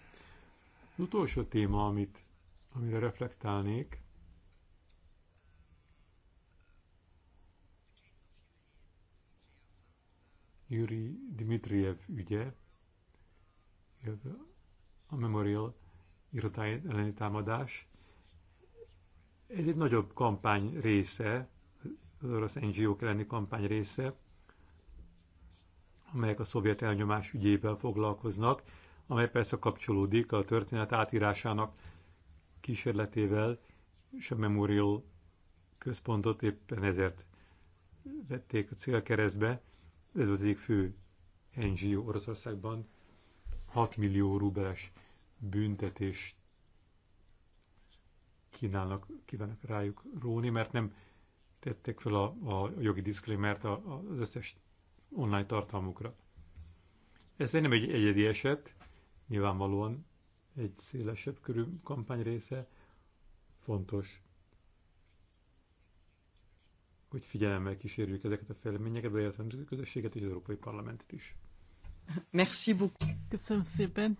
Az utolsó téma, amit, amire reflektálnék, Yuri Dmitriev ügye, illetve a Memorial irodáj elleni támadás. Ez egy nagyobb kampány része, az orosz NGO-k elleni kampány része, amelyek a szovjet elnyomás ügyével foglalkoznak, amely persze kapcsolódik a történet átírásának kísérletével, és a Memorial központot éppen ezért vették a célkeresztbe. Ez az egyik fő NGO Oroszországban 6 millió rubeles büntetést kínálnak, kívánnak rájuk róni, mert nem tették fel a, a jogi diszklémert az összes online tartalmukra. Ez nem egy egyedi eset, nyilvánvalóan egy szélesebb körű kampány része fontos, hogy figyelemmel kísérjük ezeket a fejleményeket, beleértve a közösséget és az Európai Parlamentet is. Merci beaucoup. Köszönöm szépen.